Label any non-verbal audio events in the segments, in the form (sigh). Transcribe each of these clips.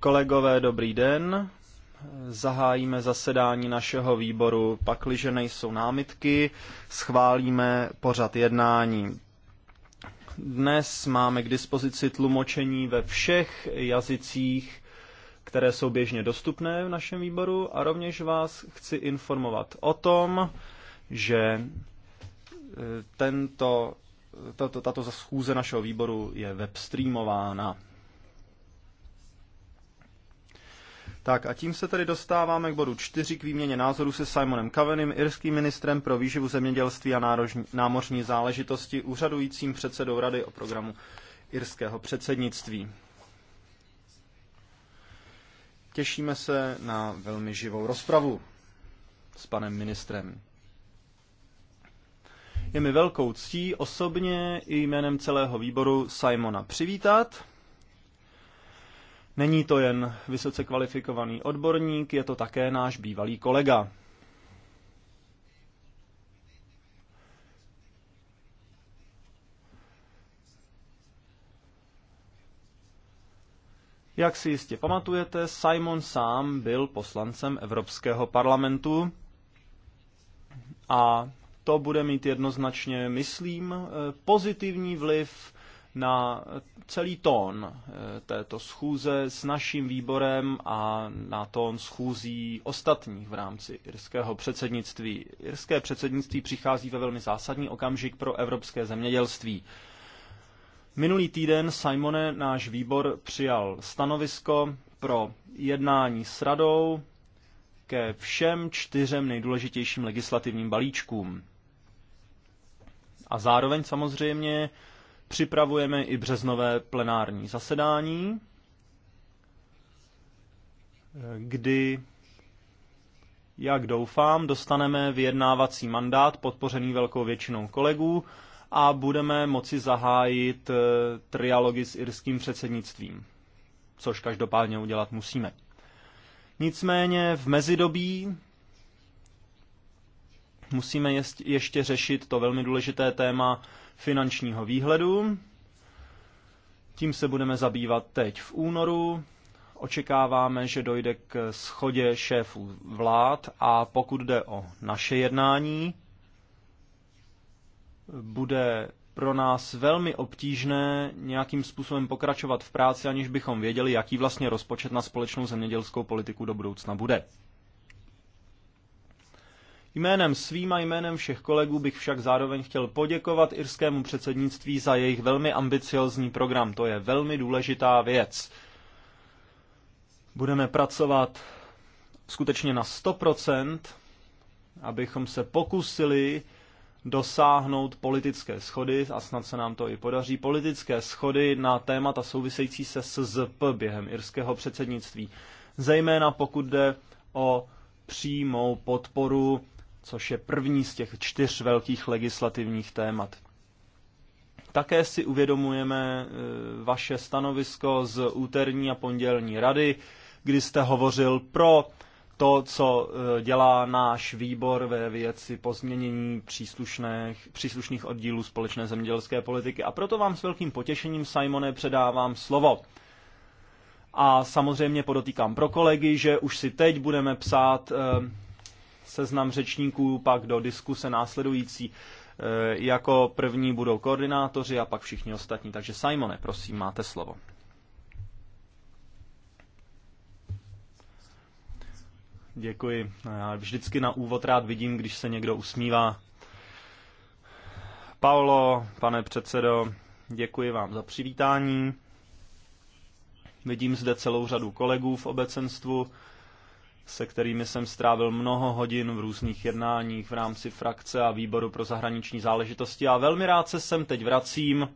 Kolegové, dobrý den. Zahájíme zasedání našeho výboru. Pakliže nejsou námitky, schválíme pořad jednání. Dnes máme k dispozici tlumočení ve všech jazycích, které jsou běžně dostupné v našem výboru a rovněž vás chci informovat o tom, že e, tento tato, tato schůze našeho výboru je webstreamována. Tak a tím se tedy dostáváme k bodu 4 k výměně názoru se Simonem Covenem, irským ministrem pro výživu zemědělství a nárožní, námořní záležitosti, úřadujícím předsedou Rady o programu irského předsednictví. Těšíme se na velmi živou rozpravu s panem ministrem. Je mi velkou ctí osobně i jménem celého výboru Simona přivítat. Není to jen vysoce kvalifikovaný odborník, je to také náš bývalý kolega. Jak si jistě pamatujete, Simon sám byl poslancem Evropského parlamentu a to bude mít jednoznačně, myslím, eh, pozitivní vliv na celý tón eh, této schůze s naším výborem a na tón schůzí ostatních v rámci irského předsednictví. Irské předsednictví přichází ve velmi zásadní okamžik pro evropské zemědělství. Minulý týden, Simone, náš výbor přijal stanovisko pro jednání s radou ke všem čtyřem nejdůležitějším legislativním balíčkům. A zároveň samozřejmě připravujeme i březnové plenární zasedání, kdy, jak doufám, dostaneme vyjednávací mandát podpořený velkou většinou kolegů a budeme moci zahájit eh, trialogy s irským předsednictvím, což každopádně udělat musíme. Nicméně v mezidobí Musíme ještě řešit to velmi důležité téma finančního výhledu. Tím se budeme zabývat teď v únoru. Očekáváme, že dojde k schodě šéfů vlád a pokud jde o naše jednání, bude pro nás velmi obtížné nějakým způsobem pokračovat v práci, aniž bychom věděli, jaký vlastně rozpočet na společnou zemědělskou politiku do budoucna bude. Jménem svým a jménem všech kolegů bych však zároveň chtěl poděkovat irskému předsednictví za jejich velmi ambiciozní program. To je velmi důležitá věc. Budeme pracovat skutečně na 100%, abychom se pokusili dosáhnout politické schody, a snad se nám to i podaří, politické schody na témata související se SZP během irského předsednictví. Zejména pokud jde o přímou podporu což je první z těch čtyř velkých legislativních témat. Také si uvědomujeme e, vaše stanovisko z úterní a pondělní rady, kdy jste hovořil pro to, co e, dělá náš výbor ve věci pozměnění příslušných, příslušných oddílů společné zemědělské politiky. A proto vám s velkým potěšením, Simone, předávám slovo. A samozřejmě podotýkám pro kolegy, že už si teď budeme psát e, seznam řečníků, pak do diskuse následující. E, jako první budou koordinátoři a pak všichni ostatní. Takže Simone, prosím, máte slovo. Děkuji. No, já vždycky na úvod rád vidím, když se někdo usmívá. Paolo, pane předsedo, děkuji vám za přivítání. Vidím zde celou řadu kolegů v obecenstvu se kterými jsem strávil mnoho hodin v různých jednáních v rámci frakce a výboru pro zahraniční záležitosti a velmi rád se sem teď vracím,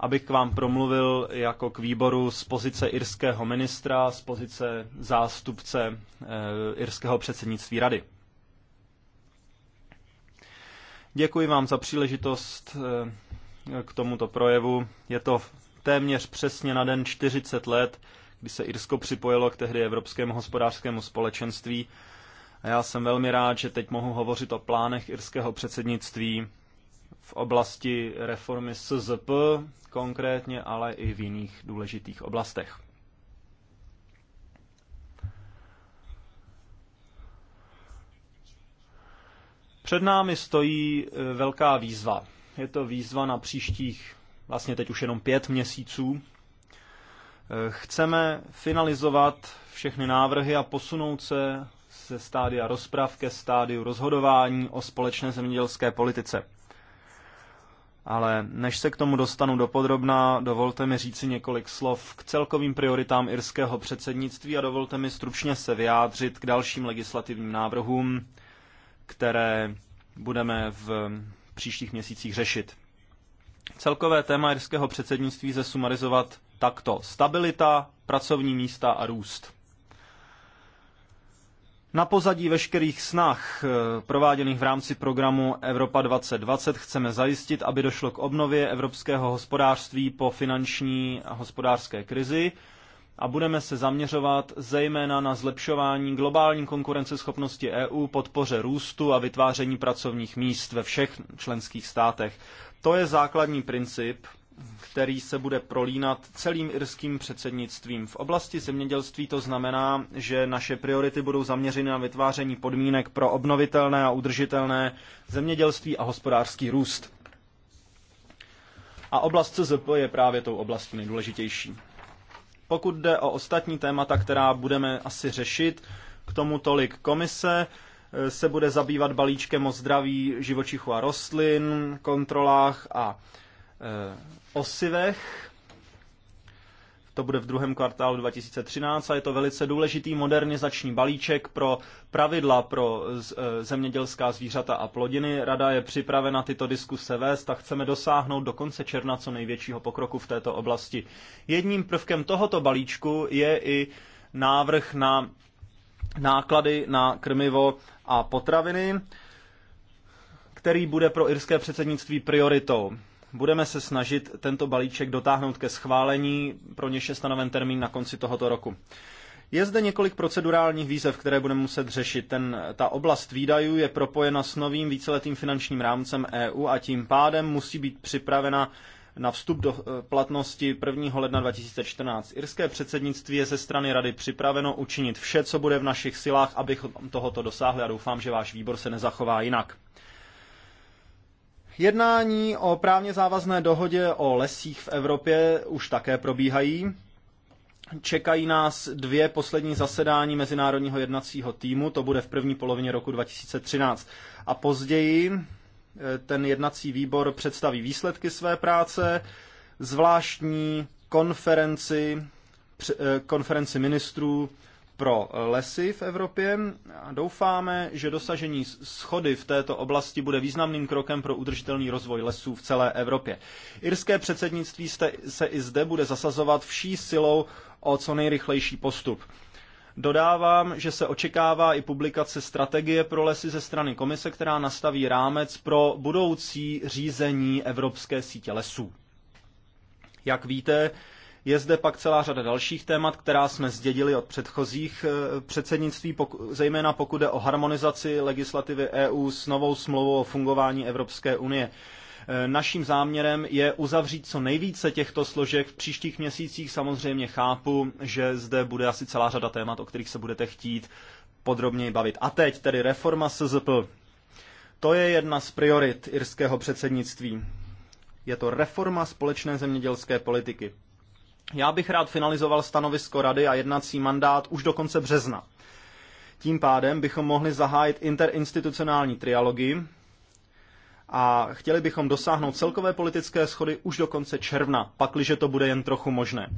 abych k vám promluvil jako k výboru z pozice irského ministra, z pozice zástupce eh, irského předsednictví rady. Děkuji vám za příležitost eh, k tomuto projevu. Je to téměř přesně na den 40 let, kdy se Irsko připojilo k tehdy Evropskému hospodářskému společenství. A já jsem velmi rád, že teď mohu hovořit o plánech irského předsednictví v oblasti reformy SZP konkrétně, ale i v jiných důležitých oblastech. Před námi stojí e, velká výzva. Je to výzva na příštích vlastně teď už jenom pět měsíců, Chceme finalizovat všechny návrhy a posunout se ze stádia rozprav ke stádiu rozhodování o společné zemědělské politice. Ale než se k tomu dostanu dopodrobná, dovolte mi říci několik slov k celkovým prioritám irského předsednictví a dovolte mi stručně se vyjádřit k dalším legislativním návrhům, které budeme v příštích měsících řešit. Celkové téma irského předsednictví zesumarizovat takto. Stabilita, pracovní místa a růst. Na pozadí veškerých snah eh, prováděných v rámci programu Evropa 2020 chceme zajistit, aby došlo k obnově evropského hospodářství po finanční a hospodářské krizi a budeme se zaměřovat zejména na zlepšování globální konkurenceschopnosti EU, podpoře růstu a vytváření pracovních míst ve všech členských státech. To je základní princip který se bude prolínat celým irským předsednictvím. V oblasti zemědělství to znamená, že naše priority budou zaměřeny na vytváření podmínek pro obnovitelné a udržitelné zemědělství a hospodářský růst. A oblast CZP je právě tou oblastí nejdůležitější. Pokud jde o ostatní témata, která budeme asi řešit, k tomu tolik komise eh, se bude zabývat balíčkem o zdraví živočichů a rostlin, kontrolách a Eh, osivech. To bude v druhém kvartálu 2013 a je to velice důležitý modernizační balíček pro pravidla pro eh, zemědělská zvířata a plodiny. Rada je připravena tyto diskuse vést a chceme dosáhnout do konce června co největšího pokroku v této oblasti. Jedním prvkem tohoto balíčku je i návrh na náklady na krmivo a potraviny, který bude pro irské předsednictví prioritou budeme se snažit tento balíček dotáhnout ke schválení, pro něž je stanoven termín na konci tohoto roku. Je zde několik procedurálních výzev, které budeme muset řešit. Ten, ta oblast výdajů je propojena s novým víceletým finančním rámcem EU a tím pádem musí být připravena na vstup do eh, platnosti 1. ledna 2014. Irské předsednictví je ze strany rady připraveno učinit vše, co bude v našich silách, abychom tohoto dosáhli a doufám, že váš výbor se nezachová jinak. Jednání o právně závazné dohodě o lesích v Evropě už také probíhají. Čekají nás dvě poslední zasedání Mezinárodního jednacího týmu, to bude v první polovině roku 2013. A později eh, ten jednací výbor představí výsledky své práce, zvláštní konferenci, eh, konferenci ministrů pro lesy v Evropě a doufáme, že dosažení schody v této oblasti bude významným krokem pro udržitelný rozvoj lesů v celé Evropě. Irské předsednictví se i zde bude zasazovat vší silou o co nejrychlejší postup. Dodávám, že se očekává i publikace strategie pro lesy ze strany komise, která nastaví rámec pro budoucí řízení Evropské sítě lesů. Jak víte, je zde pak celá řada dalších témat, která jsme zdědili od předchozích eh, předsednictví, poku, zejména pokud jde o harmonizaci legislativy EU s novou smlouvou o fungování Evropské unie. Eh, naším záměrem je uzavřít co nejvíce těchto složek. V příštích měsících samozřejmě chápu, že zde bude asi celá řada témat, o kterých se budete chtít podrobněji bavit. A teď tedy reforma SZP. To je jedna z priorit irského předsednictví. Je to reforma společné zemědělské politiky. Já bych rád finalizoval stanovisko rady a jednací mandát už do konce března. Tím pádem bychom mohli zahájit interinstitucionální trialogy a chtěli bychom dosáhnout celkové politické schody už do konce června, pakliže to bude jen trochu možné.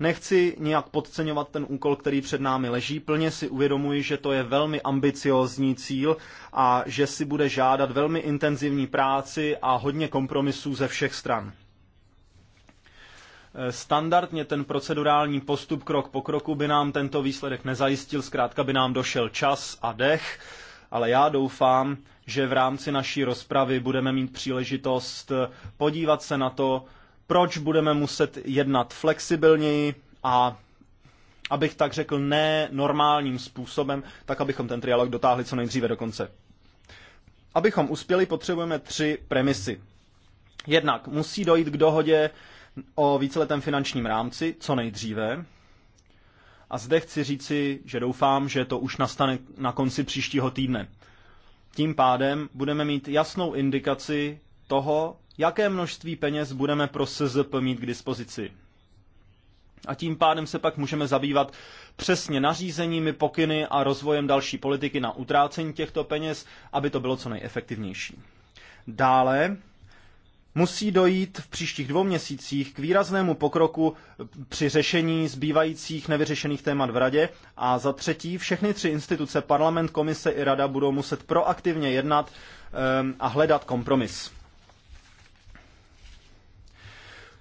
Nechci nijak podceňovat ten úkol, který před námi leží. Plně si uvědomuji, že to je velmi ambiciózní cíl a že si bude žádat velmi intenzivní práci a hodně kompromisů ze všech stran. Eh, standardně ten procedurální postup krok po kroku by nám tento výsledek nezajistil, zkrátka by nám došel čas a dech, ale já doufám, že v rámci naší rozpravy budeme mít příležitost eh, podívat se na to, proč budeme muset jednat flexibilněji a abych tak řekl, ne normálním způsobem, tak abychom ten trialog dotáhli co nejdříve do konce. Abychom uspěli, potřebujeme tři premisy. Jednak musí dojít k dohodě o víceletém finančním rámci co nejdříve. A zde chci říci, že doufám, že to už nastane na konci příštího týdne. Tím pádem budeme mít jasnou indikaci toho, jaké množství peněz budeme pro SZP mít k dispozici. A tím pádem se pak můžeme zabývat přesně nařízeními, pokyny a rozvojem další politiky na utrácení těchto peněz, aby to bylo co nejefektivnější. Dále Musí dojít v příštích dvou měsících k výraznému pokroku při řešení zbývajících nevyřešených témat v Radě a za třetí všechny tři instituce, parlament, komise i Rada, budou muset proaktivně jednat ehm, a hledat kompromis.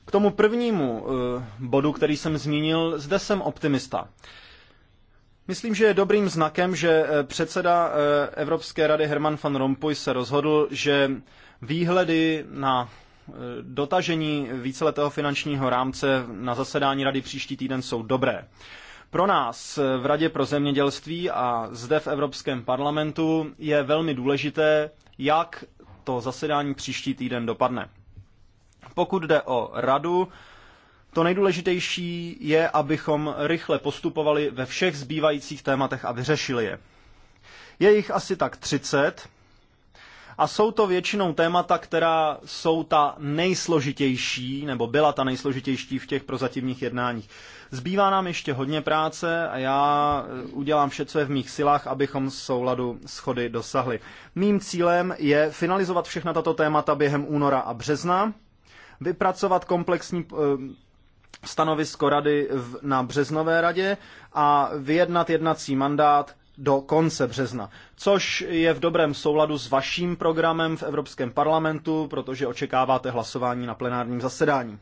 K tomu prvnímu eh, bodu, který jsem zmínil, zde jsem optimista. Myslím, že je dobrým znakem, že eh, předseda eh, Evropské rady Herman van Rompuy se rozhodl, že výhledy na Eh, dotažení víceletého finančního rámce na zasedání rady příští týden jsou dobré. Pro nás eh, v Radě pro zemědělství a zde v Evropském parlamentu je velmi důležité, jak to zasedání příští týden dopadne. Pokud jde o radu, to nejdůležitější je, abychom rychle postupovali ve všech zbývajících tématech a vyřešili je. Je jich asi tak 30 a jsou to většinou témata, která jsou ta nejsložitější, nebo byla ta nejsložitější v těch prozatímních jednáních. Zbývá nám ještě hodně práce a já eh, udělám vše, co je v mých silách, abychom souladu schody dosahli. Mým cílem je finalizovat všechna tato témata během února a března, vypracovat komplexní eh, stanovisko rady na březnové radě a vyjednat jednací mandát do konce března, což je v dobrém souladu s vaším programem v Evropském parlamentu, protože očekáváte hlasování na plenárním zasedání.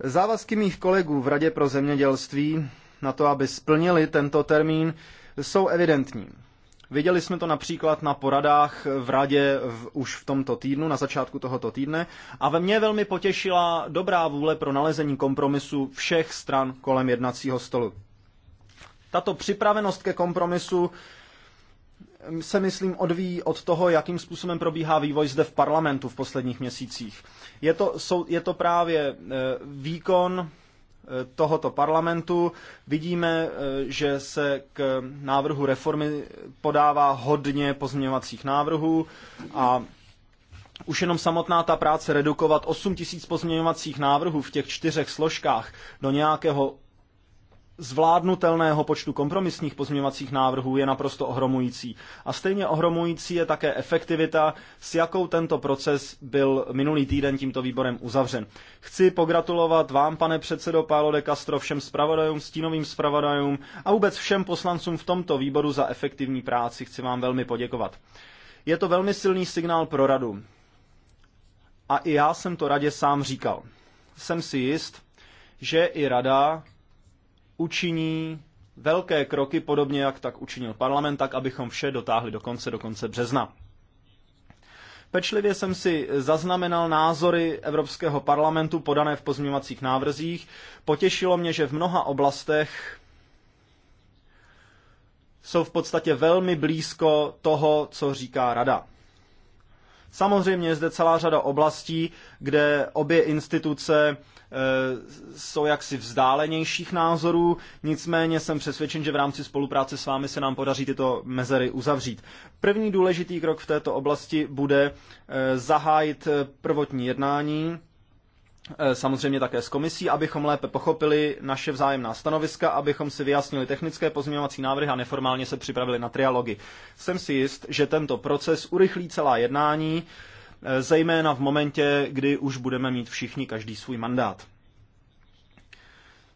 Závazky mých kolegů v Radě pro zemědělství na to, aby splnili tento termín, jsou evidentní. Viděli jsme to například na poradách v radě v, už v tomto týdnu, na začátku tohoto týdne, a ve mně velmi potěšila dobrá vůle pro nalezení kompromisu všech stran kolem jednacího stolu. Tato připravenost ke kompromisu mm, se, myslím, odvíjí od toho, jakým způsobem probíhá vývoj zde v parlamentu v posledních měsících. Je to, jsou, je to právě e, výkon e, tohoto parlamentu. Vidíme, e, že se k návrhu reformy podává hodně pozměňovacích návrhů a už jenom samotná ta práce redukovat 8 tisíc pozměňovacích návrhů v těch čtyřech složkách do nějakého zvládnutelného počtu kompromisních pozměňovacích návrhů je naprosto ohromující. A stejně ohromující je také efektivita, s jakou tento proces byl minulý týden tímto výborem uzavřen. Chci pogratulovat vám, pane předsedo Pálo de Castro, všem zpravodajům, stínovým zpravodajům a vůbec všem poslancům v tomto výboru za efektivní práci. Chci vám velmi poděkovat. Je to velmi silný signál pro radu. A i já jsem to radě sám říkal. Jsem si jist, že i rada učiní velké kroky, podobně jak tak učinil parlament, tak abychom vše dotáhli do konce, do konce března. Pečlivě jsem si zaznamenal názory Evropského parlamentu podané v pozměňovacích návrzích. Potěšilo mě, že v mnoha oblastech jsou v podstatě velmi blízko toho, co říká Rada. Samozřejmě je zde celá řada oblastí, kde obě instituce e, jsou jaksi vzdálenějších názorů, nicméně jsem přesvědčen, že v rámci spolupráce s vámi se nám podaří tyto mezery uzavřít. První důležitý krok v této oblasti bude e, zahájit prvotní jednání Eh, samozřejmě také s komisí, abychom lépe pochopili naše vzájemná stanoviska, abychom si vyjasnili technické pozměňovací návrhy a neformálně se připravili na trialogy. Jsem si jist, že tento proces urychlí celá jednání, eh, zejména v momentě, kdy už budeme mít všichni každý svůj mandát.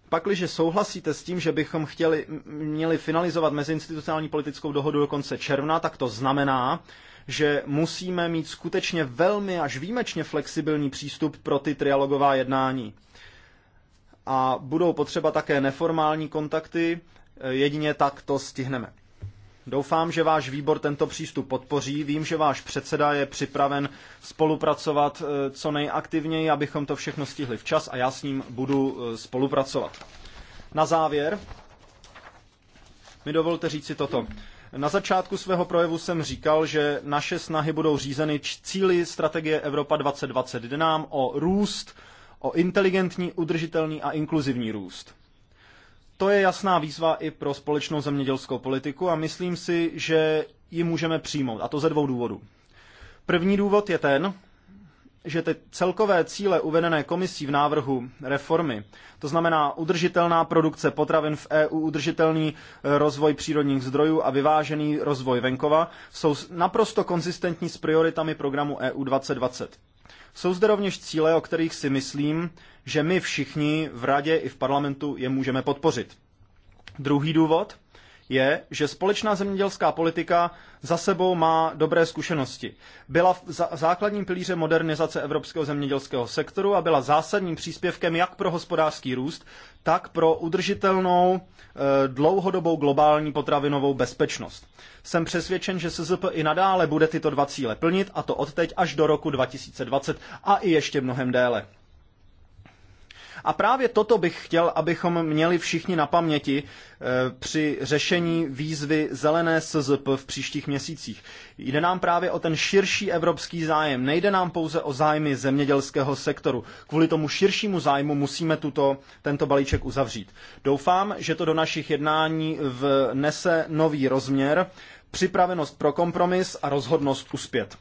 Pakliže souhlasíte s tím, že bychom chtěli, měli finalizovat meziinstitucionální politickou dohodu do konce června, tak to znamená, že musíme mít skutečně velmi až výjimečně flexibilní přístup pro ty trialogová jednání. A budou potřeba také neformální kontakty, eh, jedině tak to stihneme. Doufám, že váš výbor tento přístup podpoří. Vím, že váš předseda je připraven spolupracovat eh, co nejaktivněji, abychom to všechno stihli včas a já s ním budu eh, spolupracovat. Na závěr mi dovolte říci toto. Na začátku svého projevu jsem říkal, že naše snahy budou řízeny cíly strategie Evropa 2020. Jde nám o růst, o inteligentní, udržitelný a inkluzivní růst. To je jasná výzva i pro společnou zemědělskou politiku a myslím si, že ji můžeme přijmout, a to ze dvou důvodů. První důvod je ten, že ty celkové cíle uvedené komisí v návrhu reformy, to znamená udržitelná produkce potravin v EU, udržitelný eh, rozvoj přírodních zdrojů a vyvážený rozvoj venkova, jsou naprosto konzistentní s prioritami programu EU 2020. Jsou zde rovněž cíle, o kterých si myslím, že my všichni v Radě i v parlamentu je můžeme podpořit. Druhý důvod – je, že společná zemědělská politika za sebou má dobré zkušenosti. Byla v základním pilíře modernizace evropského zemědělského sektoru a byla zásadním příspěvkem jak pro hospodářský růst, tak pro udržitelnou e, dlouhodobou globální potravinovou bezpečnost. Jsem přesvědčen, že SZP i nadále bude tyto dva cíle plnit, a to od teď až do roku 2020 a i ještě mnohem déle. A právě toto bych chtěl, abychom měli všichni na paměti eh, při řešení výzvy zelené SZP v příštích měsících. Jde nám právě o ten širší evropský zájem. Nejde nám pouze o zájmy zemědělského sektoru. Kvůli tomu širšímu zájmu musíme tuto, tento balíček uzavřít. Doufám, že to do našich jednání vnese nový rozměr, připravenost pro kompromis a rozhodnost uspět.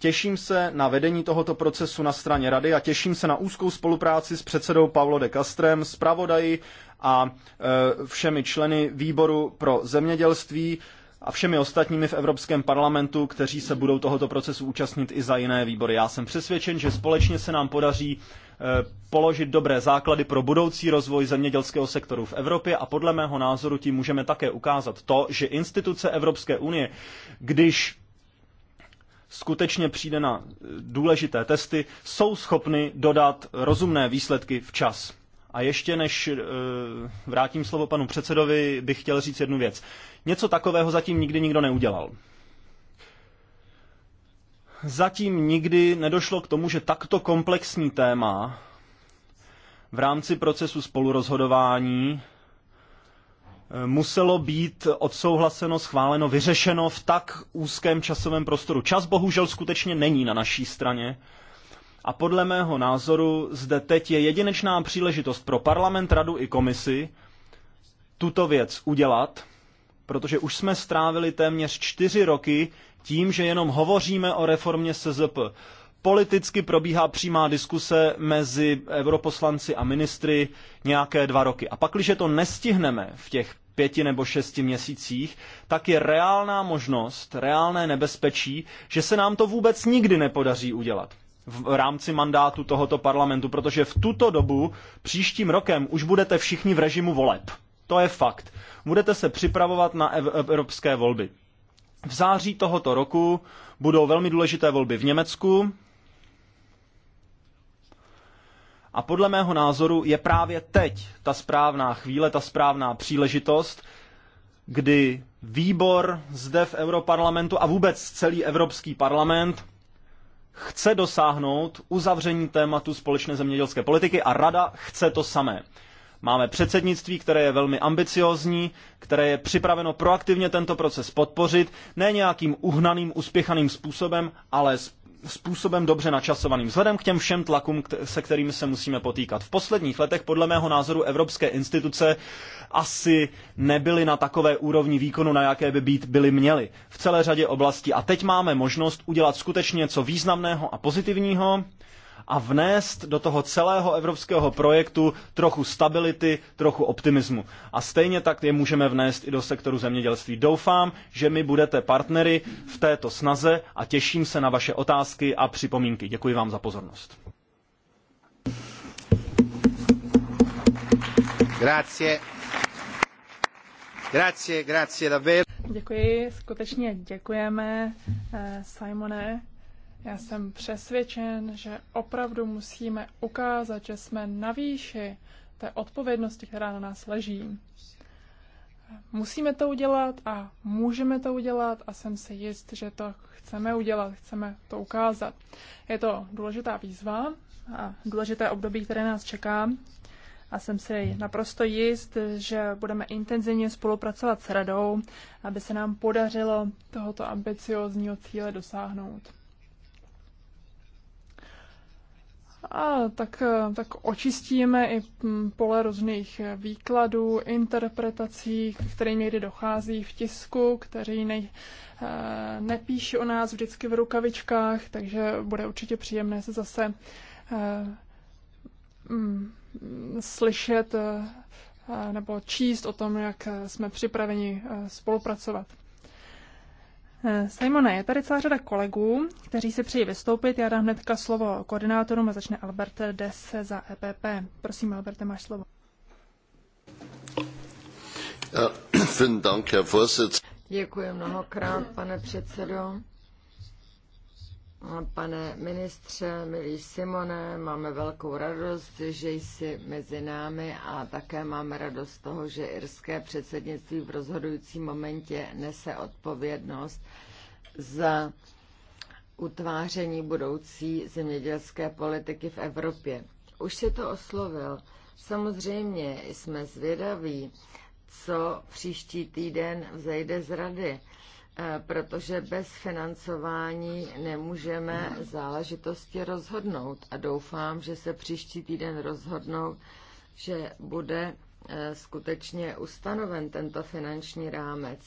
Těším se na vedení tohoto procesu na straně Rady a těším se na úzkou spolupráci s předsedou Paulo de Castrem, zpravodaji a e, všemi členy výboru pro zemědělství a všemi ostatními v Evropském parlamentu, kteří se budou tohoto procesu účastnit i za jiné výbory. Já jsem přesvědčen, že společně se nám podaří e, položit dobré základy pro budoucí rozvoj zemědělského sektoru v Evropě a podle mého názoru tím můžeme také ukázat to, že instituce Evropské unie, když skutečně přijde na eh, důležité testy, jsou schopny dodat rozumné výsledky včas. A ještě než eh, vrátím slovo panu předsedovi, bych chtěl říct jednu věc. Něco takového zatím nikdy nikdo neudělal. Zatím nikdy nedošlo k tomu, že takto komplexní téma v rámci procesu spolurozhodování muselo být odsouhlaseno, schváleno, vyřešeno v tak úzkém časovém prostoru. Čas bohužel skutečně není na naší straně. A podle mého názoru zde teď je jedinečná příležitost pro parlament, radu i komisi tuto věc udělat, protože už jsme strávili téměř čtyři roky tím, že jenom hovoříme o reformě SZP. Politicky probíhá přímá diskuse mezi europoslanci a ministry nějaké dva roky. A pak, když to nestihneme v těch pěti nebo šesti měsících, tak je reálná možnost, reálné nebezpečí, že se nám to vůbec nikdy nepodaří udělat v rámci mandátu tohoto parlamentu, protože v tuto dobu příštím rokem už budete všichni v režimu voleb. To je fakt. Budete se připravovat na evropské volby. V září tohoto roku budou velmi důležité volby v Německu, a podle mého názoru je právě teď ta správná chvíle, ta správná příležitost, kdy výbor zde v Europarlamentu a vůbec celý Evropský parlament chce dosáhnout uzavření tématu společné zemědělské politiky a rada chce to samé. Máme předsednictví, které je velmi ambiciozní, které je připraveno proaktivně tento proces podpořit, ne nějakým uhnaným, uspěchaným způsobem, ale s způsobem dobře načasovaným, vzhledem k těm všem tlakům, se kterými se musíme potýkat. V posledních letech, podle mého názoru, evropské instituce asi nebyly na takové úrovni výkonu, na jaké by být byly měly v celé řadě oblastí. A teď máme možnost udělat skutečně něco významného a pozitivního a vnést do toho celého evropského projektu trochu stability, trochu optimismu. A stejně tak je můžeme vnést i do sektoru zemědělství. Doufám, že mi budete partnery v této snaze a těším se na vaše otázky a připomínky. Děkuji vám za pozornost. Grazie. Grazie, grazie davvero. Děkuji, skutečně děkujeme, eh, Simone. Já jsem přesvědčen, že opravdu musíme ukázat, že jsme na výši té odpovědnosti, která na nás leží. Musíme to udělat a můžeme to udělat a jsem si jist, že to chceme udělat, chceme to ukázat. Je to důležitá výzva a důležité období, které nás čeká a jsem si naprosto jist, že budeme intenzivně spolupracovat s radou, aby se nám podařilo tohoto ambiciozního cíle dosáhnout. A tak, eh, tak očistíme i hm, pole různých eh, výkladů, interpretací, které někdy dochází v tisku, kteří ne, eh, nepíší o nás vždycky v rukavičkách, takže bude určitě příjemné se zase hm, slyšet nebo číst o tom, jak jsme připraveni spolupracovat. Eh, Simone, je tady celá řada kolegů, kteří si přijí vystoupit. Já dám hnedka slovo koordinátorům a začne Albert Des za EPP. Prosím, Alberte, máš slovo. (clears throat) Děkuji mnohokrát, pane předsedo. Pane ministře, milý Simone, máme velkou radost, že jsi mezi námi a také máme radost z toho, že irské předsednictví v rozhodujícím momentě nese odpovědnost za utváření budoucí zemědělské politiky v Evropě. Už se to oslovil. Samozřejmě jsme zvědaví, co příští týden vzejde z rady Eh, protože bez financování nemůžeme záležitosti rozhodnout. A doufám, že se příští týden rozhodnou, že bude eh, skutečně ustanoven tento finanční rámec.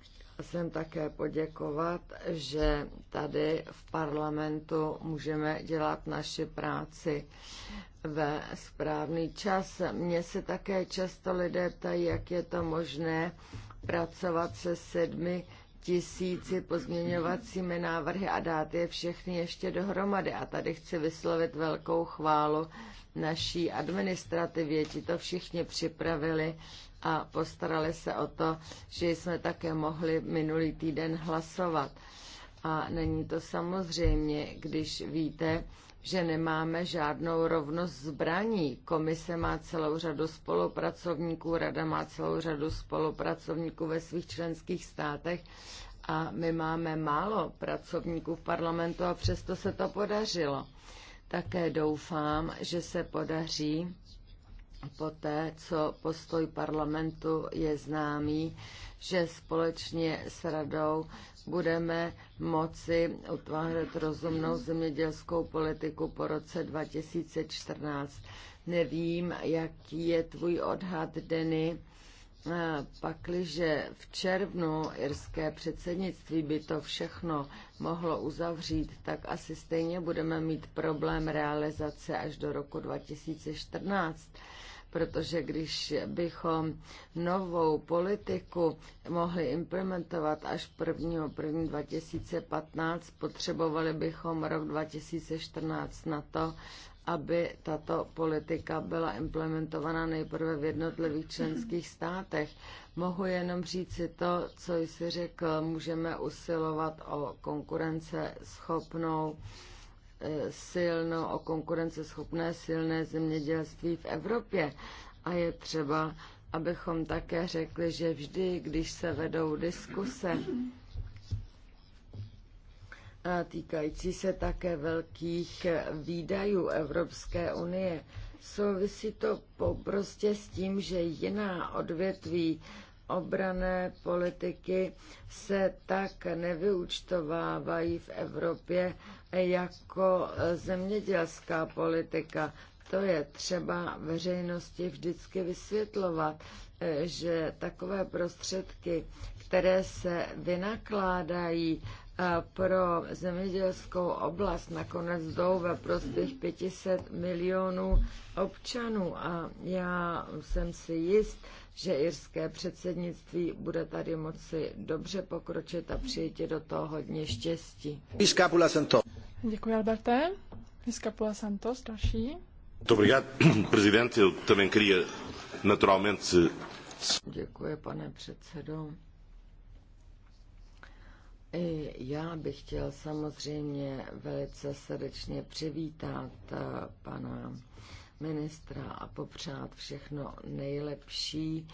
Chtěla jsem také poděkovat, že tady v parlamentu můžeme dělat naši práci ve správný čas. Mně se také často lidé ptají, jak je to možné, pracovat se sedmi tisíci pozměňovacími návrhy a dát je všechny ještě dohromady. A tady chci vyslovit velkou chválu naší administrativě. Ti to všichni připravili a postarali se o to, že jsme také mohli minulý týden hlasovat. A není to samozřejmě, když víte, že nemáme žádnou rovnost zbraní. Komise má celou řadu spolupracovníků, rada má celou řadu spolupracovníků ve svých členských státech a my máme málo pracovníků v parlamentu a přesto se to podařilo. Také doufám, že se podaří poté, co postoj parlamentu je známý, že společně s radou budeme moci utvářet rozumnou zemědělskou politiku po roce 2014. Nevím, jaký je tvůj odhad, Denny, pakliže v červnu irské předsednictví by to všechno mohlo uzavřít, tak asi stejně budeme mít problém realizace až do roku 2014 protože když bychom novou politiku mohli implementovat až 1. 1. 2015, potřebovali bychom rok 2014 na to, aby tato politika byla implementovaná nejprve v jednotlivých členských státech. Mohu jenom říci to, co jsi řekl, můžeme usilovat o konkurenceschopnou schopnou silno o konkurenceschopné silné zemědělství v Evropě. A je třeba, abychom také řekli, že vždy, když se vedou diskuse týkající se také velkých výdajů Evropské unie, souvisí to prostě s tím, že jiná odvětví obrané politiky se tak nevyučtovávají v Evropě jako e, zemědělská politika. To je třeba veřejnosti vždycky vysvětlovat, e, že takové prostředky, které se vynakládají e, pro zemědělskou oblast, nakonec jdou ve prospěch 500 milionů občanů. A já jsem si jist, že irské předsednictví bude tady moci dobře pokročit a přijít do toho hodně štěstí. Děkuji, Alberte. Santos, další. Obrigado, (clears throat) presidente. Eu também queria, naturalmente... Děkuji, pane předsedo. I já bych chtěl samozřejmě velice srdečně přivítat eh, pana ministra a popřát všechno nejlepší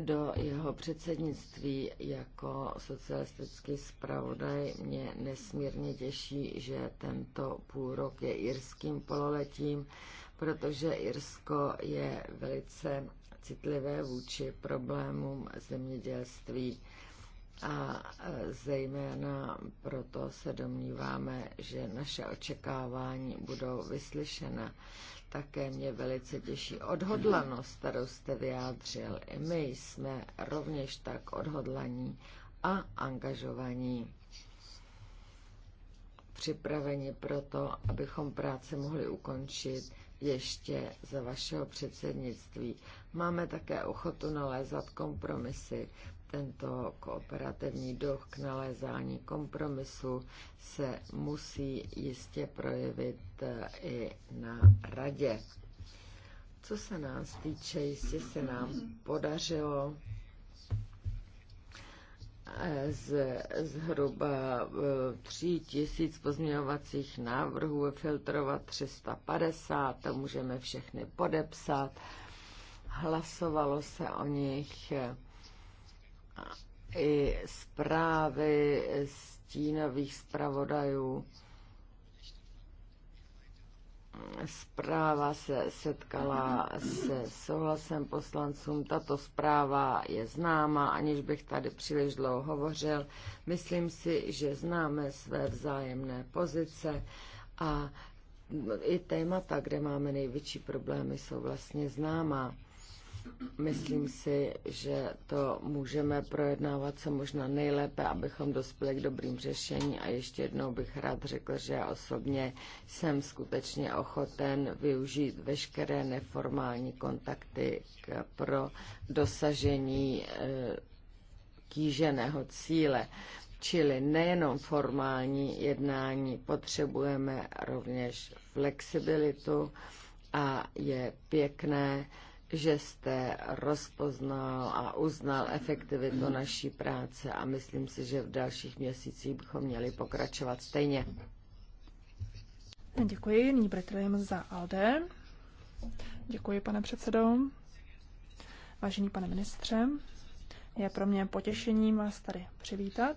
do jeho předsednictví jako socialistický zpravodaj mě nesmírně těší, že tento půlrok je irským pololetím, protože Irsko je velice citlivé vůči problémům zemědělství a e, zejména proto se domníváme, že naše očekávání budou vyslyšena. Také mě velice těší odhodlanost, kterou jste vyjádřil. I my jsme rovněž tak odhodlaní a angažovaní. Připraveni proto, abychom práce mohli ukončit ještě za vašeho předsednictví. Máme také ochotu nalézat kompromisy. Tento kooperativní duch k nalézání kompromisu se musí jistě projevit eh, i na radě. Co se nás týče, jistě se nám podařilo eh, z zhruba eh, tři tisíc pozměňovacích návrhů filtrovat 350, to můžeme všechny podepsat. Hlasovalo se o nich i zprávy stínových zpravodajů. Zpráva se setkala se souhlasem poslancům. Tato zpráva je známa, aniž bych tady příliš dlouho hovořil. Myslím si, že známe své vzájemné pozice a i témata, kde máme největší problémy, jsou vlastně známá. Myslím si, že to můžeme projednávat co možná nejlépe, abychom dospěli k dobrým řešení. A ještě jednou bych rád řekl, že já osobně jsem skutečně ochoten využít veškeré neformální kontakty pro dosažení eh, kýženého cíle. Čili nejenom formální jednání, potřebujeme rovněž flexibilitu a je pěkné, že jste rozpoznal a uznal efektivitu naší práce a myslím si, že v dalších měsících bychom měli pokračovat stejně. Děkuji, nyní pretrujeme za Alde. Děkuji, pane předsedo. Vážený pane ministře, je pro mě potěšením vás tady přivítat.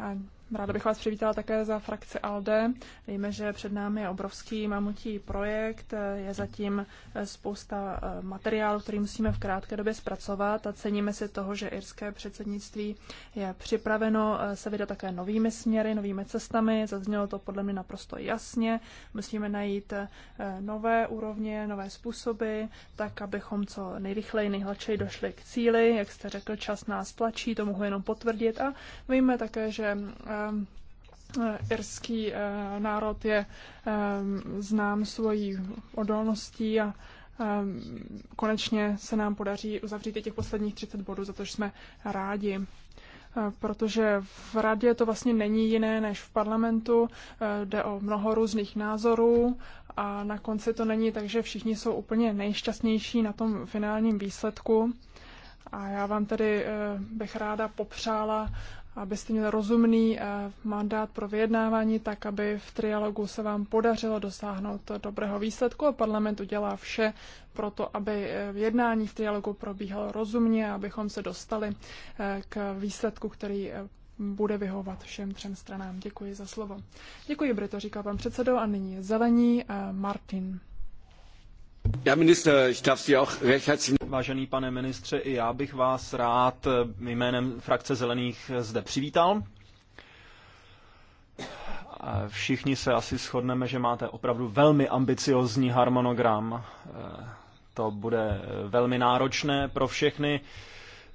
A Ráda bych vás přivítala také za frakci ALDE. Víme, že před námi je obrovský mamutí projekt, je zatím eh, spousta eh, materiálu, který musíme v krátké době zpracovat a ceníme si toho, že irské předsednictví je připraveno eh, se vydat také novými směry, novými cestami. Zaznělo to podle mě naprosto jasně. Musíme najít nové úrovně, nové způsoby, tak abychom co nejrychleji, nejhladčeji došli k cíli. Jak jste řekl, čas nás tlačí, to mohu jenom potvrdit a víme také, že Eh, irský eh, národ je eh, znám svojí odolností a konečně se nám podaří uzavřít i těch posledních 30 bodů, za to jsme rádi. Protože v radě to vlastně není jiné než v parlamentu, jde o mnoho různých názorů a na konci to není tak, že všichni jsou úplně nejšťastnější na tom finálním výsledku. A já vám tedy bych ráda popřála abyste měli rozumný eh, mandát pro vyjednávání, tak aby v trialogu se vám podařilo dosáhnout dobrého výsledku a parlament udělá vše pro to, aby eh, jednání v trialogu probíhalo rozumně a abychom se dostali eh, k výsledku, který bude vyhovat všem třem stranám. Děkuji za slovo. Děkuji, Brito, Říkal pan předsedo a nyní zelení Martin. Vážený pane ministře, i já bych vás rád jménem frakce Zelených zde přivítal. Všichni se asi shodneme, že máte opravdu velmi ambiciozní harmonogram. Eh, to bude velmi náročné pro všechny.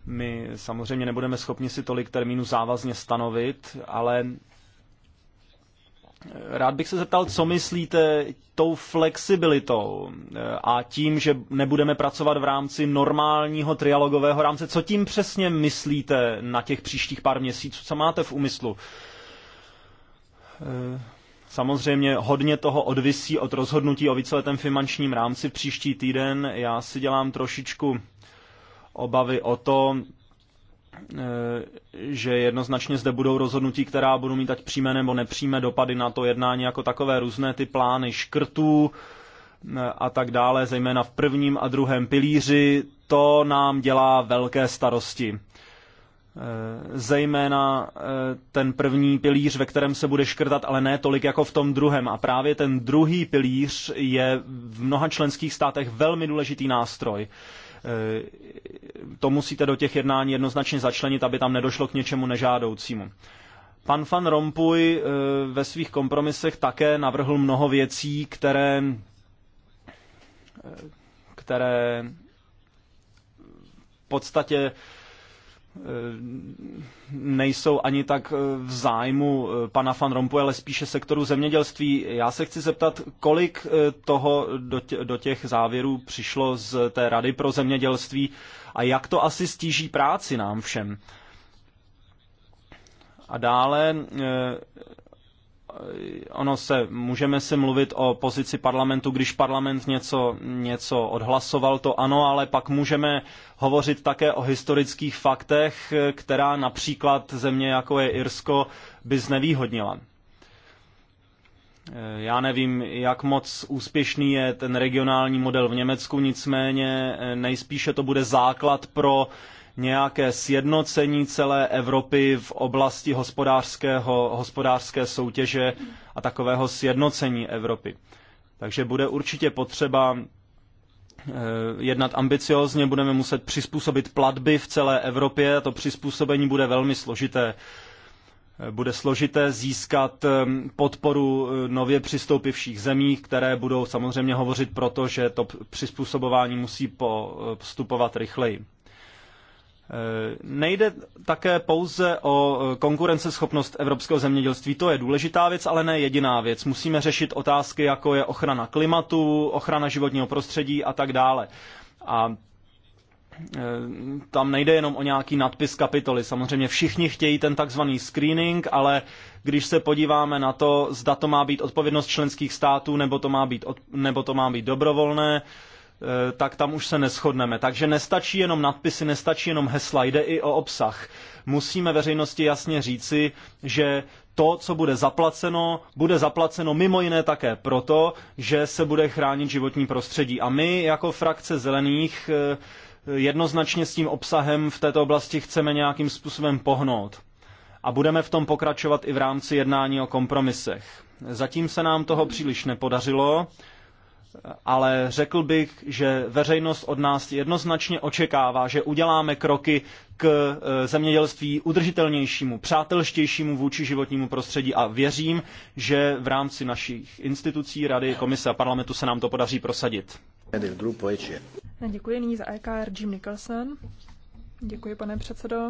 My samozřejmě nebudeme schopni si tolik termínů závazně stanovit, ale Rád bych se zeptal, co myslíte tou flexibilitou eh, a tím, že nebudeme pracovat v rámci normálního trialogového rámce. Co tím přesně myslíte na těch příštích pár měsíců? Co máte v úmyslu? Eh, samozřejmě hodně toho odvisí od rozhodnutí o víceletém finančním rámci příští týden. Já si dělám trošičku obavy o to, Eh, že jednoznačně zde budou rozhodnutí, která budou mít ať přímé nebo nepřímé dopady na to jednání jako takové různé ty plány škrtů eh, a tak dále, zejména v prvním a druhém pilíři, to nám dělá velké starosti. Eh, zejména ten první pilíř, ve kterém se bude škrtat, ale ne tolik jako v tom druhém. A právě ten druhý pilíř je v mnoha členských státech velmi důležitý nástroj to musíte do těch jednání jednoznačně začlenit, aby tam nedošlo k něčemu nežádoucímu. Pan Van Rompuy eh, ve svých kompromisech také navrhl mnoho věcí, které, eh, které v podstatě Eh, nejsou ani tak eh, v zájmu eh, pana Van Rompuy, ale spíše sektoru zemědělství. Já se chci zeptat, kolik toho do těch závěrů přišlo z té Rady pro zemědělství a jak to asi stíží práci nám všem. A dále ono se, můžeme si mluvit o pozici parlamentu, když parlament něco, něco odhlasoval, to ano, ale pak můžeme hovořit také o historických faktech, která například země jako je Irsko by znevýhodnila. Já nevím, jak moc úspěšný je ten regionální model v Německu, nicméně nejspíše to bude základ pro nějaké sjednocení celé Evropy v oblasti hospodářského, hospodářské soutěže a takového sjednocení Evropy. Takže bude určitě potřeba eh, jednat ambiciozně, budeme muset přizpůsobit platby v celé Evropě a to přizpůsobení bude velmi složité. Eh, bude složité získat eh, podporu nově přistoupivších zemí, které budou samozřejmě hovořit proto, že to přizpůsobování musí postupovat rychleji. Eh, nejde také pouze o eh, konkurenceschopnost evropského zemědělství, to je důležitá věc, ale ne jediná věc. Musíme řešit otázky, jako je ochrana klimatu, ochrana životního prostředí a tak dále. A eh, tam nejde jenom o nějaký nadpis kapitoly. Samozřejmě všichni chtějí ten takzvaný screening, ale když se podíváme na to, zda to má být odpovědnost členských států, nebo to má být, nebo to má být dobrovolné, Eh, tak tam už se neschodneme. Takže nestačí jenom nadpisy, nestačí jenom hesla, jde i o obsah. Musíme veřejnosti jasně říci, že to, co bude zaplaceno, bude zaplaceno mimo jiné také proto, že se bude chránit životní prostředí. A my jako frakce zelených eh, jednoznačně s tím obsahem v této oblasti chceme nějakým způsobem pohnout. A budeme v tom pokračovat i v rámci jednání o kompromisech. Zatím se nám toho příliš nepodařilo ale řekl bych, že veřejnost od nás jednoznačně očekává, že uděláme kroky k e, zemědělství udržitelnějšímu, přátelštějšímu vůči životnímu prostředí a věřím, že v rámci našich institucí, rady, komise a parlamentu se nám to podaří prosadit. Děkuji nyní za EKR Jim Nicholson. Děkuji, pane předsedo.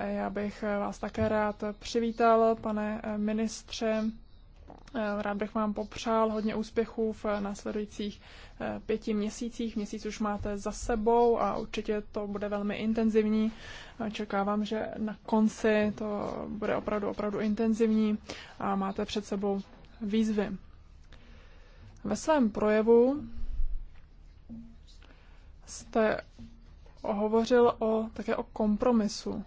Já bych vás také rád přivítal, pane ministře. Eh, rád bych vám popřál hodně úspěchů v eh, následujících eh, pěti měsících. Měsíc už máte za sebou a určitě to bude velmi intenzivní. Čekávám, že na konci to bude opravdu, opravdu intenzivní a máte před sebou výzvy. Ve svém projevu jste hovořil o, také o kompromisu.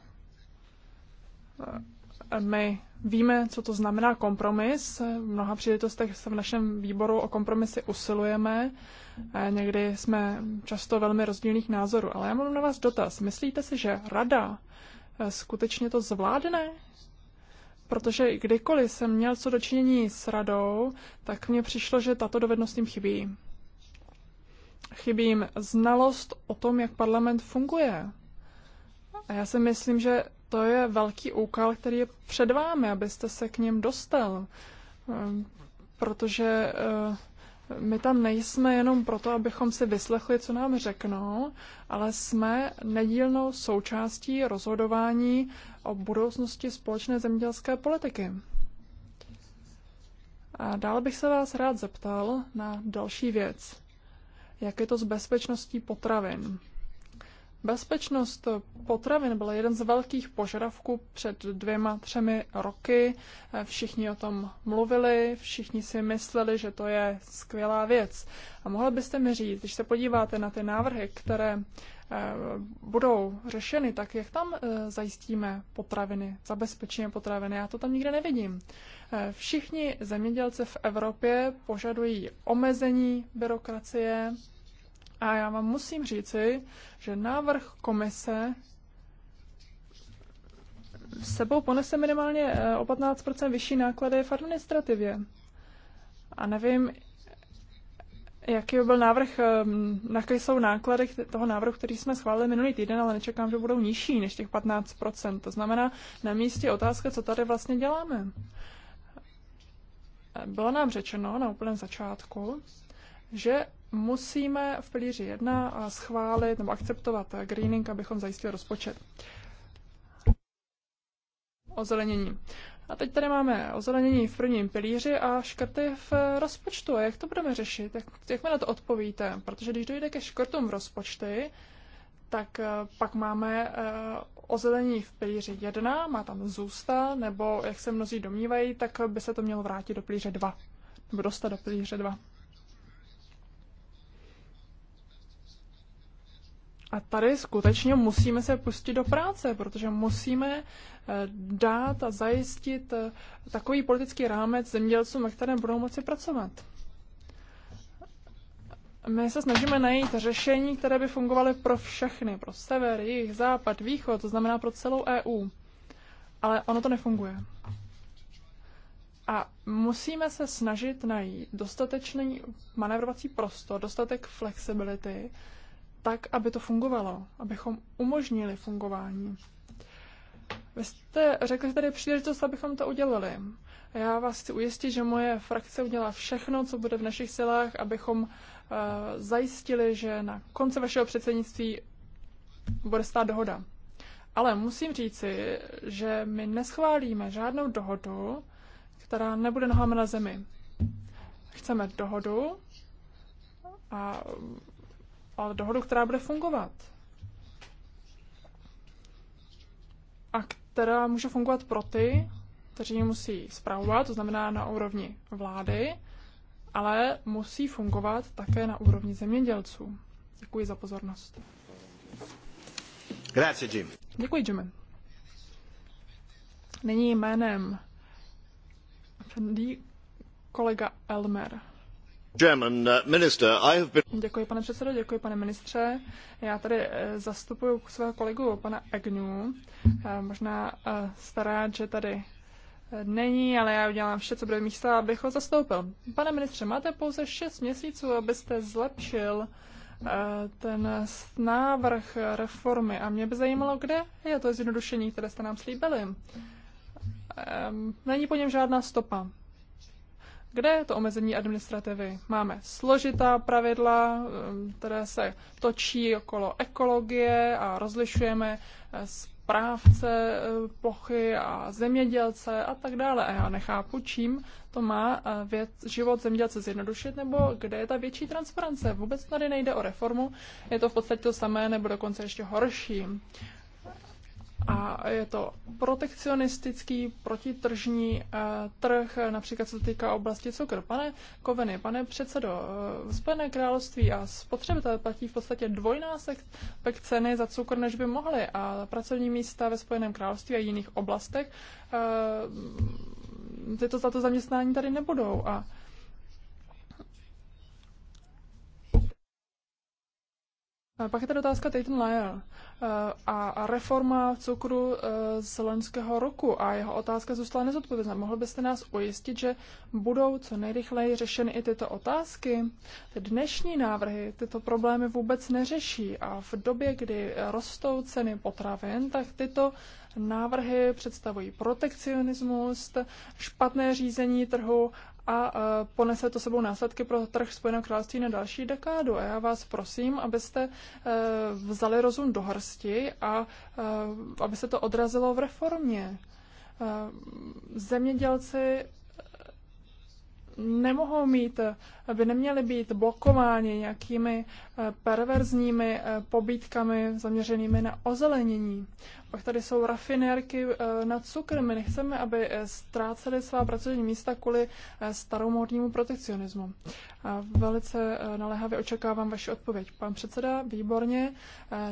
My Víme, co to znamená kompromis. V mnoha příležitostech se v našem výboru o kompromisy usilujeme. Někdy jsme často velmi rozdílných názorů. Ale já mám na vás dotaz. Myslíte si, že rada eh, skutečně to zvládne? Protože kdykoliv jsem měl co dočinění s radou, tak mně přišlo, že tato dovednost jim chybí. Chybí jim znalost o tom, jak parlament funguje. A já si myslím, že to je velký úkol, který je před vámi, abyste se k něm dostal. Ehm, protože eh, my tam nejsme jenom proto, abychom si vyslechli, co nám řeknou, ale jsme nedílnou součástí rozhodování o budoucnosti společné zemědělské politiky. A dále bych se vás rád zeptal na další věc. Jak je to s bezpečností potravin? Bezpečnost potravin byla jeden z velkých požadavků před dvěma, třemi roky. Všichni o tom mluvili, všichni si mysleli, že to je skvělá věc. A mohla byste mi říct, když se podíváte na ty návrhy, které eh, budou řešeny, tak jak tam eh, zajistíme potraviny, zabezpečíme potraviny? Já to tam nikde nevidím. Eh, všichni zemědělci v Evropě požadují omezení byrokracie, a já vám musím říci, že návrh komise sebou ponese minimálně eh, o 15 vyšší náklady v administrativě. A nevím, jaký by byl návrh, ehm, na jaké jsou náklady toho návrhu, který jsme schválili minulý týden, ale nečekám, že budou nižší než těch 15 To znamená, na místě otázka, co tady vlastně děláme. Bylo nám řečeno na úplném začátku, že musíme v pilíři 1 eh, schválit nebo akceptovat eh, greening, abychom zajistili rozpočet. Ozelenění. A teď tady máme ozelenění v prvním pilíři a škrty v eh, rozpočtu. A jak to budeme řešit? Jak, jak mi na to odpovíte? Protože když dojde ke škrtům v rozpočty, tak pak máme ozelení v pilíři 1, má tam zůsta, nebo jak se mnozí domnívají, tak by se to mělo vrátit do pilíře 2, nebo dostat do pilíře 2. A tady skutečně musíme se pustit do práce, protože musíme eh, dát a zajistit eh, takový politický rámec zemědělcům, na kterém budou moci pracovat. My se snažíme najít řešení, které by fungovaly pro všechny, pro sever, jih, západ, východ, to znamená pro celou EU. Ale ono to nefunguje. A musíme se snažit najít dostatečný manévrovací prostor, dostatek flexibility, tak, aby to fungovalo, abychom umožnili fungování. Vy jste řekl, že tady je příležitost, abychom to udělali. Já vás chci ujistit, že moje frakce udělá všechno, co bude v našich silách, abychom uh, zajistili, že na konci vašeho předsednictví bude stát dohoda. Ale musím říci, že my neschválíme žádnou dohodu, která nebude nohama na zemi. Chceme dohodu a ale dohodu, která bude fungovat. A která může fungovat pro ty, kteří ji musí zpravovat, to znamená na úrovni vlády, ale musí fungovat také na úrovni zemědělců. Děkuji za pozornost. Grazie, Jim. Děkuji, Jim. Nyní jménem kolega Elmer. Uh, děkuji, pane předsedo, děkuji, pane ministře. Já tady eh, zastupuji svého kolegu, pana Agnew. Eh, možná eh, stará, že tady není, ale já udělám vše, co bude místa, abych ho zastoupil. Pane ministře, máte pouze 6 měsíců, abyste zlepšil ten návrh reformy a mě by zajímalo, kde je to zjednodušení, které jste nám slíbili. Ehm, není po něm žádná stopa. Kde je to omezení administrativy? Máme složitá pravidla, které se točí okolo ekologie a rozlišujeme eh, správce eh, plochy a zemědělce a tak dále. A já nechápu, čím to má eh, věc, život zemědělce zjednodušit, nebo kde je ta větší transparence. Vůbec tady nejde o reformu, je to v podstatě to samé, nebo dokonce ještě horší a je to protekcionistický, protitržní eh, trh, například co týká oblasti cukr. Pane Koveny, pane předsedo, eh, Spojené království a spotřebitelé platí v podstatě dvojnásobek ceny za cukr, než by mohli a pracovní místa ve Spojeném království a jiných oblastech eh, tyto za to zaměstnání tady nebudou a pak je tady otázka Tatum Lyle. Eh, a reforma cukru eh, z loňského roku a jeho otázka zůstala nezodpovězena. Mohl byste nás ujistit, že budou co nejrychleji řešeny i tyto otázky? Ty dnešní návrhy tyto problémy vůbec neřeší a v době, kdy rostou ceny potravin, tak tyto návrhy představují protekcionismus, špatné řízení trhu a ponese to sebou následky pro trh Spojeného království na další dekádu. A já vás prosím, abyste e, vzali rozum do hrsti a e, aby se to odrazilo v reformě. E, zemědělci nemohou mít, aby neměly být blokováni nějakými eh, perverzními eh, pobítkami zaměřenými na ozelenění. Pak tady jsou rafinérky eh, na cukr. My nechceme, aby ztráceli svá pracovní místa kvůli staromodnímu protekcionismu. A velice naléhavě očekávám vaši odpověď. Pan předseda, výborně.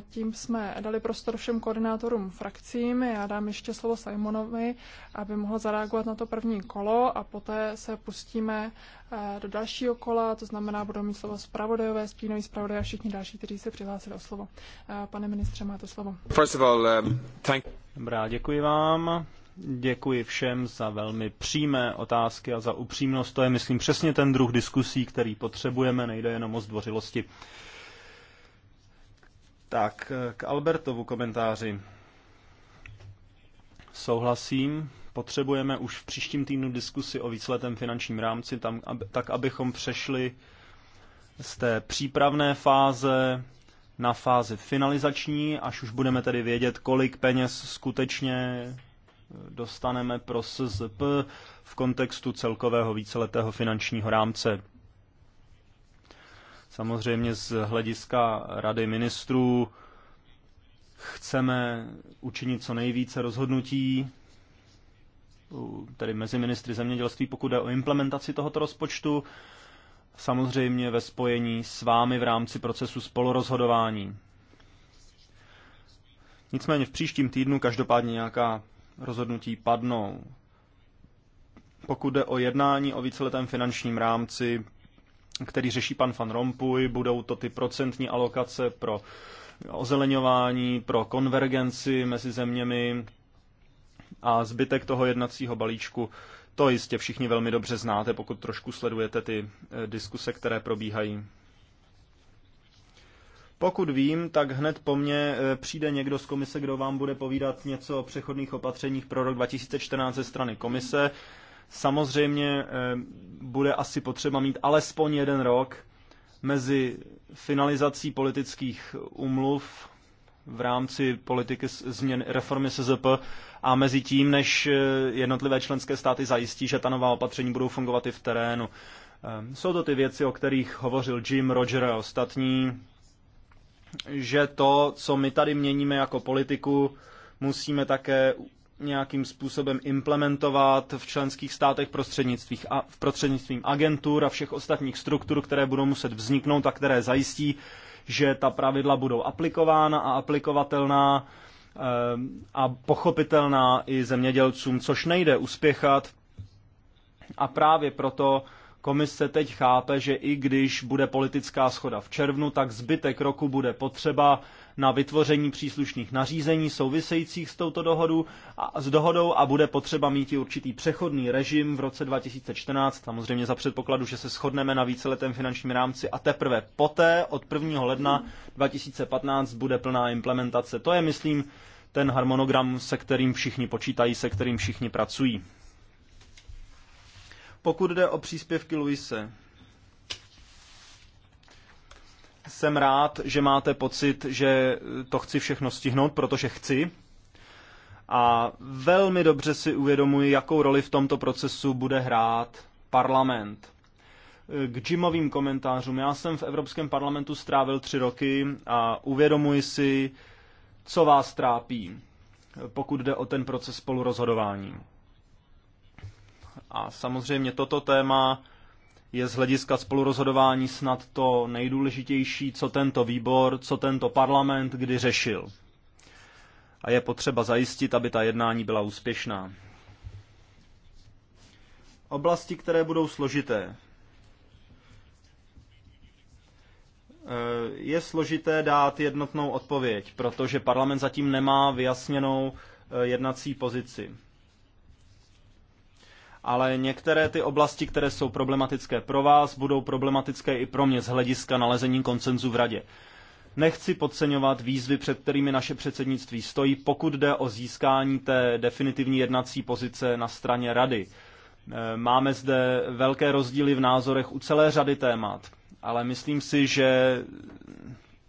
Tím jsme dali prostor všem koordinátorům frakcím. Já dám ještě slovo Simonovi, aby mohl zareagovat na to první kolo a poté se pustíme pustíme eh, do dalšího kola, to znamená, budou mít slovo zpravodajové, stínoví zpravodaj a všichni další, kteří se přihlásili o slovo. Eh, pane ministře, máte slovo. First of all, um, thank... Dobrá, děkuji vám. Děkuji všem za velmi přímé otázky a za upřímnost. To je, myslím, přesně ten druh diskusí, který potřebujeme. Nejde jenom o zdvořilosti. Tak, eh, k Albertovu komentáři. Souhlasím, potřebujeme už v příštím týdnu diskusi o víceletém finančním rámci, tam, ab, tak abychom přešli z té přípravné fáze na fázi finalizační, až už budeme tedy vědět, kolik peněz skutečně eh, dostaneme pro SZP v kontextu celkového víceletého finančního rámce. Samozřejmě z hlediska Rady ministrů chceme učinit co nejvíce rozhodnutí, tedy mezi ministry zemědělství, pokud jde o implementaci tohoto rozpočtu, samozřejmě ve spojení s vámi v rámci procesu spolurozhodování. Nicméně v příštím týdnu každopádně nějaká rozhodnutí padnou. Pokud jde o jednání o víceletém finančním rámci, který řeší pan Van Rompuy, budou to ty procentní alokace pro ozeleňování, pro konvergenci mezi zeměmi, a zbytek toho jednacího balíčku, to jistě všichni velmi dobře znáte, pokud trošku sledujete ty eh, diskuse, které probíhají. Pokud vím, tak hned po mně eh, přijde někdo z komise, kdo vám bude povídat něco o přechodných opatřeních pro rok 2014 ze strany komise. Samozřejmě eh, bude asi potřeba mít alespoň jeden rok mezi finalizací politických umluv v rámci politiky změn, reformy SZP a mezi tím, než eh, jednotlivé členské státy zajistí, že ta nová opatření budou fungovat i v terénu. Ehm, jsou to ty věci, o kterých hovořil Jim, Roger a ostatní, že to, co my tady měníme jako politiku, musíme také nějakým způsobem implementovat v členských státech prostřednictvím, a, v prostřednictvím agentur a všech ostatních struktur, které budou muset vzniknout a které zajistí, že ta pravidla budou aplikována a aplikovatelná ehm, a pochopitelná i zemědělcům, což nejde uspěchat. A právě proto komise teď chápe, že i když bude politická schoda v červnu, tak zbytek roku bude potřeba na vytvoření příslušných nařízení souvisejících s touto dohodou a, s dohodou a bude potřeba mít i určitý přechodný režim v roce 2014, samozřejmě za předpokladu, že se shodneme na víceletém finančním rámci a teprve poté od 1. ledna 2015 bude plná implementace. To je, myslím, ten harmonogram, se kterým všichni počítají, se kterým všichni pracují. Pokud jde o příspěvky Luise, jsem rád, že máte pocit, že to chci všechno stihnout, protože chci. A velmi dobře si uvědomuji, jakou roli v tomto procesu bude hrát parlament. K Jimovým komentářům. Já jsem v Evropském parlamentu strávil tři roky a uvědomuji si, co vás trápí, pokud jde o ten proces spolurozhodování. A samozřejmě toto téma je z hlediska spolurozhodování snad to nejdůležitější, co tento výbor, co tento parlament kdy řešil. A je potřeba zajistit, aby ta jednání byla úspěšná. Oblasti, které budou složité. Eh, je složité dát jednotnou odpověď, protože parlament zatím nemá vyjasněnou eh, jednací pozici ale některé ty oblasti, které jsou problematické pro vás, budou problematické i pro mě z hlediska nalezení koncenzu v radě. Nechci podceňovat výzvy, před kterými naše předsednictví stojí, pokud jde o získání té definitivní jednací pozice na straně rady. E, máme zde velké rozdíly v názorech u celé řady témat, ale myslím si, že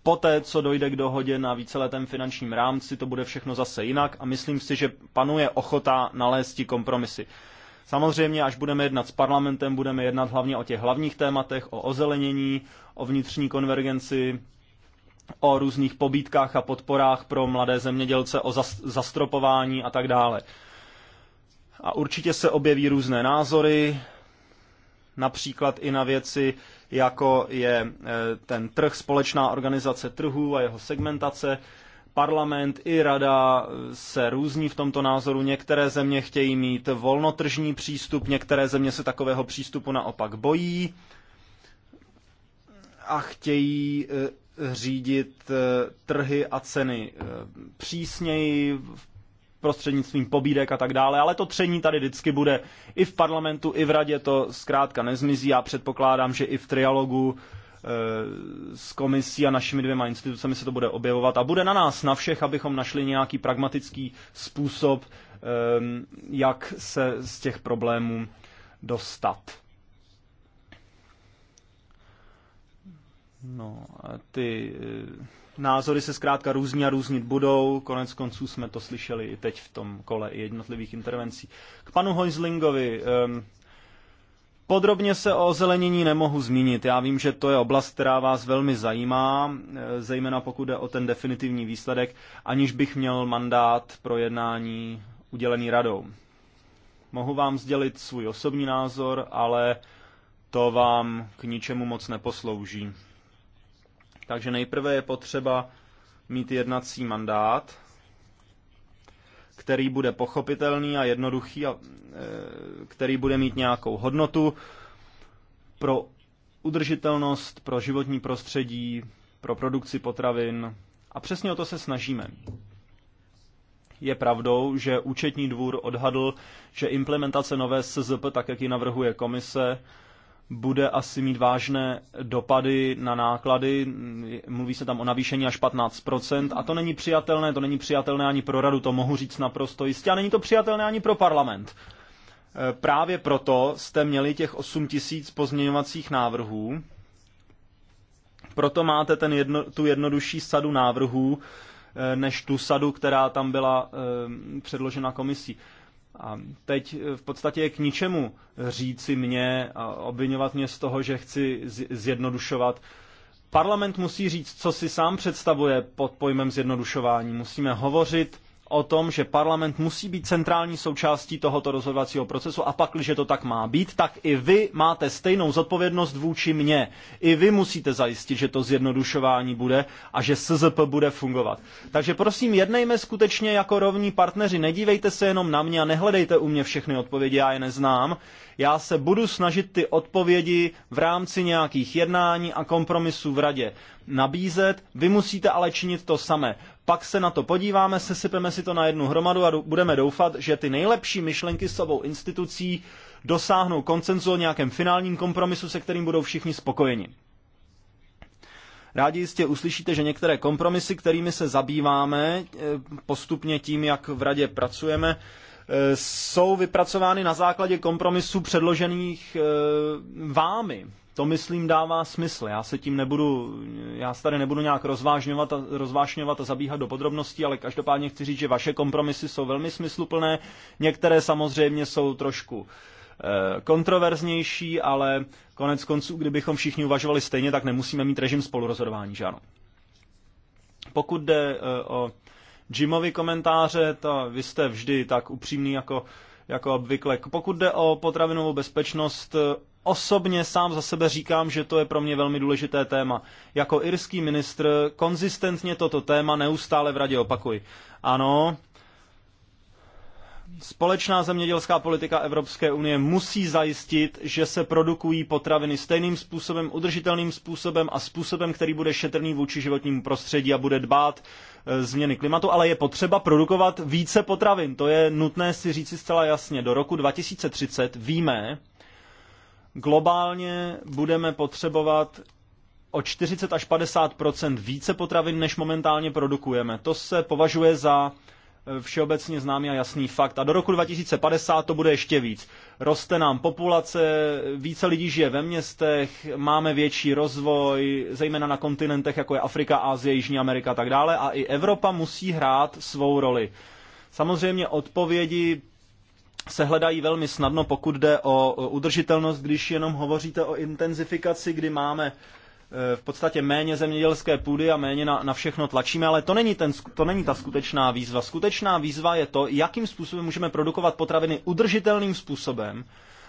poté, co dojde k dohodě na víceletém finančním rámci, to bude všechno zase jinak a myslím si, že panuje ochota nalézt kompromisy. Samozřejmě, až budeme jednat s parlamentem, budeme jednat hlavně o těch hlavních tématech, o ozelenění, o vnitřní konvergenci, o různých pobídkách a podporách pro mladé zemědělce, o zastropování a tak dále. A určitě se objeví různé názory, například i na věci, jako je eh, ten trh, společná organizace trhu a jeho segmentace. Parlament i rada eh, se různí v tomto názoru. Některé země chtějí mít volnotržní přístup, některé země se takového přístupu naopak bojí a chtějí eh, řídit eh, trhy a ceny přísněji prostřednictvím pobídek a tak dále, ale to tření tady vždycky bude. I v parlamentu, i v radě to zkrátka nezmizí. Já předpokládám, že i v trialogu Eh, s komisí a našimi dvěma institucemi se to bude objevovat a bude na nás, na všech, abychom našli nějaký pragmatický způsob, eh, jak se z těch problémů dostat. No, ty eh, názory se zkrátka různí a různit budou. Konec konců jsme to slyšeli i teď v tom kole jednotlivých intervencí. K panu Hojzlingovi. Podrobně se o ozelenění nemohu zmínit. Já vím, že to je oblast, která vás velmi zajímá, eh, zejména pokud jde o ten definitivní výsledek, aniž bych měl mandát pro jednání udělený radou. Mohu vám sdělit svůj osobní názor, ale to vám k ničemu moc neposlouží. Takže nejprve je potřeba mít jednací mandát, který bude pochopitelný a jednoduchý a e, který bude mít nějakou hodnotu pro udržitelnost, pro životní prostředí, pro produkci potravin. A přesně o to se snažíme. Je pravdou, že účetní dvůr odhadl, že implementace nové SZP, tak jak ji navrhuje komise, bude asi mít vážné dopady na náklady. Mluví se tam o navýšení až 15%. A to není přijatelné, to není přijatelné ani pro radu, to mohu říct naprosto jistě. A není to přijatelné ani pro parlament. E, právě proto jste měli těch 8 tisíc pozměňovacích návrhů. Proto máte ten jedno, tu jednodušší sadu návrhů, e, než tu sadu, která tam byla e, předložena komisí. A teď eh, v podstatě je k ničemu říci mě a obvinovat mě z toho, že chci zjednodušovat. Parlament musí říct, co si sám představuje pod pojmem zjednodušování. Musíme hovořit o tom, že parlament musí být centrální součástí tohoto rozhodovacího procesu a pak, to tak má být, tak i vy máte stejnou zodpovědnost vůči mně. I vy musíte zajistit, že to zjednodušování bude a že SZP bude fungovat. Takže prosím, jednejme skutečně jako rovní partneři. Nedívejte se jenom na mě a nehledejte u mě všechny odpovědi, já je neznám. Já se budu snažit ty odpovědi v rámci nějakých jednání a kompromisů v radě nabízet. Vy musíte ale činit to samé. Pak se na to podíváme, sesypeme si to na jednu hromadu a budeme doufat, že ty nejlepší myšlenky s obou institucí dosáhnou koncenzu o nějakém finálním kompromisu, se kterým budou všichni spokojeni. Rádi jistě uslyšíte, že některé kompromisy, kterými se zabýváme eh, postupně tím, jak v radě pracujeme, Eh, jsou vypracovány na základě kompromisů předložených eh, vámi. To, myslím, dává smysl. Já se tím nebudu, já se tady nebudu nějak rozvážňovat a, rozvážňovat a zabíhat do podrobností, ale každopádně chci říct, že vaše kompromisy jsou velmi smysluplné. Některé samozřejmě jsou trošku eh, kontroverznější, ale konec konců, kdybychom všichni uvažovali stejně, tak nemusíme mít režim spolurozhodování, že ano. Pokud jde o Jimovi komentáře, to vy jste vždy tak upřímný jako, jako obvykle. Pokud jde o potravinovou bezpečnost, osobně sám za sebe říkám, že to je pro mě velmi důležité téma. Jako irský ministr konzistentně toto téma neustále v radě opakuji. Ano, Společná zemědělská politika Evropské unie musí zajistit, že se produkují potraviny stejným způsobem, udržitelným způsobem a způsobem, který bude šetrný vůči životnímu prostředí a bude dbát Eh, změny klimatu, ale je potřeba produkovat více potravin. To je nutné si říci zcela jasně. Do roku 2030 víme, globálně budeme potřebovat o 40 až 50 více potravin, než momentálně produkujeme. To se považuje za všeobecně známý a jasný fakt. A do roku 2050 to bude ještě víc. Roste nám populace, více lidí žije ve městech, máme větší rozvoj, zejména na kontinentech, jako je Afrika, Asie, Jižní Amerika a tak dále. A i Evropa musí hrát svou roli. Samozřejmě odpovědi se hledají velmi snadno, pokud jde o udržitelnost, když jenom hovoříte o intenzifikaci, kdy máme Eh, v podstatě méně zemědělské půdy a méně na, na všechno tlačíme, ale to není, ten, to není ta skutečná výzva. Skutečná výzva je to, jakým způsobem můžeme produkovat potraviny udržitelným způsobem,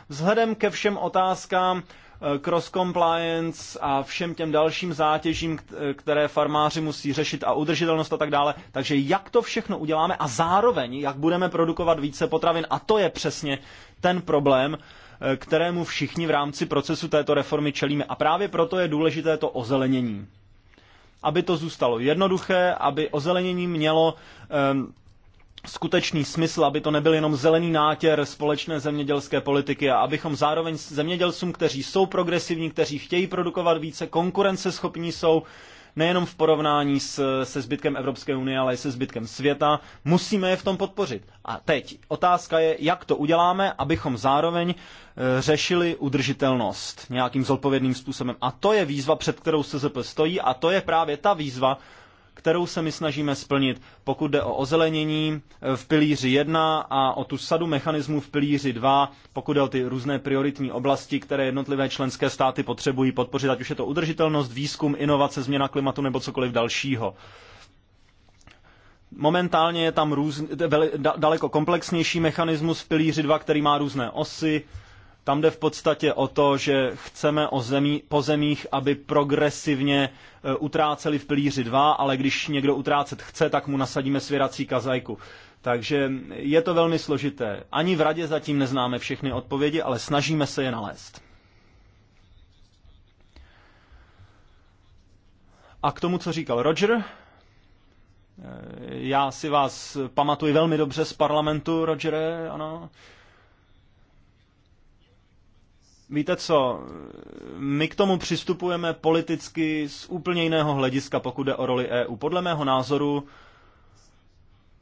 vzhledem ke všem otázkám eh, cross compliance a všem těm dalším zátěžím, eh, které farmáři musí řešit a udržitelnost a tak dále. Takže jak to všechno uděláme a zároveň, jak budeme produkovat více potravin a to je přesně ten problém, Eh, kterému všichni v rámci procesu této reformy čelíme. A právě proto je důležité to ozelenění. Aby to zůstalo jednoduché, aby ozelenění mělo um, skutečný smysl, aby to nebyl jenom zelený nátěr společné zemědělské politiky a abychom zároveň zemědělcům, kteří jsou progresivní, kteří chtějí produkovat více, konkurenceschopní jsou, nejenom v porovnání s, se zbytkem Evropské unie, ale i se zbytkem světa. Musíme je v tom podpořit. A teď otázka je, jak to uděláme, abychom zároveň eh, řešili udržitelnost nějakým zodpovědným způsobem. A to je výzva, před kterou SZP stojí a to je právě ta výzva, kterou se my snažíme splnit, pokud jde o ozelenění eh, v pilíři 1 a o tu sadu mechanismů v pilíři 2, pokud jde o ty různé prioritní oblasti, které jednotlivé členské státy potřebují podpořit, ať už je to udržitelnost, výzkum, inovace, změna klimatu nebo cokoliv dalšího. Momentálně je tam růz, daleko komplexnější mechanismus v pilíři 2, který má různé osy, tam jde v podstatě o to, že chceme o zemí, po zemích, aby progresivně e, utráceli v pilíři 2, ale když někdo utrácet chce, tak mu nasadíme svěrací kazajku. Takže je to velmi složité. Ani v radě zatím neznáme všechny odpovědi, ale snažíme se je nalézt. A k tomu, co říkal Roger, e, já si vás pamatuji velmi dobře z parlamentu, Roger, ano. Víte co, my k tomu přistupujeme politicky z úplně jiného hlediska, pokud jde o roli EU. Podle mého názoru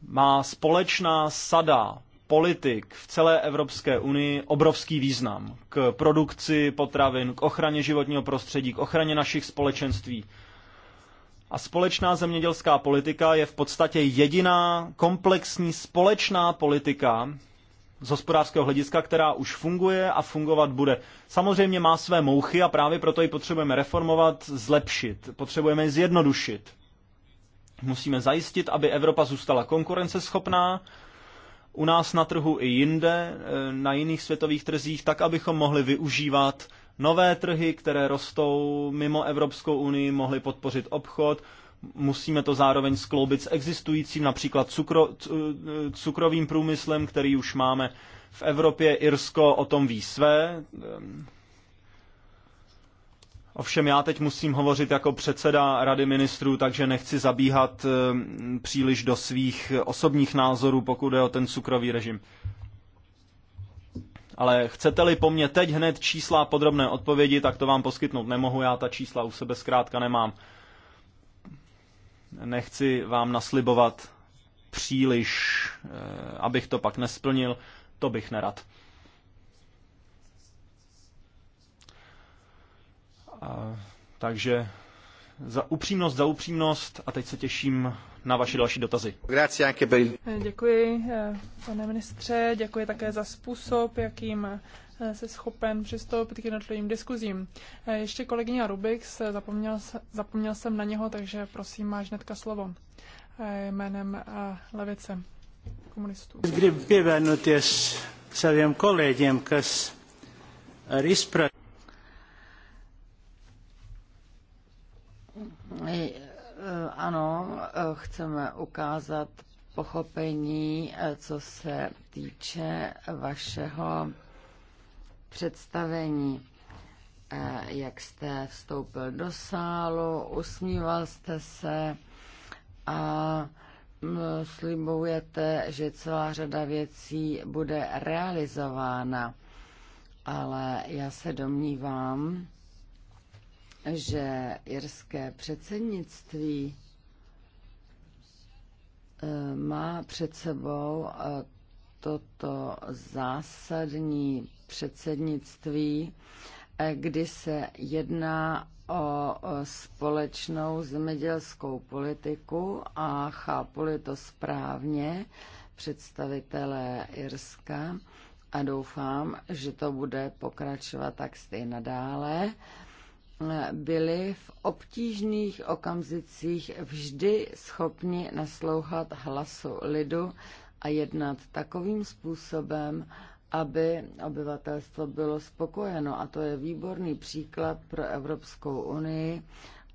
má společná sada politik v celé Evropské unii obrovský význam k produkci potravin, k ochraně životního prostředí, k ochraně našich společenství. A společná zemědělská politika je v podstatě jediná komplexní společná politika, z hospodářského hlediska, která už funguje a fungovat bude. Samozřejmě má své mouchy a právě proto ji potřebujeme reformovat, zlepšit, potřebujeme ji zjednodušit. Musíme zajistit, aby Evropa zůstala konkurenceschopná, u nás na trhu i jinde, eh, na jiných světových trzích, tak abychom mohli využívat nové trhy, které rostou mimo Evropskou unii, mohli podpořit obchod, Musíme to zároveň skloubit s existujícím například cukro, eh, cukrovým průmyslem, který už máme v Evropě. Irsko o tom ví své. Eh, ovšem já teď musím hovořit jako předseda Rady ministrů, takže nechci zabíhat eh, příliš do svých osobních názorů, pokud je o ten cukrový režim. Ale chcete-li po mně teď hned čísla a podrobné odpovědi, tak to vám poskytnout nemohu, já ta čísla u sebe zkrátka nemám. Nechci vám naslibovat příliš, eh, abych to pak nesplnil, to bych nerad. A, takže za upřímnost, za upřímnost a teď se těším na vaše další dotazy. Děkuji, eh, pane ministře, děkuji také za způsob, jakým Eh, se schopen přistoupit k jednotlivým diskuzím. Eh, ještě kolegyně Rubix, zapomněl, zapomněl jsem na něho, takže prosím, máš hnedka slovo eh, jménem levice komunistů. Ano, chceme ukázat pochopení, co se týče vašeho představení, eh, jak jste vstoupil do sálu, usmíval jste se a mm, slibujete, že celá řada věcí bude realizována. Ale já se domnívám, že jirské předsednictví eh, má před sebou eh, toto zásadní předsednictví, eh, kdy se jedná o společnou zemědělskou politiku a chápu to správně, představitelé Irska a doufám, že to bude pokračovat tak stejně nadále, eh, byli v obtížných okamzicích vždy schopni naslouchat hlasu lidu a jednat takovým způsobem, aby obyvatelstvo bylo spokojeno. A to je výborný příklad pro Evropskou unii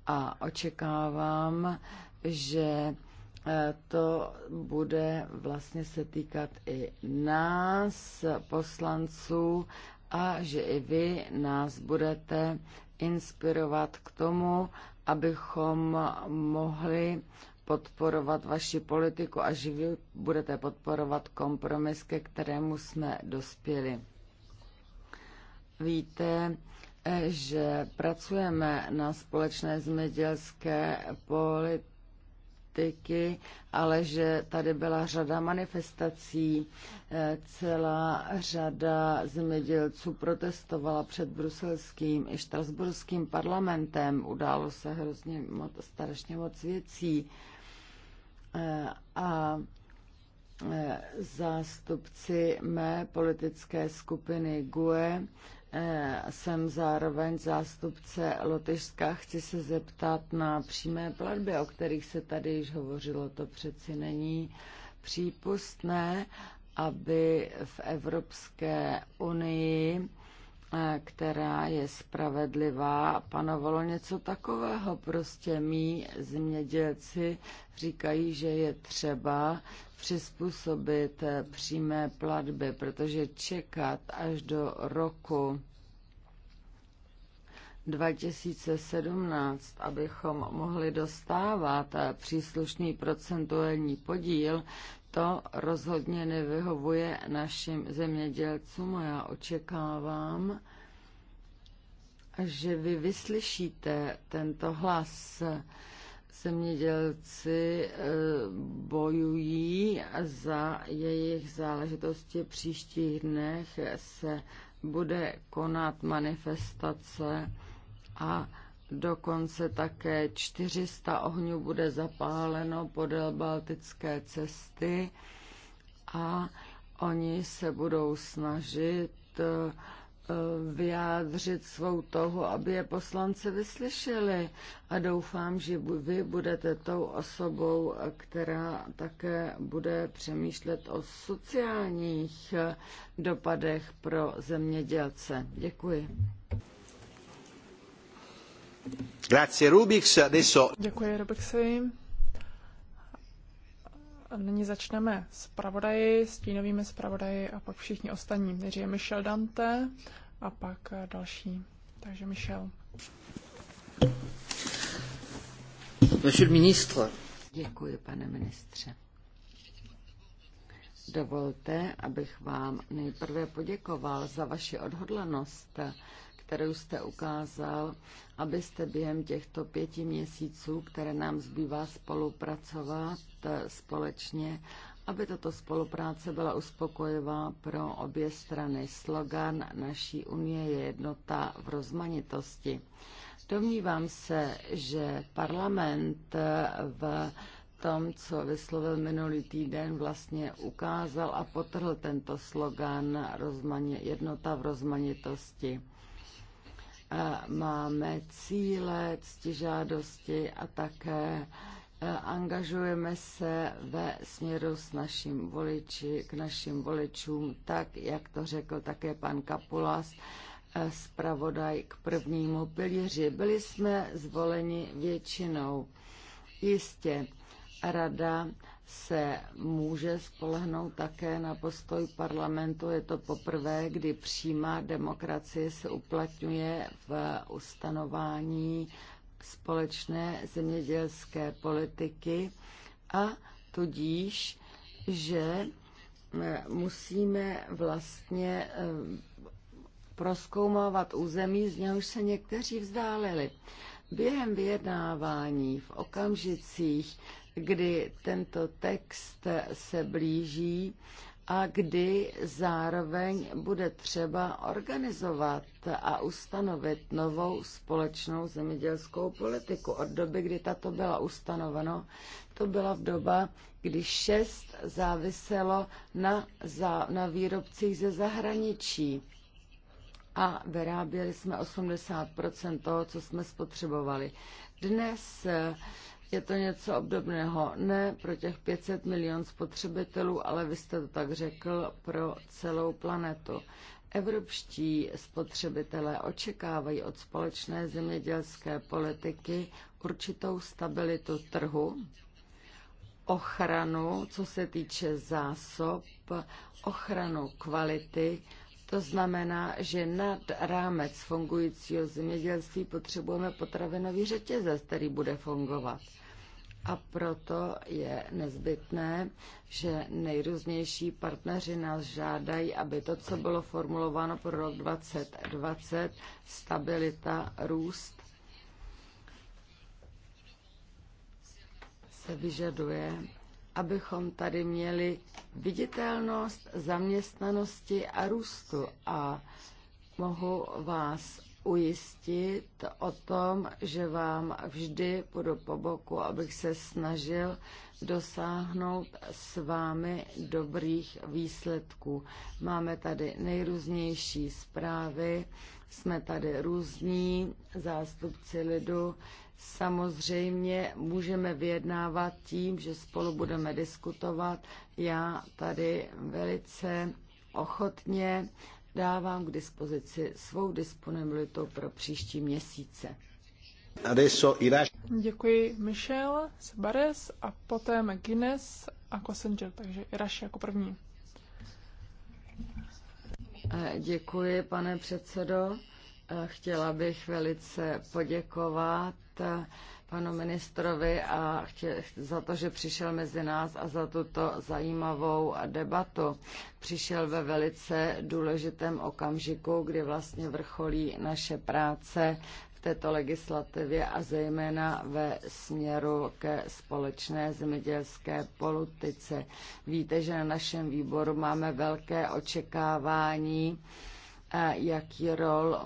a očekávám, že eh, to bude vlastně se týkat i nás, poslanců, a že i vy nás budete inspirovat k tomu, abychom mohli podporovat vaši politiku a vy budete podporovat kompromis, ke kterému jsme dospěli. Víte, eh, že pracujeme na společné zemědělské politiky, ale že tady byla řada manifestací, eh, celá řada zemědělců protestovala před bruselským i štrasburským parlamentem, událo se hrozně moc, strašně moc věcí Eh, a eh, zástupci mé politické skupiny GUE eh, jsem zároveň zástupce Lotyšska. Chci se zeptat na přímé platby, o kterých se tady již hovořilo. To přeci není přípustné, aby v Evropské unii Eh, která je spravedlivá, panovalo něco takového. Prostě mý zemědělci říkají, že je třeba přizpůsobit eh, přímé platby, protože čekat až do roku 2017, abychom mohli dostávat eh, příslušný procentuální podíl, to rozhodně nevyhovuje našim zemědělcům a já očekávám, že vy vyslyšíte tento hlas. Zemědělci eh, bojují za jejich záležitosti. V příštích dnech se bude konat manifestace a Dokonce také 400 ohňů bude zapáleno podél Baltické cesty a oni se budou snažit eh, eh, vyjádřit svou touhu, aby je poslanci vyslyšeli. A doufám, že vy budete tou osobou, která také bude přemýšlet o sociálních eh, dopadech pro zemědělce. Děkuji. Grazie Rubix, Děkuji Rubixi. Nyní začneme s pravodaji, s tínovými zpravodaji a pak všichni ostatní. Nejdřív je Michel Dante a pak eh, další. Takže Michel. Monsieur ministre. Děkuji, pane ministře. Dovolte, abych vám nejprve poděkoval za vaši odhodlanost kterou jste ukázal, abyste během těchto pěti měsíců, které nám zbývá spolupracovat eh, společně, aby tato spolupráce byla uspokojivá pro obě strany. Slogan naší unie je jednota v rozmanitosti. Domnívám se, že parlament eh, v tom, co vyslovil minulý týden, vlastně ukázal a potrhl tento slogan rozmaně, jednota v rozmanitosti máme cíle, ctižádosti a také e, angažujeme se ve směru s naším voliči, k našim voličům, tak, jak to řekl také pan Kapulas, e, zpravodaj k prvnímu pilíři. Byli jsme zvoleni většinou. Jistě, rada se může spolehnout také na postoj parlamentu. Je to poprvé, kdy přímá demokracie se uplatňuje v ustanování společné zemědělské politiky a tudíž, že eh, musíme vlastně eh, proskoumovat území, z něhož se někteří vzdálili. Během vyjednávání v okamžicích, kdy tento text se blíží a kdy zároveň bude třeba organizovat a ustanovit novou společnou zemědělskou politiku. Od doby, kdy tato byla ustanoveno, to byla v doba, kdy šest záviselo na, za, na výrobcích ze zahraničí a vyráběli jsme 80 toho, co jsme spotřebovali. Dnes je to něco obdobného ne pro těch 500 milion spotřebitelů, ale vy jste to tak řekl pro celou planetu. Evropští spotřebitelé očekávají od společné zemědělské politiky určitou stabilitu trhu, ochranu, co se týče zásob, ochranu kvality. To znamená, že nad rámec fungujícího zemědělství potřebujeme potravinový řetězec, který bude fungovat. A proto je nezbytné, že nejrůznější partneři nás žádají, aby to, co bylo formulováno pro rok 2020, stabilita, růst, se vyžaduje, abychom tady měli viditelnost zaměstnanosti a růstu. A mohu vás ujistit o tom, že vám vždy budu po boku, abych se snažil dosáhnout s vámi dobrých výsledků. Máme tady nejrůznější zprávy, jsme tady různí zástupci lidu. Samozřejmě můžeme vyjednávat tím, že spolu budeme diskutovat. Já tady velice ochotně dávám k dispozici svou disponibilitu pro příští měsíce. Děkuji Michel, Sebares a poté McGuinness a Kosinger, takže Iraš jako první. Eh, děkuji, pane předsedo. Eh, chtěla bych velice poděkovat eh, panu ministrovi a chtě, za to, že přišel mezi nás a za tuto zajímavou debatu. Přišel ve velice důležitém okamžiku, kdy vlastně vrcholí naše práce v této legislativě a zejména ve směru ke společné zemědělské politice. Víte, že na našem výboru máme velké očekávání jaký rol,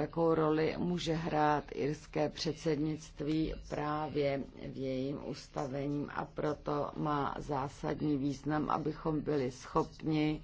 jakou roli může hrát irské předsednictví právě v jejím ustavení a proto má zásadní význam, abychom byli schopni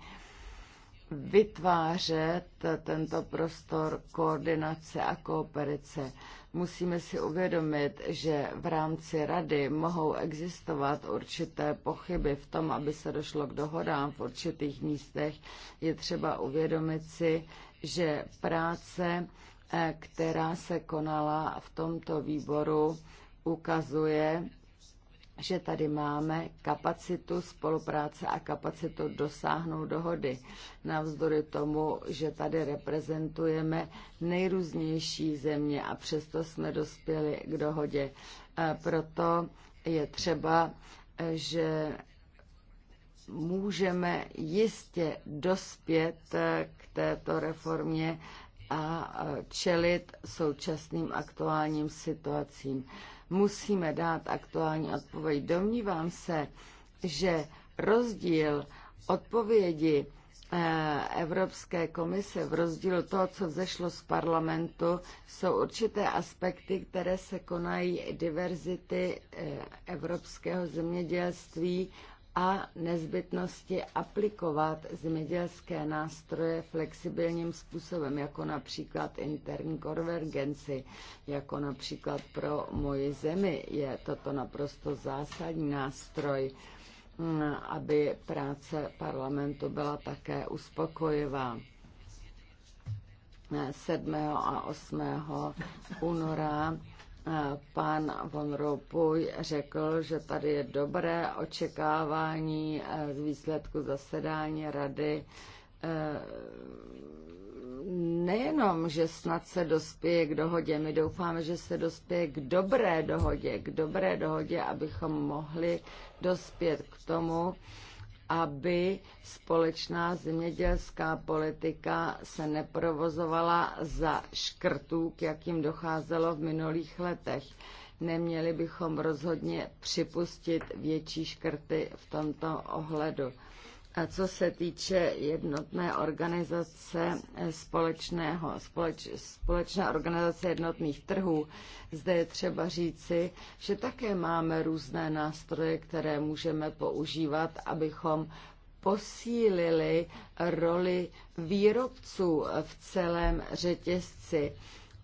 vytvářet tento prostor koordinace a kooperace. Musíme si uvědomit, že v rámci rady mohou existovat určité pochyby v tom, aby se došlo k dohodám v určitých místech. Je třeba uvědomit si, že práce, eh, která se konala v tomto výboru, ukazuje, že tady máme kapacitu spolupráce a kapacitu dosáhnout dohody. Navzdory tomu, že tady reprezentujeme nejrůznější země a přesto jsme dospěli k dohodě. Eh, proto je třeba, eh, že můžeme jistě dospět eh, k této reformě a eh, čelit současným aktuálním situacím. Musíme dát aktuální odpověď. Domnívám se, že rozdíl odpovědi eh, Evropské komise v rozdílu toho, co zešlo z parlamentu, jsou určité aspekty, které se konají diverzity evropského zemědělství a nezbytnosti aplikovat zemědělské nástroje flexibilním způsobem, jako například interní konvergenci, jako například pro moji zemi. Je toto naprosto zásadní nástroj, mm, aby práce parlamentu byla také uspokojivá. 7. Eh, a 8. února Pan von Ropuj řekl, že tady je dobré očekávání eh, z výsledku zasedání rady eh, nejenom, že snad se dospěje k dohodě, my doufáme, že se dospěje k dobré dohodě, k dobré dohodě, abychom mohli dospět k tomu, aby společná zemědělská politika se neprovozovala za škrtů, k jakým docházelo v minulých letech. Neměli bychom rozhodně připustit větší škrty v tomto ohledu. A co se týče jednotné organizace eh, společného, společ, společné organizace jednotných trhů, zde je třeba říci, že také máme různé nástroje, které můžeme používat, abychom posílili roli výrobců v celém řetězci.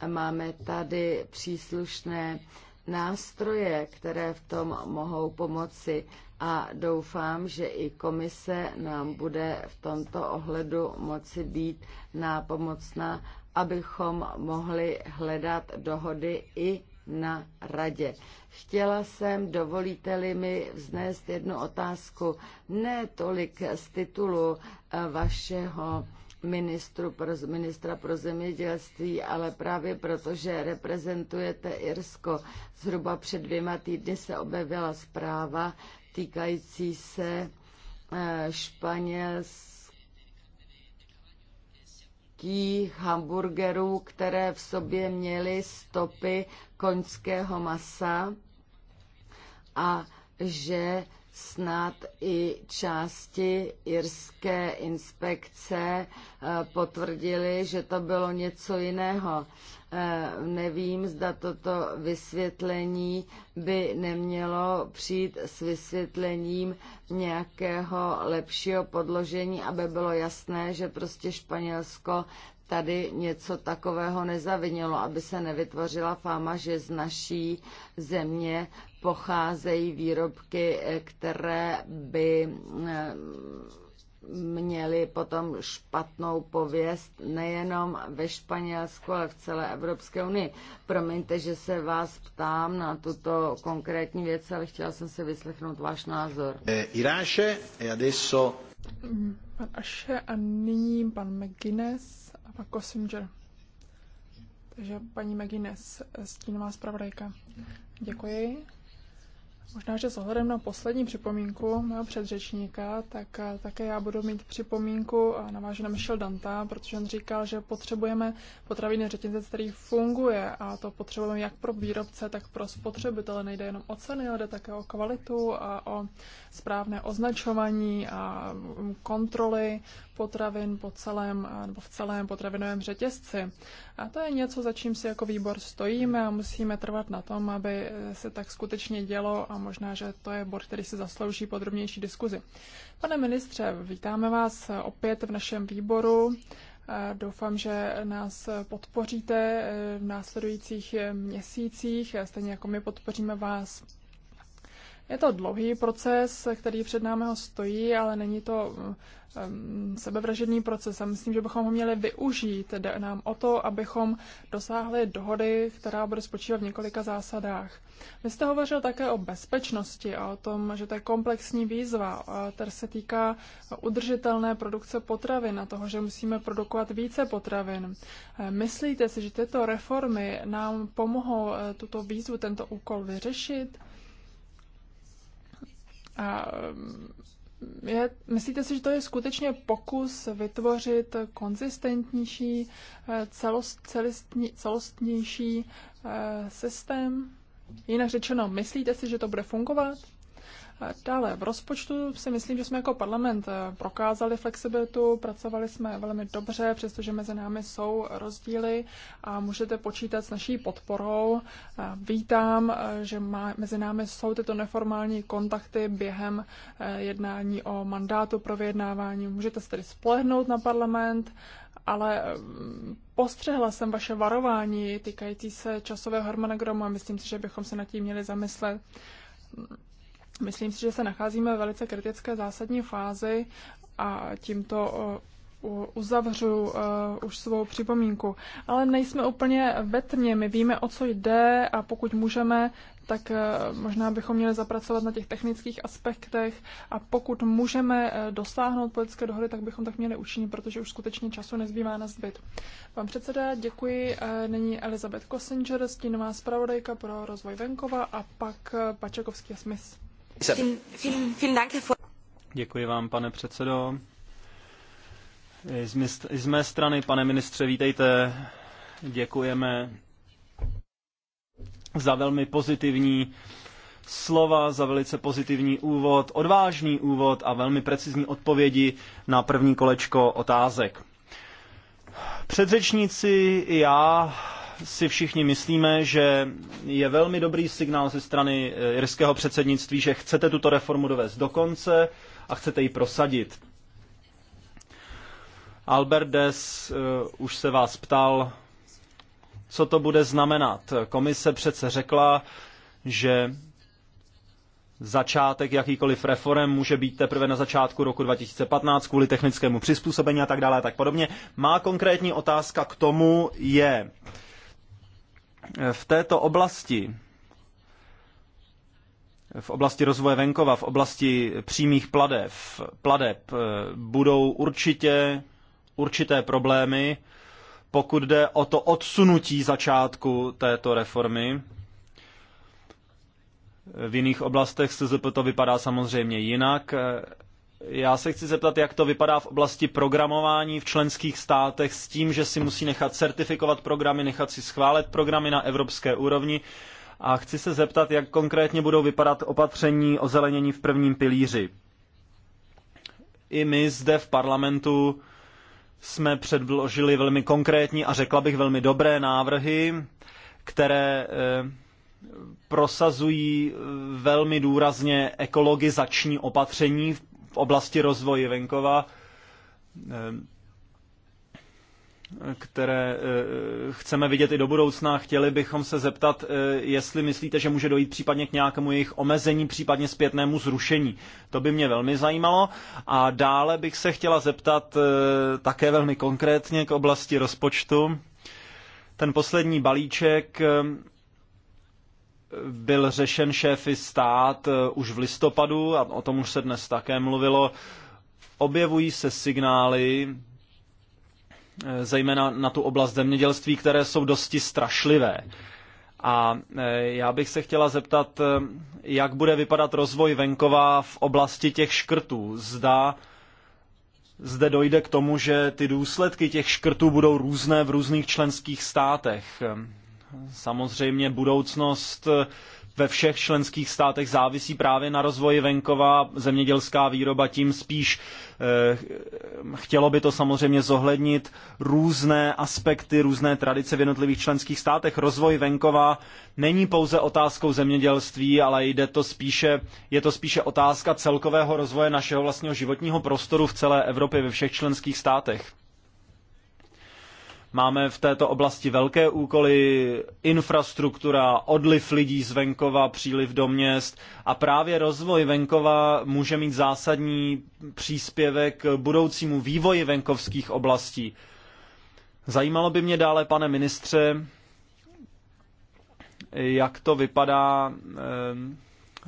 Máme tady příslušné nástroje, které v tom mohou pomoci a doufám, že i komise nám bude v tomto ohledu moci být nápomocná, abychom mohli hledat dohody i na radě. Chtěla jsem, dovolíte-li mi vznést jednu otázku, ne tolik z titulu eh, vašeho ministru pro, ministra pro zemědělství, ale právě protože reprezentujete Irsko. Zhruba před dvěma týdny se objevila zpráva týkající se eh, španělských hamburgerů, které v sobě měly stopy koňského masa a že snad i části irské inspekce eh, potvrdili, že to bylo něco jiného. Eh, nevím, zda toto vysvětlení by nemělo přijít s vysvětlením nějakého lepšího podložení, aby bylo jasné, že prostě Španělsko tady něco takového nezavinilo, aby se nevytvořila fáma, že z naší země pocházejí výrobky, eh, které by eh, měli potom špatnou pověst nejenom ve Španělsku, ale v celé Evropské unii. Promiňte, že se vás ptám na tuto konkrétní věc, ale chtěla jsem se vyslechnout váš názor. Eh, Iráše, e adesso... Mm, pan Aše a nyní pan McGuinness pak Kosinger. Takže paní Megines, stínová zpravodajka. Děkuji. Možná, že s ohledem na poslední připomínku mého předřečníka, tak eh, také já budu mít připomínku a eh, navážu na Michel Danta, protože on říkal, že potřebujeme potravinný řetězec, který funguje a to potřebujeme jak pro výrobce, tak pro spotřebitele. Nejde jenom o ceny, ale jde také o kvalitu a o správné označování a mm, kontroly potravin po celém, eh, nebo v celém potravinovém řetězci. A to je něco, za čím si jako výbor stojíme a musíme trvat na tom, aby se tak skutečně dělo a možná, že to je bod, který si zaslouží podrobnější diskuzi. Pane ministře, vítáme vás opět v našem výboru. Eh, doufám, že nás podpoříte eh, v následujících eh, měsících, stejně jako my podpoříme vás je to dlouhý proces, který před námi ho stojí, ale není to um, sebevražedný proces a myslím, že bychom ho měli využít. Jde nám o to, abychom dosáhli dohody, která bude spočívat v několika zásadách. Vy jste hovořil také o bezpečnosti a o tom, že to je komplexní výzva, která se týká udržitelné produkce potravin a toho, že musíme produkovat více potravin. E, myslíte si, že tyto reformy nám pomohou e, tuto výzvu, tento úkol vyřešit? A mm, je, myslíte si, že to je skutečně pokus vytvořit konzistentnější, eh, celost, celistní, celostnější eh, systém? Jinak řečeno, myslíte si, že to bude fungovat? Dále, v rozpočtu si myslím, že jsme jako parlament eh, prokázali flexibilitu, pracovali jsme velmi dobře, přestože mezi námi jsou rozdíly a můžete počítat s naší podporou. Eh, vítám, eh, že má, mezi námi jsou tyto neformální kontakty během jednání o mandátu pro vyjednávání. Můžete se tedy spolehnout na parlament, ale mm, postřehla jsem vaše varování týkající se časového harmonogramu a myslím si, že bychom se nad tím měli zamyslet Myslím si, že se nacházíme v velice kritické zásadní fázi a tímto uzavřu uh, už svou připomínku. Ale nejsme úplně ve tmě, my víme, o co jde a pokud můžeme, tak uh, možná bychom měli zapracovat na těch technických aspektech a pokud můžeme uh, dosáhnout politické dohody, tak bychom tak měli učinit, protože už skutečně času nezbývá na zbyt. Pan předseda, děkuji. Uh, nyní Elizabeth Kosinger, stínová zpravodajka pro rozvoj venkova a pak uh, Pačakovský a Smith. Děkuji vám, pane předsedo. I z mé strany, pane ministře, vítejte. Děkujeme za velmi pozitivní slova, za velice pozitivní úvod, odvážný úvod a velmi precizní odpovědi na první kolečko otázek. Předřečníci i já si všichni myslíme, že je velmi dobrý signál ze strany eh, irského předsednictví, že chcete tuto reformu dovést do konce a chcete ji prosadit. Albert Des eh, už se vás ptal, co to bude znamenat. Komise přece řekla, že začátek jakýkoliv reform může být teprve na začátku roku 2015 kvůli technickému přizpůsobení a tak dále a tak podobně. Má konkrétní otázka k tomu je, v této oblasti, v oblasti rozvoje venkova, v oblasti přímých pladev, pladeb eh, budou určitě určité problémy, pokud jde o to odsunutí začátku této reformy. V jiných oblastech SZP to vypadá samozřejmě jinak. Já se chci zeptat, jak to vypadá v oblasti programování v členských státech s tím, že si musí nechat certifikovat programy, nechat si schválit programy na evropské úrovni. A chci se zeptat, jak konkrétně budou vypadat opatření o zelenění v prvním pilíři. I my zde v parlamentu jsme předložili velmi konkrétní a řekla bych velmi dobré návrhy, které eh, prosazují eh, velmi důrazně ekologizační opatření v oblasti rozvoje venkova, eh, které eh, chceme vidět i do budoucna. Chtěli bychom se zeptat, eh, jestli myslíte, že může dojít případně k nějakému jejich omezení, případně zpětnému zrušení. To by mě velmi zajímalo. A dále bych se chtěla zeptat také velmi konkrétně k oblasti rozpočtu. Ten poslední balíček byl řešen šéfy stát eh, už v listopadu, a o tom už se dnes také mluvilo, objevují se signály, eh, zejména na tu oblast zemědělství, které jsou dosti strašlivé. A eh, já bych se chtěla zeptat, jak bude vypadat rozvoj venkova v oblasti těch škrtů. Zda zde dojde k tomu, že ty důsledky těch škrtů budou různé v různých členských státech. Samozřejmě budoucnost ve všech členských státech závisí právě na rozvoji venkova, zemědělská výroba tím spíš. Eh, chtělo by to samozřejmě zohlednit různé aspekty, různé tradice v jednotlivých členských státech. Rozvoj venkova není pouze otázkou zemědělství, ale jde to spíše, je to spíše otázka celkového rozvoje našeho vlastního životního prostoru v celé Evropě ve všech členských státech. Máme v této oblasti velké úkoly, infrastruktura, odliv lidí z venkova, příliv do měst a právě rozvoj venkova může mít zásadní příspěvek k budoucímu vývoji venkovských oblastí. Zajímalo by mě dále, pane ministře, jak to vypadá eh,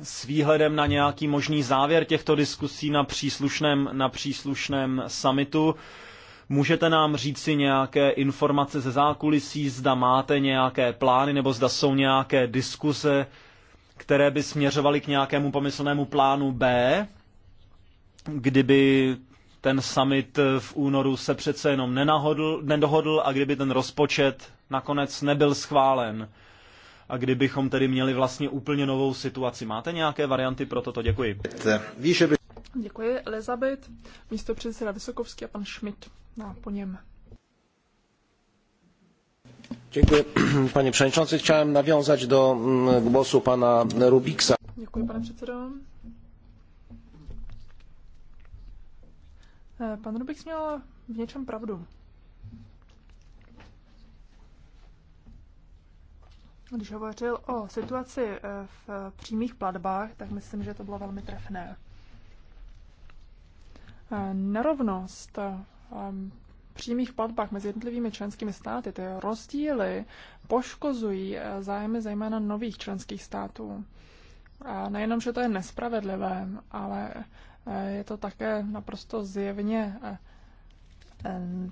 s výhledem na nějaký možný závěr těchto diskusí na příslušném, na příslušném summitu. Můžete nám říct si nějaké informace ze zákulisí, zda máte nějaké plány nebo zda jsou nějaké diskuze, které by směřovaly k nějakému pomyslnému plánu B, kdyby ten summit v únoru se přece jenom nenahodl, nedohodl a kdyby ten rozpočet nakonec nebyl schválen. A kdybychom tedy měli vlastně úplně novou situaci. Máte nějaké varianty pro toto? Děkuji. Děkuji, Elizabeth. Místo předseda Vysokovský a pan Schmidt. A po něm. Děkuji, panie przewodniczący. Chciałem nawiązać do głosu mm, pana Rubiksa. Děkuji, pane předsedo. Eh, pan Rubiks měl v něčem pravdu. Když hovořil o situaci eh, v přímých platbách, tak myslím, že to bylo velmi trefné. Eh, nerovnost eh, přímých platbách mezi jednotlivými členskými státy, ty rozdíly poškozují eh, zájmy zejména nových členských států. A nejenom, že to je nespravedlivé, ale je to také naprosto zjevně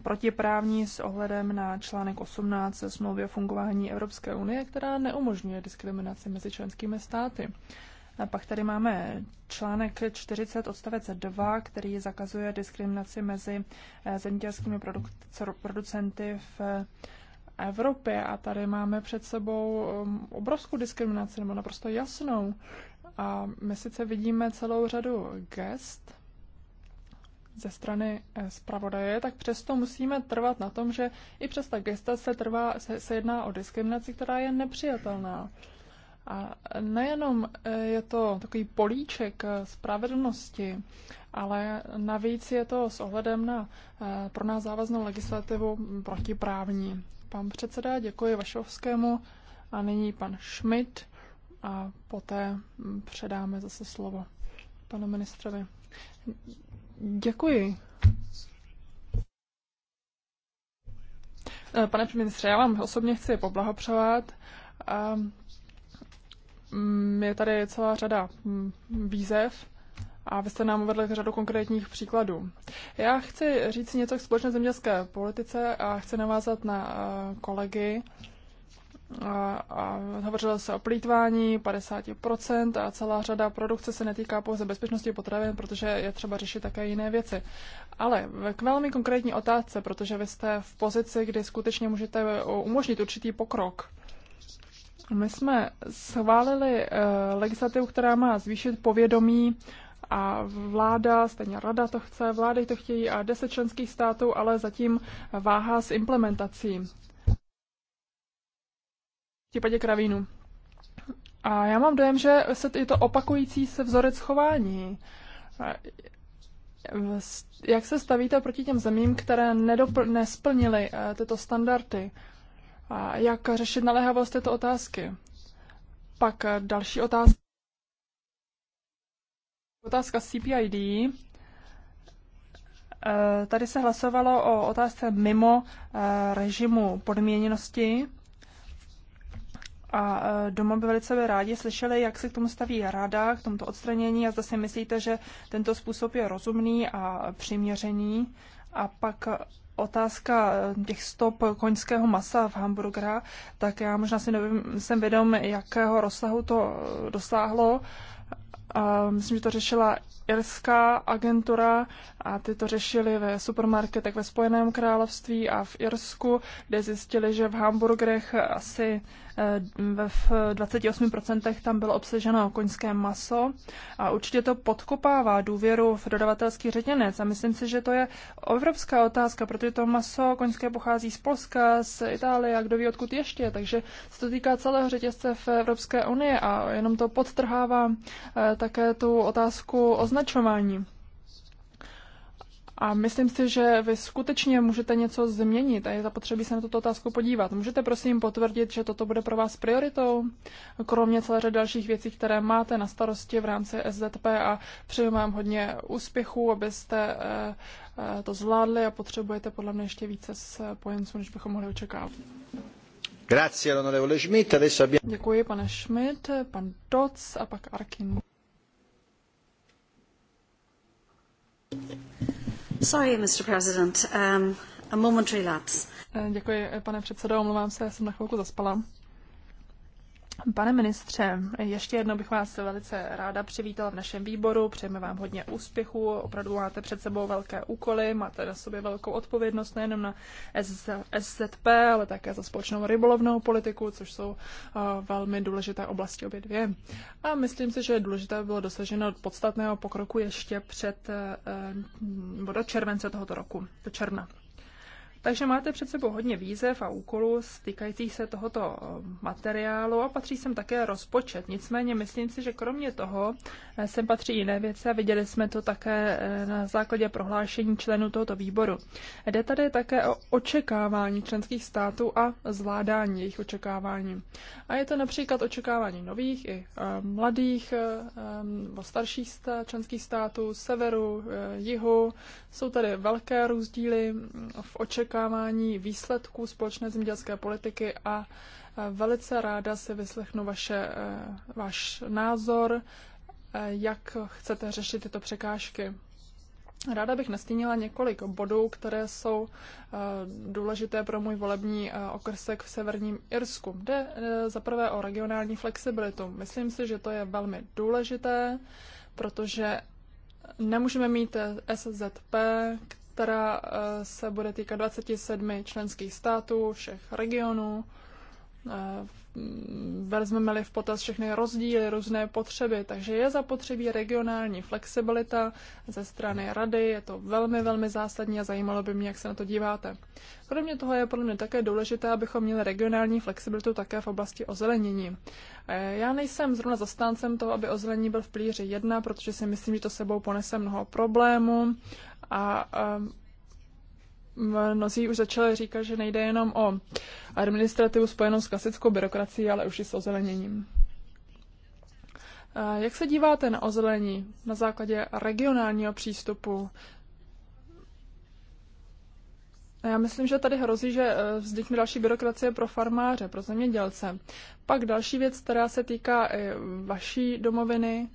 protiprávní s ohledem na článek 18 smlouvy o fungování Evropské unie, která neumožňuje diskriminaci mezi členskými státy. A pak tady máme článek 40 odstavec 2, který zakazuje diskriminaci mezi eh, zemědělskými producenty v eh, Evropě. A tady máme před sebou um, obrovskou diskriminaci, nebo naprosto jasnou. A my sice vidíme celou řadu gest, ze strany eh, zpravodaje, tak přesto musíme trvat na tom, že i přes ta gesta se, trvá, se, se jedná o diskriminaci, která je nepřijatelná. A nejenom eh, je to takový políček eh, spravedlnosti, ale navíc je to s ohledem na eh, pro nás závaznou legislativu protiprávní. Pan předseda, děkuji Vašovskému a nyní pan Schmidt a poté předáme zase slovo panu ministrovi. Děkuji. Pane ministře, já vám osobně chci poblahopřát. Ehm, Mm, je tady celá řada mm, výzev a vy jste nám uvedli řadu konkrétních příkladů. Já chci říct něco k společné zemědělské politice a chci navázat na eh, kolegy. A, a hovořilo se o plítvání 50% a celá řada produkce se netýká pouze bezpečnosti potravin, protože je třeba řešit také jiné věci. Ale k velmi konkrétní otázce, protože vy jste v pozici, kdy skutečně můžete umožnit určitý pokrok my jsme schválili eh, legislativu, která má zvýšit povědomí a vláda, stejně rada to chce, vlády to chtějí a deset členských států, ale zatím váhá s implementací. V případě kravínu. A já mám dojem, že se je to opakující se vzorec chování. Eh, jak se stavíte proti těm zemím, které nesplnily eh, tyto standardy? A jak řešit naléhavost této otázky? Pak další otázka. Otázka CPID. Eh, tady se hlasovalo o otázce mimo eh, režimu podměněnosti. A eh, doma by velice by rádi slyšeli, jak se k tomu staví rada, k tomuto odstranění a zda si myslíte, že tento způsob je rozumný a přiměřený. A pak otázka eh, těch stop koňského masa v hamburgera, tak já možná si nevím, jsem vědom, jakého rozsahu to eh, dosáhlo. Myslím, že to řešila irská agentura a ty to řešili ve supermarketech ve Spojeném království a v Irsku, kde zjistili, že v hamburgerech asi eh, v 28% tam bylo obsaženo koňské maso a určitě to podkopává důvěru v dodavatelský řetěnec a myslím si, že to je evropská otázka, protože to maso koňské pochází z Polska, z Itálie a kdo ví odkud ještě, takže se to týká celého řetězce v Evropské unii a jenom to podtrhává eh, také tu otázku označování. A myslím si, že vy skutečně můžete něco změnit a je zapotřebí se na tuto otázku podívat. Můžete prosím potvrdit, že toto bude pro vás prioritou, kromě celé řady dalších věcí, které máte na starosti v rámci SZP a přeju vám hodně úspěchů, abyste eh, eh, to zvládli a potřebujete podle mě ještě více spojenců, než bychom mohli očekávat. Grazie, onorevole Schmidt. Adesso abbiamo... Děkuji, pane Schmidt, pan Doc a pak Arkin. Sorry, Mr. President. Um, a momentary lapse. Eh, děkuji, eh, pane předsedo, omlouvám se, já jsem na chvilku zaspala. Pane ministře, ještě jednou bych vás velice ráda přivítala v našem výboru. Přejeme vám hodně úspěchu. Opravdu máte před sebou velké úkoly, máte na sobě velkou odpovědnost nejenom na SZP, ale také za společnou rybolovnou politiku, což jsou uh, velmi důležité oblasti obě dvě. A myslím si, že je důležité bylo dosaženo podstatného pokroku ještě před, eh, eh, do července tohoto roku, do června. Takže máte před sebou hodně výzev a úkolů stýkajících se tohoto eh, materiálu a patří sem také rozpočet. Nicméně myslím si, že kromě toho eh, sem patří jiné věci a viděli jsme to také eh, na základě prohlášení členů tohoto výboru. Jde tady také o očekávání členských států a zvládání jejich očekávání. A je to například očekávání nových i mladých, starších členských států, severu, jihu. Jsou tady velké rozdíly mm, v očekávání očekávání výsledků společné zemědělské politiky a velice ráda si vyslechnu vaše, e, váš názor, e, jak chcete řešit tyto překážky. Ráda bych nastínila několik bodů, které jsou e, důležité pro můj volební okrsek v severním Irsku. Jde zaprvé o regionální flexibilitu. Myslím si, že to je velmi důležité, protože nemůžeme mít SZP, která eh, se bude týkat 27 členských států, všech regionů. Eh, vezmeme-li v potaz všechny rozdíly, různé potřeby, takže je zapotřebí regionální flexibilita ze strany rady, je to velmi, velmi zásadní a zajímalo by mě, jak se na to díváte. Kromě toho je podle mě také důležité, abychom měli regionální flexibilitu také v oblasti ozelenění. Eh, já nejsem zrovna zastáncem toho, aby ozelení byl v plíři jedna, protože si myslím, že to sebou ponese mnoho problémů a um, mnozí už začali říkat, že nejde jenom o administrativu spojenou s klasickou byrokracií, ale už i s ozeleněním. Jak se díváte na ozelení na základě regionálního přístupu? Já myslím, že tady hrozí, že eh, vznikne další byrokracie pro farmáře, pro zemědělce. Pak další věc, která se týká eh, vaší domoviny,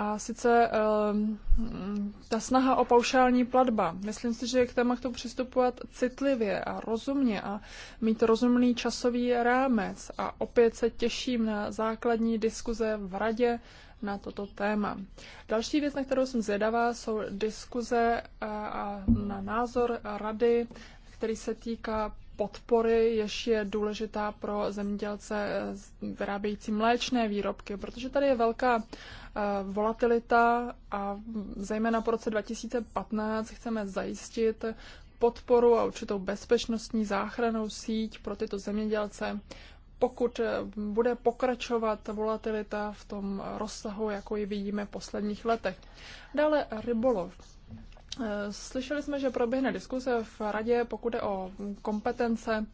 a sice eh, ta snaha o paušální platba. Myslím si, že je k tématu přistupovat citlivě a rozumně a mít rozumný časový rámec. A opět se těším na základní diskuze v radě na toto téma. Další věc, na kterou jsem zvědavá, jsou diskuze a na názor rady, který se týká podpory, jež je důležitá pro zemědělce eh, vyrábějící mléčné výrobky, protože tady je velká eh, volatilita a zejména po roce 2015 chceme zajistit podporu a určitou bezpečnostní záchranou síť pro tyto zemědělce, pokud eh, bude pokračovat volatilita v tom rozsahu, jako ji vidíme v posledních letech. Dále rybolov. Slyšeli jsme, že proběhne diskuse v radě, pokud je o kompetence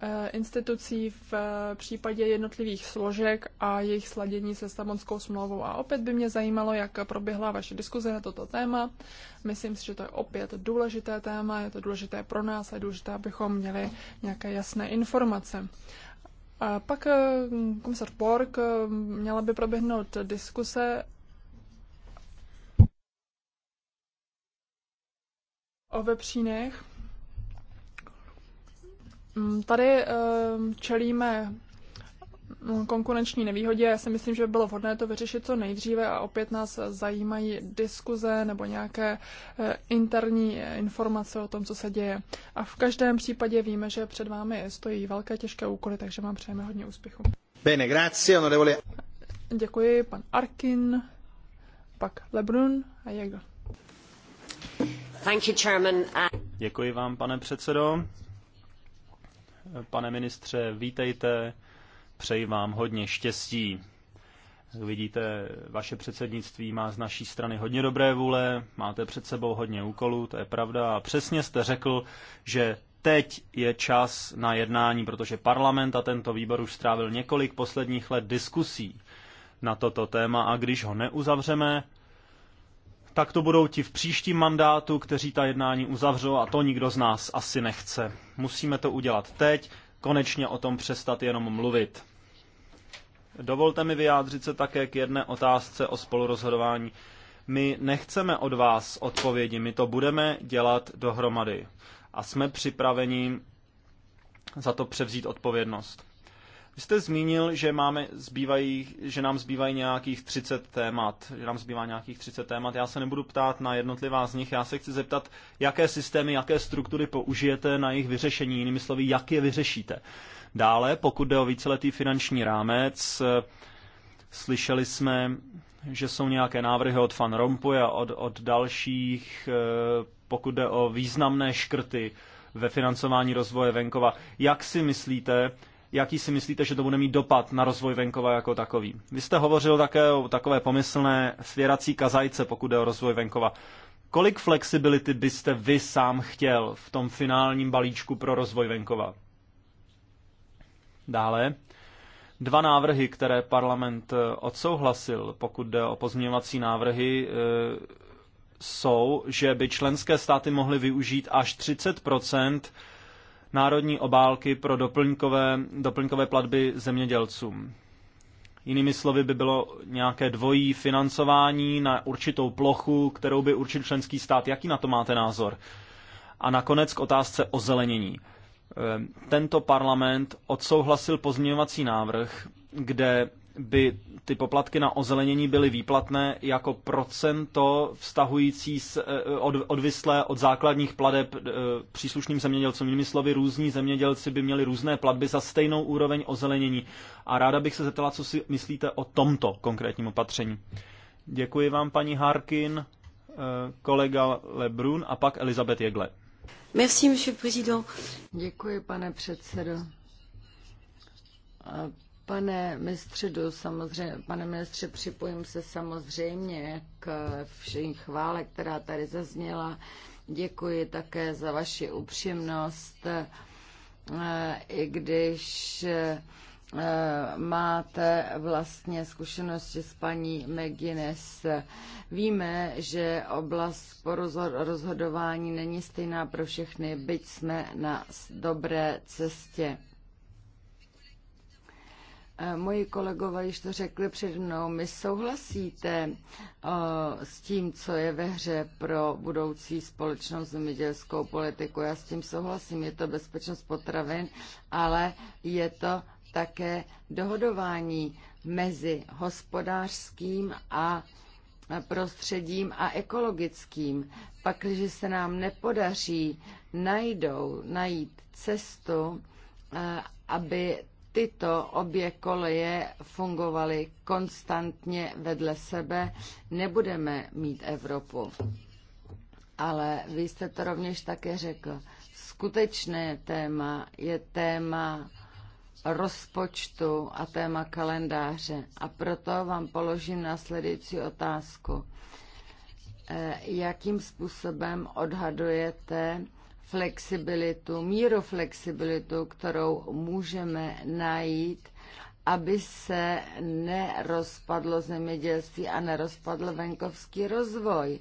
eh, institucí v eh, případě jednotlivých složek a jejich sladění se Stavonskou smlouvou. A opět by mě zajímalo, jak proběhla vaše diskuze na toto téma. Myslím si, že to je opět důležité téma, je to důležité pro nás a je důležité, abychom měli nějaké jasné informace. A pak eh, komisar Pork měla by proběhnout diskuse o vepřínech. Mm, tady ehm, čelíme mm, konkurenční nevýhodě. Já si myslím, že by bylo vhodné to vyřešit co nejdříve a opět nás zajímají diskuze nebo nějaké eh, interní eh, informace o tom, co se děje. A v každém případě víme, že před vámi stojí velké těžké úkoly, takže vám přejeme hodně úspěchu. Bene, grazie, onorevole. Děkuji, pan Arkin, pak Lebrun a Jäger. Děkuji vám, pane předsedo. Pane ministře, vítejte. Přeji vám hodně štěstí. Jak vidíte, vaše předsednictví má z naší strany hodně dobré vůle, máte před sebou hodně úkolů, to je pravda. A přesně jste řekl, že teď je čas na jednání, protože parlament a tento výbor už strávil několik posledních let diskusí na toto téma a když ho neuzavřeme, tak to budou ti v příštím mandátu, kteří ta jednání uzavřou a to nikdo z nás asi nechce. Musíme to udělat teď, konečně o tom přestat jenom mluvit. Dovolte mi vyjádřit se také k jedné otázce o spolurozhodování. My nechceme od vás odpovědi, my to budeme dělat dohromady. A jsme připraveni za to převzít odpovědnost. Vy jste zmínil, že, máme, zbývají, že nám zbývají nějakých 30 témat. Že nám zbývá nějakých 30 témat. Já se nebudu ptát na jednotlivá z nich. Já se chci zeptat, jaké systémy, jaké struktury použijete na jejich vyřešení. Jinými slovy, jak je vyřešíte. Dále, pokud jde o víceletý finanční rámec, eh, slyšeli jsme, že jsou nějaké návrhy od Van Rompuy a od, od dalších, eh, pokud jde o významné škrty ve financování rozvoje venkova. Jak si myslíte, jaký si myslíte, že to bude mít dopad na rozvoj venkova jako takový. Vy jste hovořil také o takové pomyslné svěrací kazajce, pokud jde o rozvoj venkova. Kolik flexibility byste vy sám chtěl v tom finálním balíčku pro rozvoj venkova? Dále. Dva návrhy, které parlament eh, odsouhlasil, pokud jde o pozměňovací návrhy, eh, jsou, že by členské státy mohly využít až 30 národní obálky pro doplňkové, doplňkové platby zemědělcům. Jinými slovy by bylo nějaké dvojí financování na určitou plochu, kterou by určil členský stát. Jaký na to máte názor? A nakonec k otázce o zelenění. Ehm, tento parlament odsouhlasil pozměňovací návrh, kde by ty poplatky na ozelenění byly výplatné jako procento vztahující s, e, od, odvislé od základních pladeb e, příslušným zemědělcům. Jinými slovy, různí zemědělci by měli různé platby za stejnou úroveň ozelenění. A ráda bych se zeptala, co si myslíte o tomto konkrétním opatření. Děkuji vám, paní Harkin, e, kolega Lebrun a pak Elizabeth Jegle. Merci, monsieur président. Děkuji, pane předsedo. Pane do samozřejmě, pane ministře, připojím se samozřejmě k všem chvále, která tady zazněla. Děkuji také za vaši upřímnost, eh, i když eh, máte vlastně zkušenosti s paní McGuinness. Víme, že oblast rozhodování není stejná pro všechny, byť jsme na dobré cestě. Eh, moji kolegové již to řekli před mnou. My souhlasíte eh, s tím, co je ve hře pro budoucí společnou zemědělskou politiku. Já s tím souhlasím. Je to bezpečnost potravin, ale je to také dohodování mezi hospodářským a eh, prostředím a ekologickým. Pakliže se nám nepodaří najdou, najít cestu, aby tyto obě koleje fungovaly konstantně vedle sebe, nebudeme mít Evropu. Ale vy jste to rovněž také řekl. Skutečné téma je téma rozpočtu a téma kalendáře. A proto vám položím následující otázku. E, jakým způsobem odhadujete, flexibilitu, míru flexibilitu, kterou můžeme najít, aby se nerozpadlo zemědělství a nerozpadl venkovský rozvoj,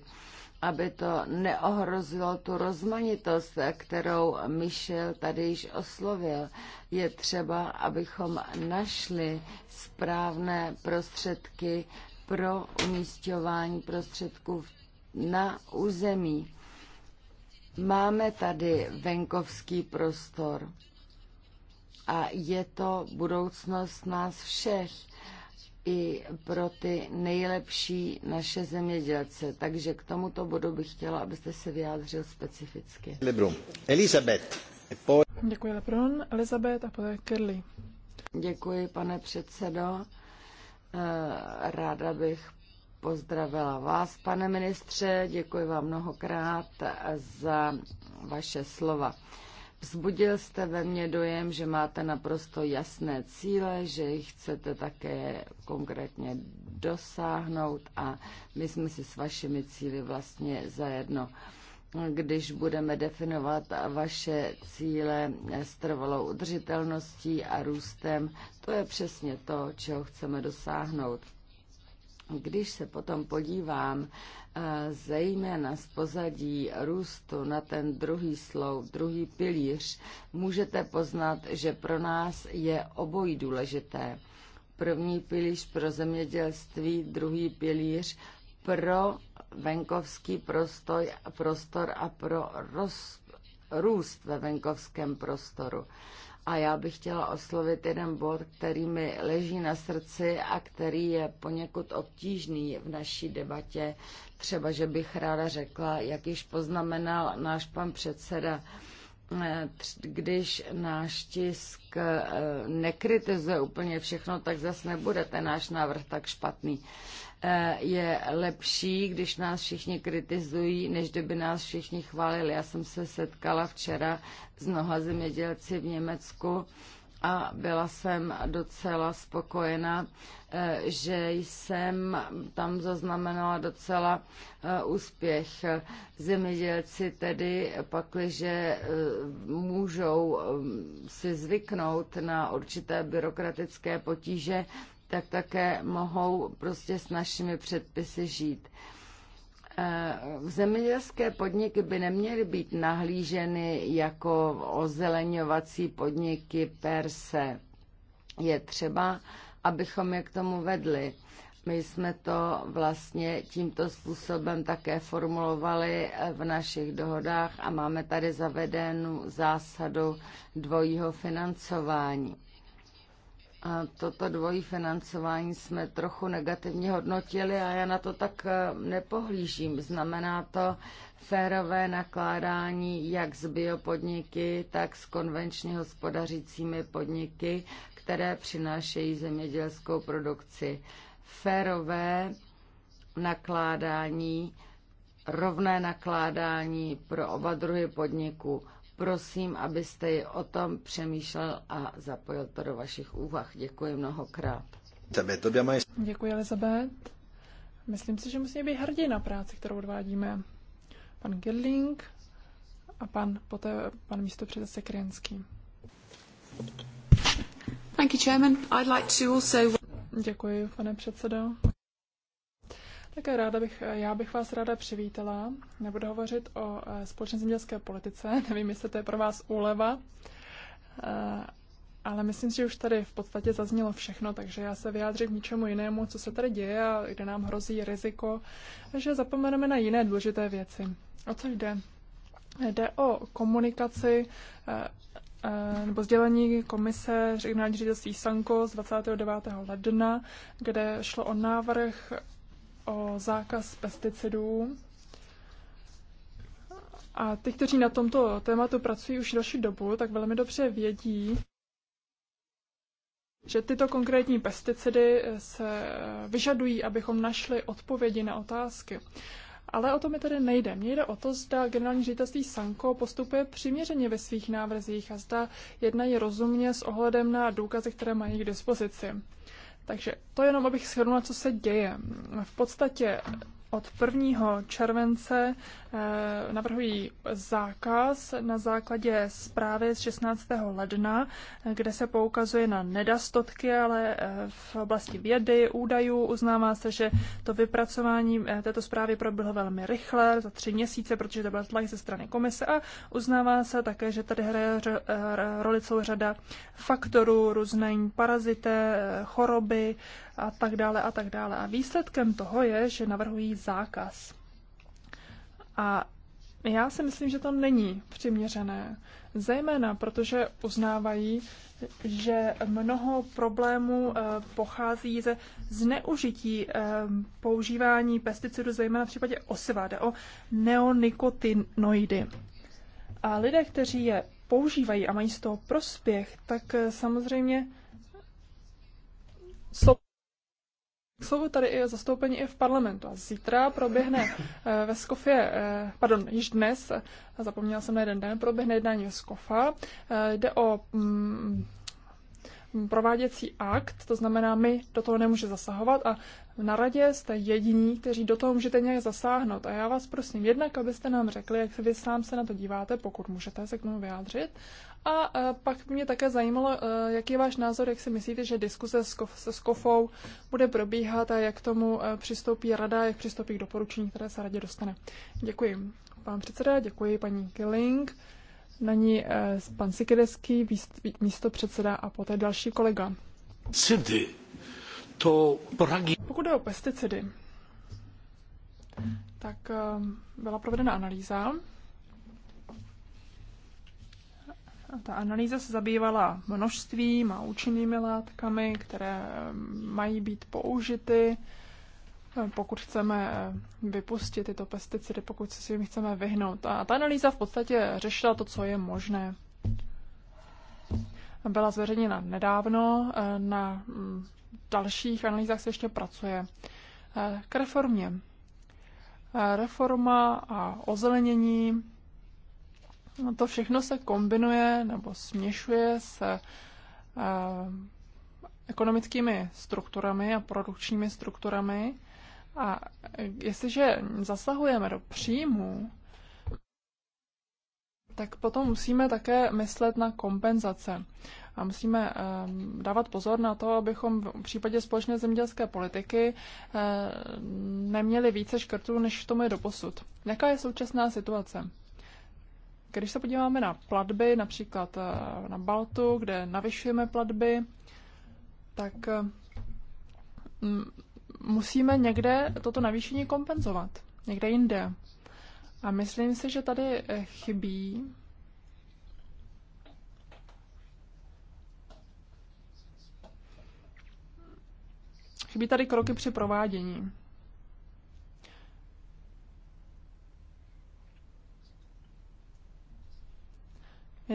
aby to neohrozilo tu rozmanitost, kterou Michel tady již oslovil. Je třeba, abychom našli správné prostředky pro umístování prostředků na území Máme tady venkovský prostor a je to budoucnost nás všech i pro ty nejlepší naše zemědělce. Takže k tomuto bodu bych chtěla, abyste se vyjádřil specificky. Elizabeth. E Děkuji, Lebron. Elizabeth a poté Kirli. Děkuji, pane předsedo. Eh, ráda bych pozdravila vás, pane ministře. Děkuji vám mnohokrát za vaše slova. Vzbudil jste ve mně dojem, že máte naprosto jasné cíle, že jich chcete také konkrétně dosáhnout a my jsme si s vašimi cíly vlastně zajedno. Když budeme definovat vaše cíle s trvalou udržitelností a růstem, to je přesně to, čeho chceme dosáhnout. Když se potom podívám eh, zejména z pozadí růstu na ten druhý sloup, druhý pilíř, můžete poznat, že pro nás je obojí důležité. První pilíř pro zemědělství, druhý pilíř pro venkovský prostoj, prostor a pro roz, růst ve venkovském prostoru. A já bych chtěla oslovit jeden bod, který mi leží na srdci a který je poněkud obtížný v naší debatě. Třeba, že bych ráda řekla, jak již poznamenal náš pan předseda, eh, když náš tisk eh, nekritizuje úplně všechno, tak zase nebude ten náš návrh tak špatný je lepší, když nás všichni kritizují, než kdyby nás všichni chválili. Já jsem se setkala včera s mnoha zemědělci v Německu a byla jsem docela spokojena, eh, že jsem tam zaznamenala docela eh, úspěch. Zemědělci tedy že eh, můžou si zvyknout na určité byrokratické potíže, tak také mohou prostě s našimi předpisy žít. Eh, zemědělské podniky by neměly být nahlíženy jako ozeleňovací podniky per se. Je třeba, abychom je k tomu vedli. My jsme to vlastně tímto způsobem také formulovali v našich dohodách a máme tady zavedenou zásadu dvojího financování toto dvojí financování jsme trochu negativně hodnotili a já na to tak eh, nepohlížím. Znamená to férové nakládání jak s biopodniky, tak s konvenčně hospodařícími podniky, které přinášejí zemědělskou produkci. Férové nakládání, rovné nakládání pro oba druhy podniků Prosím, abyste ji o tom přemýšlel a zapojil to do vašich úvah. Děkuji mnohokrát. Děkuji, Elizabeth. Myslím si, že musíme být hrdí na práci, kterou odvádíme. Pan Gerling a pan, poté pan místo předseda Děkuji, pane předsedo. Také ráda bych, já bych vás ráda přivítala. Nebudu hovořit o eh, společné zemědělské politice, (laughs) nevím, jestli to je pro vás úleva, eh, ale myslím si, že už tady v podstatě zaznělo všechno, takže já se vyjádřím k ničemu jinému, co se tady děje a kde nám hrozí riziko, že zapomeneme na jiné důležité věci. O co jde? Jde o komunikaci eh, nebo sdělení komise regionální ředitelství Sanko z 29. ledna, kde šlo o návrh o zákaz pesticidů. A ty, kteří na tomto tématu pracují už další dobu, tak velmi dobře vědí, že tyto konkrétní pesticidy eh, se eh, vyžadují, abychom našli odpovědi na otázky. Ale o to mi tedy nejde. Mně jde o to, zda generální ředitelství Sanko postupuje přiměřeně ve svých návrzích a zda jednají rozumně s ohledem na důkazy, které mají k dispozici. Takže to jenom, abych shrnula, co se děje. V podstatě od 1. července eh, navrhují zákaz na základě zprávy z 16. ledna, eh, kde se poukazuje na nedostatky, ale eh, v oblasti vědy, údajů uznává se, že to vypracování této zprávy proběhlo velmi rychle, za tři měsíce, protože to byl tlak ze strany komise a uznává se také, že tady hraje roli celou řada faktorů, různé parazité, choroby, a tak dále a tak dále. A výsledkem toho je, že navrhují zákaz. A já si myslím, že to není přiměřené, zejména protože uznávají, že mnoho problémů eh, pochází ze zneužití eh, používání pesticidů, zejména v případě osiva, jde o neonikotinoidy. A lidé, kteří je používají a mají z toho prospěch, tak eh, samozřejmě jsou jsou tady i zastoupení i v parlamentu. A zítra proběhne eh, ve Skofě, eh, pardon, již dnes, zapomněla jsem na jeden den, proběhne jednání ve Skofa. Eh, jde o mm, prováděcí akt, to znamená, my do toho nemůže zasahovat a na radě jste jediní, kteří do toho můžete nějak zasáhnout. A já vás prosím jednak, abyste nám řekli, jak vy sám se na to díváte, pokud můžete se k tomu vyjádřit, a e, pak mě také zajímalo, e, jaký je váš názor, jak si myslíte, že diskuse se SKOFou bude probíhat a jak tomu e, přistoupí rada, jak přistoupí k doporučení, které se radě dostane. Děkuji, pán předseda, děkuji paní Killing, na ní pan Sikidecký, místo předseda a poté další kolega. Cidy. To poradí. Pokud jde o pesticidy, tak byla provedena analýza ta analýza se zabývala množstvím a účinnými látkami, které eh, mají být použity, eh, pokud chceme eh, vypustit tyto pesticidy, pokud se s nimi chceme vyhnout. A ta analýza v podstatě řešila to, co je možné. Byla zveřejněna nedávno, na mm, dalších analýzách se ještě pracuje. K reformě. Reforma a ozelenění No to všechno se kombinuje nebo směšuje se eh, ekonomickými strukturami a produkčními strukturami. A jestliže zasahujeme do příjmu, tak potom musíme také myslet na kompenzace. A musíme eh, dávat pozor na to, abychom v případě společné zemědělské politiky eh, neměli více škrtů, než tomu je doposud. Jaká je současná situace? Když se podíváme na platby, například eh, na Baltu, kde navyšujeme platby, tak eh, musíme někde toto navýšení kompenzovat, někde jinde. A myslím si, že tady eh, chybí Chybí tady kroky při provádění.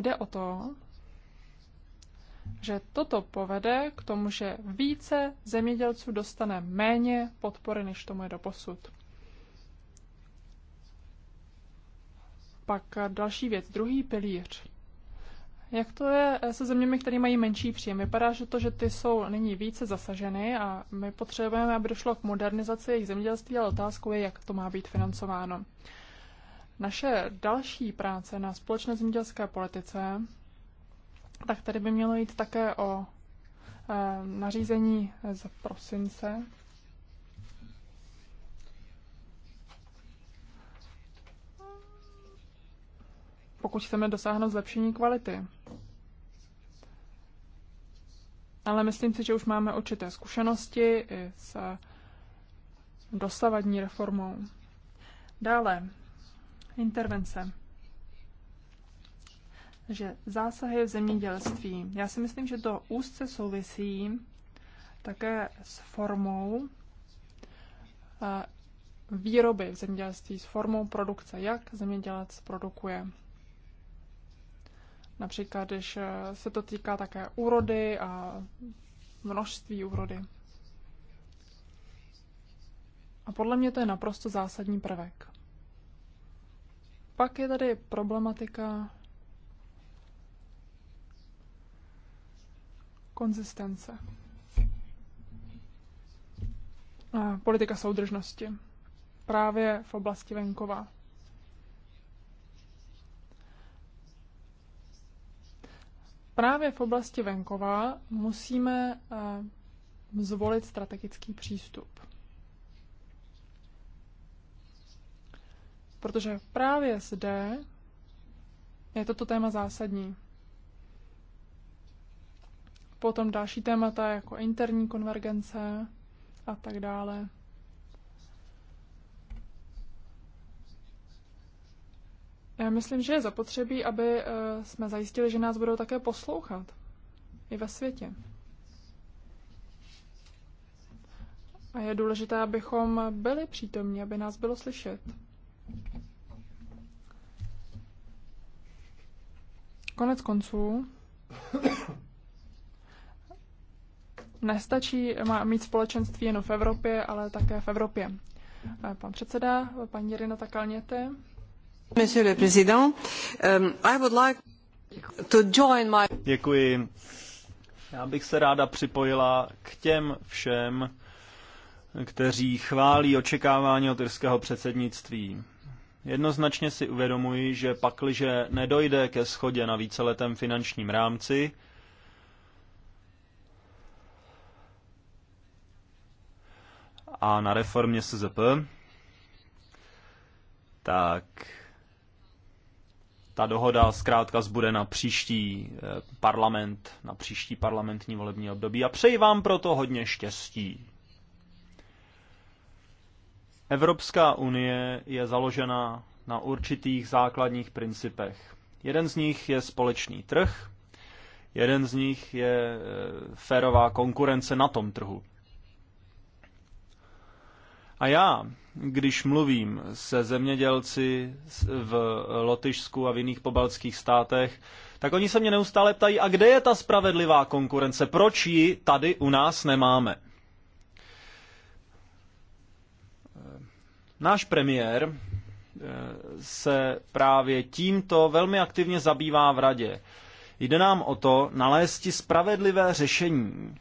Jde o to, že toto povede k tomu, že více zemědělců dostane méně podpory, než tomu je doposud. Pak další věc, druhý pilíř. Jak to je se zeměmi, které mají menší příjem? Vypadá, že to, že ty jsou nyní více zasaženy a my potřebujeme, aby došlo k modernizaci jejich zemědělství, ale otázkou je, jak to má být financováno naše další práce na společné zemědělské politice, tak tady by mělo jít také o eh, nařízení z prosince. Pokud chceme dosáhnout zlepšení kvality. Ale myslím si, že už máme určité zkušenosti i s dosavadní reformou. Dále, intervence. Že zásahy v zemědělství. Já si myslím, že to úzce souvisí také s formou eh, výroby v zemědělství, s formou produkce, jak zemědělec produkuje. Například, když eh, se to týká také úrody a množství úrody. A podle mě to je naprosto zásadní prvek. Pak je tady problematika konzistence. A politika soudržnosti. Právě v oblasti venkova. Právě v oblasti venkova musíme eh, zvolit strategický přístup. protože právě zde je toto téma zásadní. Potom další témata jako interní konvergence a tak dále. Já myslím, že je zapotřebí, aby eh, jsme zajistili, že nás budou také poslouchat. I ve světě. A je důležité, abychom byli přítomní, aby nás bylo slyšet. Konec konců nestačí mít společenství jen v Evropě, ale také v Evropě. Eh, pan předseda, paní Renata Kalněte. Monsieur le Président, um, I would like to join my... Děkuji. Já bych se ráda připojila k těm všem, kteří chválí očekávání od irského předsednictví. Jednoznačně si uvědomuji, že pakliže nedojde ke schodě na víceletém finančním rámci, a na reformě SZP, tak ta dohoda zkrátka zbude na příští eh, parlament, na příští parlamentní volební období. A přeji vám proto hodně štěstí. Evropská unie je založena na určitých základních principech. Jeden z nich je společný trh, jeden z nich je eh, férová konkurence na tom trhu. A já, když mluvím se zemědělci v Lotyšsku a v jiných pobaltských státech, tak oni se mě neustále ptají, a kde je ta spravedlivá konkurence? Proč ji tady u nás nemáme? Náš premiér eh, se právě tímto velmi aktivně zabývá v radě. Jde nám o to nalézt spravedlivé řešení.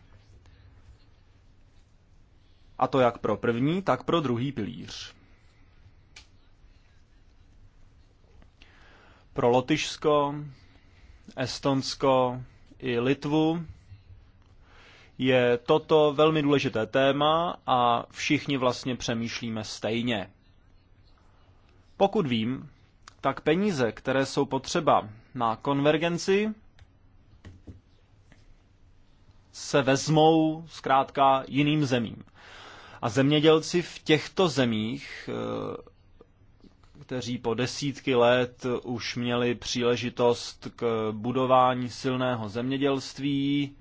A to jak pro první, tak pro druhý pilíř. Pro Lotyšsko, Estonsko i Litvu je toto velmi důležité téma a všichni vlastně přemýšlíme stejně. Pokud vím, tak peníze, které jsou potřeba na konvergenci, se vezmou zkrátka jiným zemím. A zemědělci v těchto zemích, eh, kteří po desítky let už měli příležitost k budování silného zemědělství,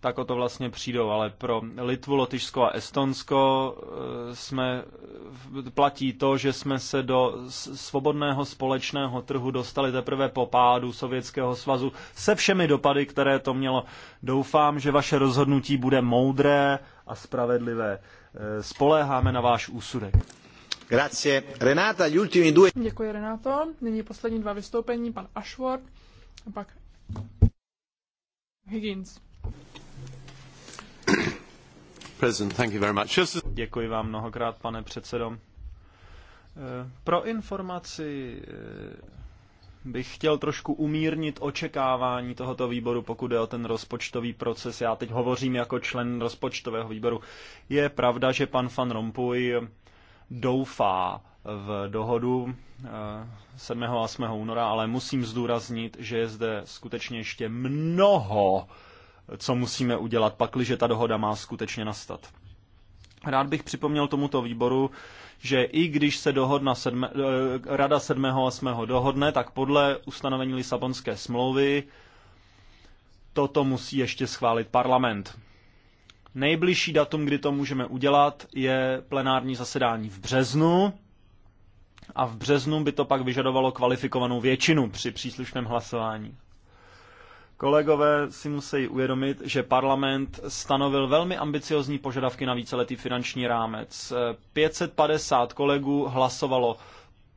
tak o to vlastně přijdou, ale pro Litvu, Lotyšsko a Estonsko eh, jsme, platí to, že jsme se do svobodného společného trhu dostali teprve po pádu Sovětského svazu se všemi dopady, které to mělo. Doufám, že vaše rozhodnutí bude moudré a spravedlivé. Eh, spoléháme na váš úsudek. Grazie. Renata, gli ultimi due... Děkuji, Renato. Nyní poslední dva vystoupení, pan Ashworth a pak Higgins. Děkuji vám mnohokrát, pane předsedo. Eh, pro informaci eh, bych chtěl trošku umírnit očekávání tohoto výboru, pokud je o ten rozpočtový proces. Já teď hovořím jako člen rozpočtového výboru. Je pravda, že pan Van Rompuy doufá v dohodu 7. Eh, a 8. února, ale musím zdůraznit, že je zde skutečně ještě mnoho co musíme udělat, pakliže ta dohoda má skutečně nastat. Rád bych připomněl tomuto výboru, že i když se dohodna sedme, eh, Rada 7. a 8. dohodne, tak podle ustanovení Lisabonské smlouvy toto musí ještě schválit parlament. Nejbližší datum, kdy to můžeme udělat, je plenární zasedání v březnu a v březnu by to pak vyžadovalo kvalifikovanou většinu při příslušném hlasování. Kolegové si musí uvědomit, že parlament stanovil velmi ambiciozní požadavky na víceletý finanční rámec. 550 kolegů hlasovalo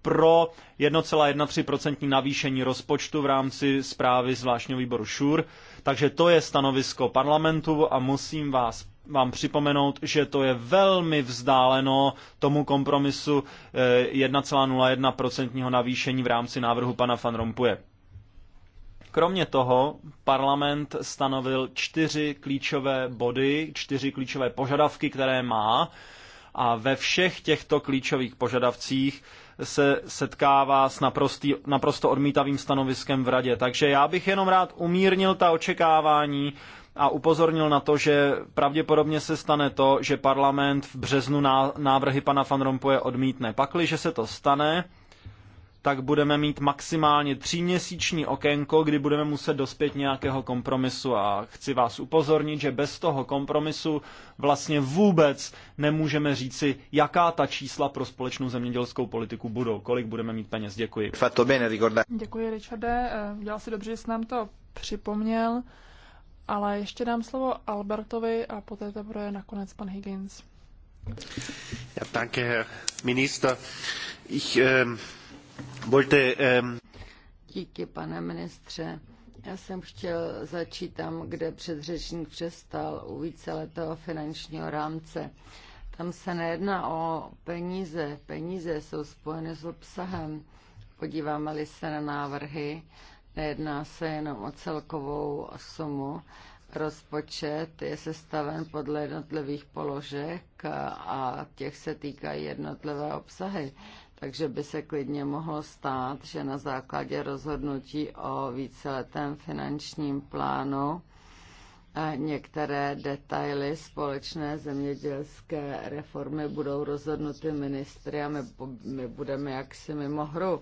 pro 1,13% navýšení rozpočtu v rámci zprávy zvláštního výboru ŠUR. Takže to je stanovisko parlamentu a musím vás vám připomenout, že to je velmi vzdáleno tomu kompromisu 1,01% eh, navýšení v rámci návrhu pana Van Rompuje. Kromě toho parlament stanovil čtyři klíčové body, čtyři klíčové požadavky, které má a ve všech těchto klíčových požadavcích se setkává s naprostý, naprosto odmítavým stanoviskem v radě. Takže já bych jenom rád umírnil ta očekávání a upozornil na to, že pravděpodobně se stane to, že parlament v březnu návrhy pana van Rompuje odmítne. Pakliže se to stane, tak budeme mít maximálně tříměsíční okénko, kdy budeme muset dospět nějakého kompromisu. A chci vás upozornit, že bez toho kompromisu vlastně vůbec nemůžeme říci, jaká ta čísla pro společnou zemědělskou politiku budou, kolik budeme mít peněz. Děkuji. Děkuji, Richarde. Eh, dělal si dobře, že jsi nám to připomněl. Ale ještě dám slovo Albertovi a poté to bude nakonec pan Higgins. Ja, danke, Herr Minister. Ich, ähm... Bolte, um... Díky, pane ministře. Já jsem chtěl začít tam, kde předřečník přestal u víceletého finančního rámce. Tam se nejedná o peníze. Peníze jsou spojeny s obsahem. Podíváme-li se na návrhy, nejedná se jenom o celkovou sumu. Rozpočet je sestaven podle jednotlivých položek a těch se týkají jednotlivé obsahy. Takže by se klidně mohlo stát, že na základě rozhodnutí o víceletém finančním plánu eh, některé detaily společné zemědělské reformy budou rozhodnuty ministry a my, my budeme jaksi mimo hru.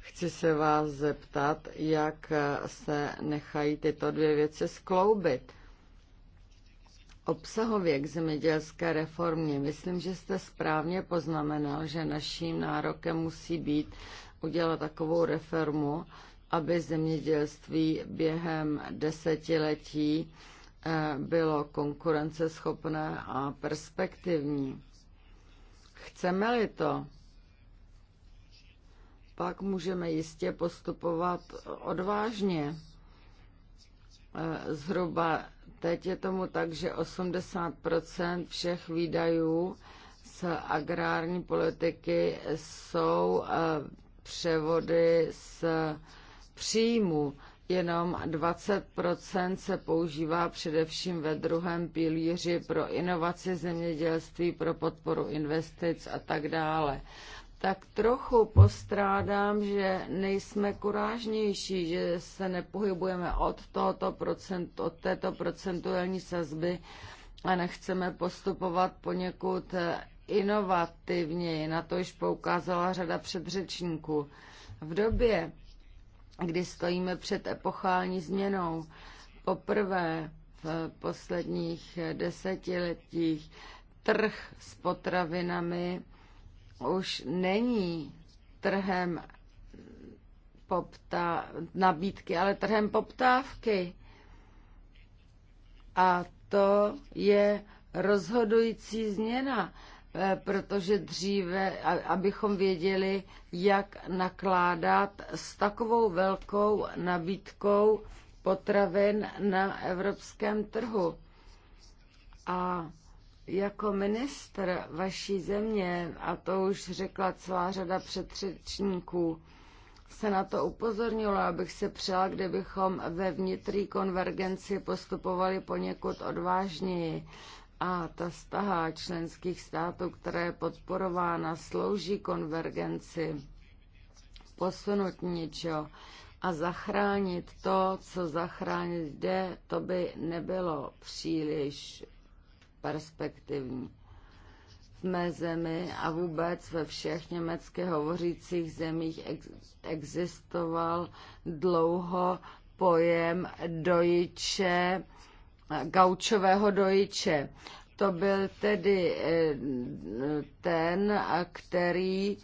Chci se vás zeptat, jak eh, se nechají tyto dvě věci skloubit obsahově k zemědělské reformě. Myslím, že jste správně poznamenal, že naším nárokem musí být udělat takovou reformu, aby zemědělství během desetiletí eh, bylo konkurenceschopné a perspektivní. Chceme-li to, pak můžeme jistě postupovat odvážně. Eh, zhruba Teď je tomu tak, že 80 všech výdajů z agrární politiky jsou eh, převody z příjmu. Jenom 20 se používá především ve druhém pilíři pro inovaci zemědělství, pro podporu investic a tak dále tak trochu postrádám, že nejsme kurážnější, že se nepohybujeme od, tohoto procent, od této procentuální sazby a nechceme postupovat poněkud eh, inovativněji. Na to již poukázala řada předřečníků. V době, kdy stojíme před epochální změnou, poprvé v posledních desetiletích trh s potravinami už není trhem poptá, nabídky, ale trhem poptávky. A to je rozhodující změna, eh, protože dříve, abychom věděli, jak nakládat s takovou velkou nabídkou potravin na evropském trhu. A jako ministr vaší země, a to už řekla celá řada předřečníků, se na to upozornila, abych se přela, kdybychom ve vnitří konvergenci postupovali poněkud odvážněji. A ta staha členských států, která je podporována, slouží konvergenci, posunout něčeho a zachránit to, co zachránit jde, to by nebylo příliš perspektivní. V mé zemi a vůbec ve všech německy hovořících zemích ex- existoval dlouho pojem dojiče, gaučového dojiče. To byl tedy eh, ten, který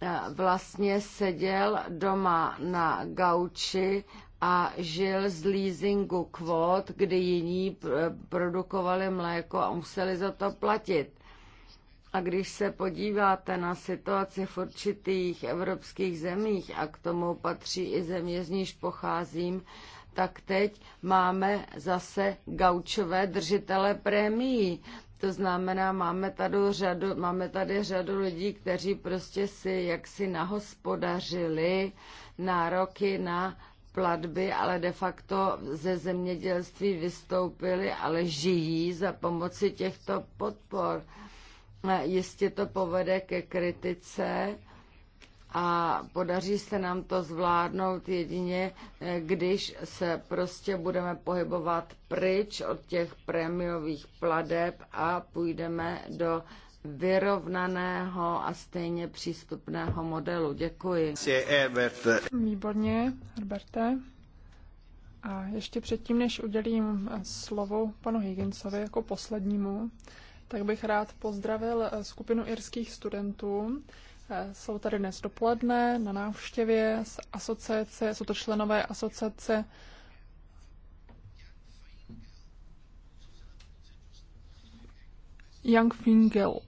eh, vlastně seděl doma na gauči a žil z leasingu kvot, kdy jiní produkovali mléko a museli za to platit. A když se podíváte na situaci v určitých evropských zemích, a k tomu patří i země, z níž pocházím, tak teď máme zase gaučové držitele prémií. To znamená, máme tady řadu, máme tady řadu lidí, kteří prostě si jaksi nahospodařili nároky na platby, ale de facto ze zemědělství vystoupili, ale žijí za pomoci těchto podpor. Jistě to povede ke kritice a podaří se nám to zvládnout jedině, eh, když se prostě budeme pohybovat pryč od těch prémiových pladeb a půjdeme do vyrovnaného a stejně přístupného modelu. Děkuji. Výborně, Herberte. A ještě předtím, než udělím slovo panu Higginsovi jako poslednímu, tak bych rád pozdravil eh, skupinu irských studentů. Eh, jsou tady dnes dopoledne na návštěvě z asociace, jsou to členové asociace Young Fingel.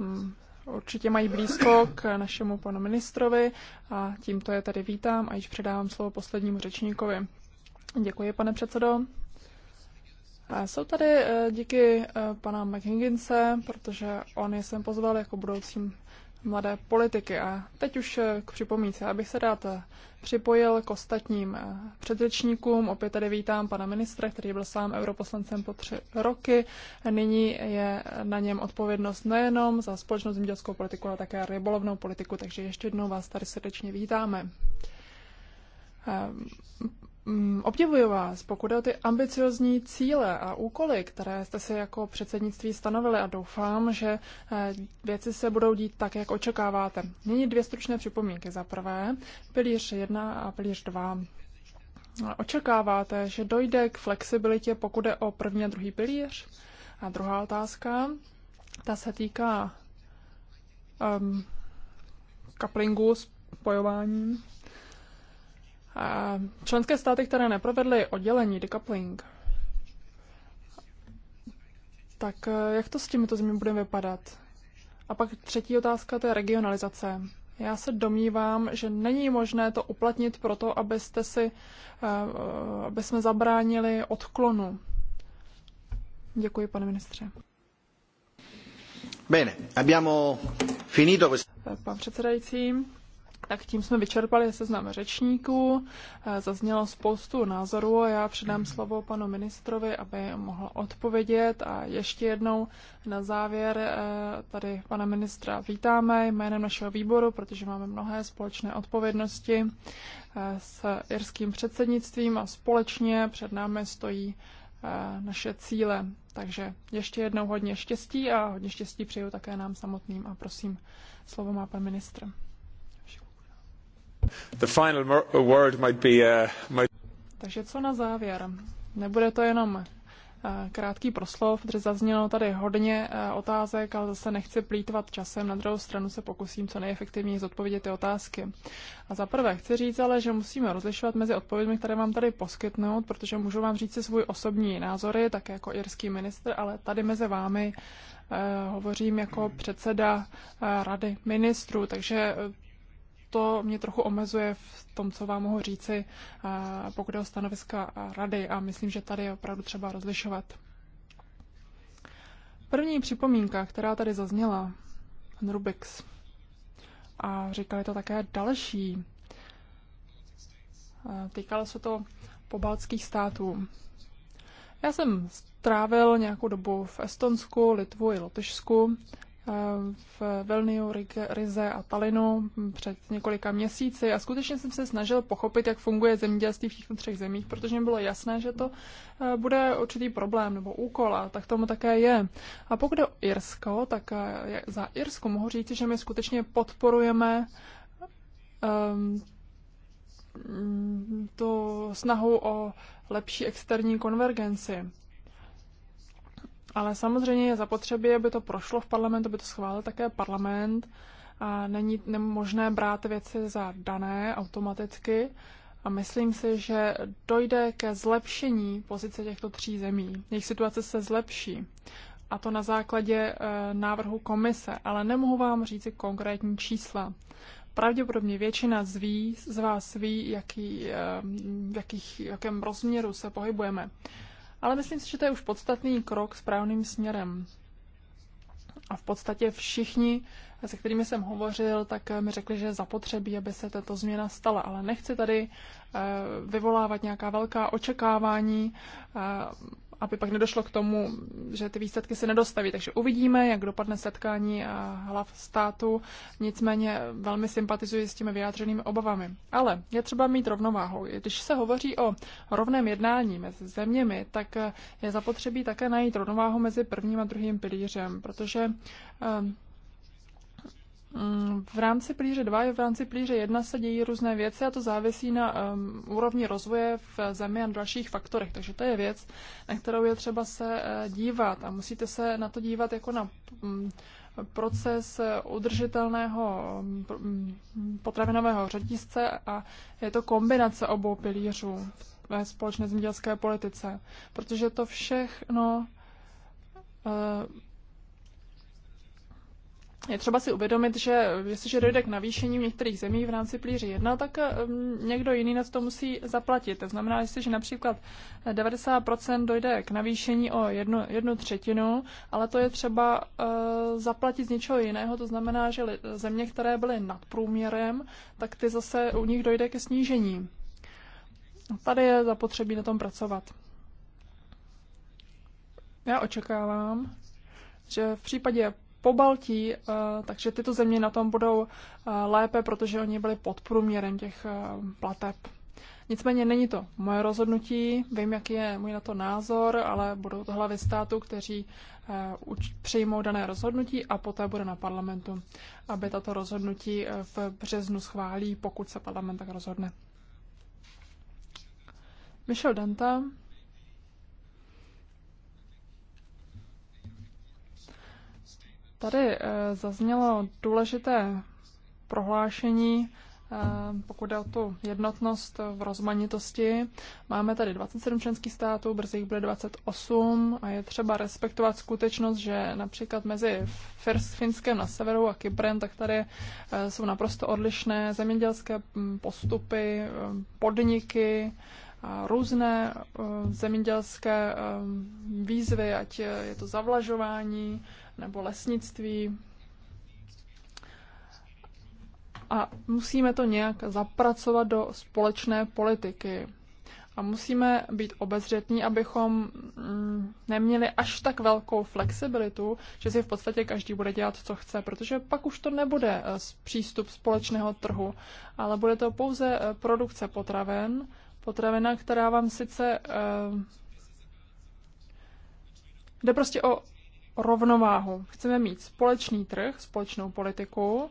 Mm, určitě mají blízko k našemu panu ministrovi a tímto je tady vítám a již předávám slovo poslednímu řečníkovi. Děkuji, pane předsedo. Jsou tady eh, díky eh, pana McHingince, protože on je sem pozval jako budoucím mladé politiky. A teď už eh, k připomínce, abych se rád eh, připojil k ostatním eh, předřečníkům. Opět tady vítám pana ministra, který byl sám europoslancem po tři roky. Nyní je na něm odpovědnost nejenom za společnou zemědělskou politiku, ale také rybolovnou politiku, takže ještě jednou vás tady srdečně vítáme. Mm, obdivuji vás, pokud o ty ambiciozní cíle a úkoly, které jste si jako předsednictví stanovili a doufám, že eh, věci se budou dít tak, jak očekáváte. Nyní dvě stručné připomínky. Za prvé, pilíř 1 a pilíř 2. Očekáváte, že dojde k flexibilitě, pokud je o první a druhý pilíř? A druhá otázka, ta se týká um, ehm, kaplingu, spojování Členské státy, které neprovedly oddělení, decoupling, tak eh, jak to s těmito zeměmi bude vypadat? A pak třetí otázka, to je regionalizace. Já se domnívám, že není možné to uplatnit proto, abyste si, eh, eh, aby jsme zabránili odklonu. Děkuji, pane ministře. Bene, abbiamo finito questo. Pan předsedající, tak tím jsme vyčerpali seznam řečníků, eh, zaznělo spoustu názorů a já předám slovo panu ministrovi, aby mohl odpovědět a ještě jednou na závěr eh, tady pana ministra vítáme jménem našeho výboru, protože máme mnohé společné odpovědnosti eh, s irským předsednictvím a společně před námi stojí naše cíle. Takže ještě jednou hodně štěstí a hodně štěstí přeju také nám samotným a prosím, slovo má pan ministr. Uh, takže co na závěr? Nebude to jenom uh, krátký proslov, protože zaznělo tady hodně uh, otázek, ale zase nechci plítvat časem. Na druhou stranu se pokusím co nejefektivněji zodpovědět ty otázky. A za prvé chci říct ale, že musíme rozlišovat mezi odpověďmi, které vám tady poskytnout, protože můžu vám říct si svůj osobní názory, tak jako irský ministr, ale tady mezi vámi hovořím jako předseda rady ministrů, takže to mě trochu omezuje v tom, co vám mohu říci, eh, pokud je o stanoviska rady a myslím, že tady je opravdu třeba rozlišovat. První připomínka, která tady zazněla, Rubix, a říkali to také další, eh, týkalo se to pobaltských států. Já jsem strávil nějakou dobu v Estonsku, Litvu i Lotyšsku v Vilniu, Rize a Talinu před několika měsíci a skutečně jsem se snažil pochopit, jak funguje zemědělství v těchto třech zemích, protože mi bylo jasné, že to eh, bude určitý problém nebo úkol a tak tomu také je. A pokud je o Irsko, tak eh, za Irsko mohu říct, že my skutečně podporujeme um, tu snahu o lepší externí konvergenci. Ale samozřejmě je zapotřebí, aby to prošlo v parlamentu, aby to schválil také parlament. A není možné brát věci za dané automaticky. A myslím si, že dojde ke zlepšení pozice těchto tří zemí. Jejich situace se zlepší. A to na základě e, návrhu komise. Ale nemohu vám říct konkrétní čísla. Pravděpodobně většina z, ví, z vás ví, jaký, e, jakých, jakém rozměru se pohybujeme. Ale myslím si, že to je už podstatný krok správným směrem. A v podstatě všichni, se kterými jsem hovořil, tak eh, mi řekli, že zapotřebí, aby se tato změna stala. Ale nechci tady eh, vyvolávat nějaká velká očekávání eh, aby pak nedošlo k tomu, že ty výsledky se nedostaví. Takže uvidíme, jak dopadne setkání eh, hlav státu. Nicméně eh, velmi sympatizuji s těmi vyjádřenými obavami. Ale je třeba mít rovnováhu. Když se hovoří o rovném jednání mezi zeměmi, tak eh, je zapotřebí také najít rovnováhu mezi prvním a druhým pilířem, protože Mm, v rámci plíře 2 a v rámci plíře 1 se dějí různé věci a to závisí na um, úrovni rozvoje v zemi a dalších faktorech. Takže to je věc, na kterou je třeba se eh, dívat a musíte se na to dívat jako na um, proces eh, udržitelného mm, potravinového řetězce a je to kombinace obou pilířů ve společné zemědělské politice, protože to všechno uh, je třeba si uvědomit, že jestliže dojde k navýšení v některých zemích v rámci plíři 1, tak ehm, někdo jiný na to musí zaplatit. To znamená, jestliže například 90% eh, dojde k navýšení o jednu, jednu třetinu, ale to je třeba eh, zaplatit z něčeho jiného, to znamená, že země, které byly nad průměrem, tak ty zase u nich dojde ke snížení. Tady je zapotřebí na tom pracovat. Já očekávám, že v případě po Baltí, eh, takže tyto země na tom budou eh, lépe, protože oni byli pod průměrem těch eh, plateb. Nicméně není to moje rozhodnutí, vím, jaký je můj na to názor, ale budou to hlavy států, kteří přijmou dané rozhodnutí a poté bude na parlamentu, aby tato rozhodnutí v březnu schválí, pokud se parlament tak rozhodne. Michel Danta Tady eh, zaznělo důležité prohlášení, eh, pokud jde o tu jednotnost eh, v rozmanitosti. Máme tady 27 členských států, brzy jich bude 28 a je třeba respektovat skutečnost, že například mezi Finskem na severu a Kyprem, tak tady jsou naprosto odlišné zemědělské hm, postupy, podniky, různé zemědělské výzvy, ať je to zavlažování, nebo lesnictví. A musíme to nějak zapracovat do společné politiky. A musíme být obezřetní, abychom mm, neměli až tak velkou flexibilitu, že si v podstatě každý bude dělat, co chce, protože pak už to nebude eh, přístup společného trhu, ale bude to pouze eh, produkce potraven, potravina, která vám sice eh, jde prostě o rovnováhu. Chceme mít společný trh, společnou politiku,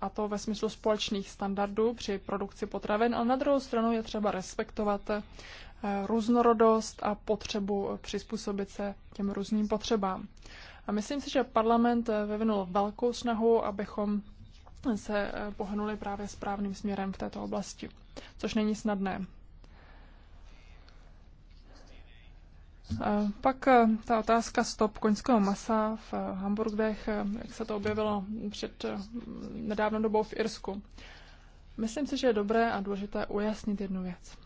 a to ve smyslu společných standardů při produkci potravin, ale na druhou stranu je třeba respektovat eh, různorodost a potřebu přizpůsobit se těm různým potřebám. A myslím si, že parlament eh, vyvinul velkou snahu, abychom se eh, pohnuli právě správným směrem v této oblasti, což není snadné. Pak eh, ta otázka stop koňského masa v eh, Hamburgech, eh, jak se to objevilo před nedávnou dobou v Irsku. Myslím si, že je dobré a důležité ujasnit jednu věc.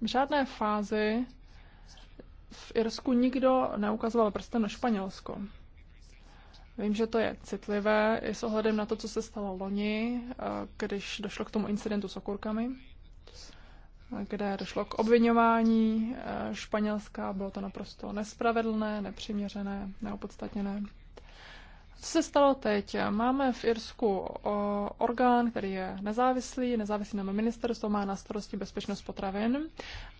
V žádné fázi v Irsku nikdo neukazoval prstem na Španělsko. Vím, že to je citlivé i s ohledem na to, co se stalo loni, když došlo k tomu incidentu s okurkami kde došlo k obvinování eh, Španělska. Bylo to naprosto nespravedlné, nepřiměřené, neopodstatněné. Co se stalo teď? Máme v Irsku orgán, který je nezávislý, nezávislý na ministerstvo, má na starosti bezpečnost potravin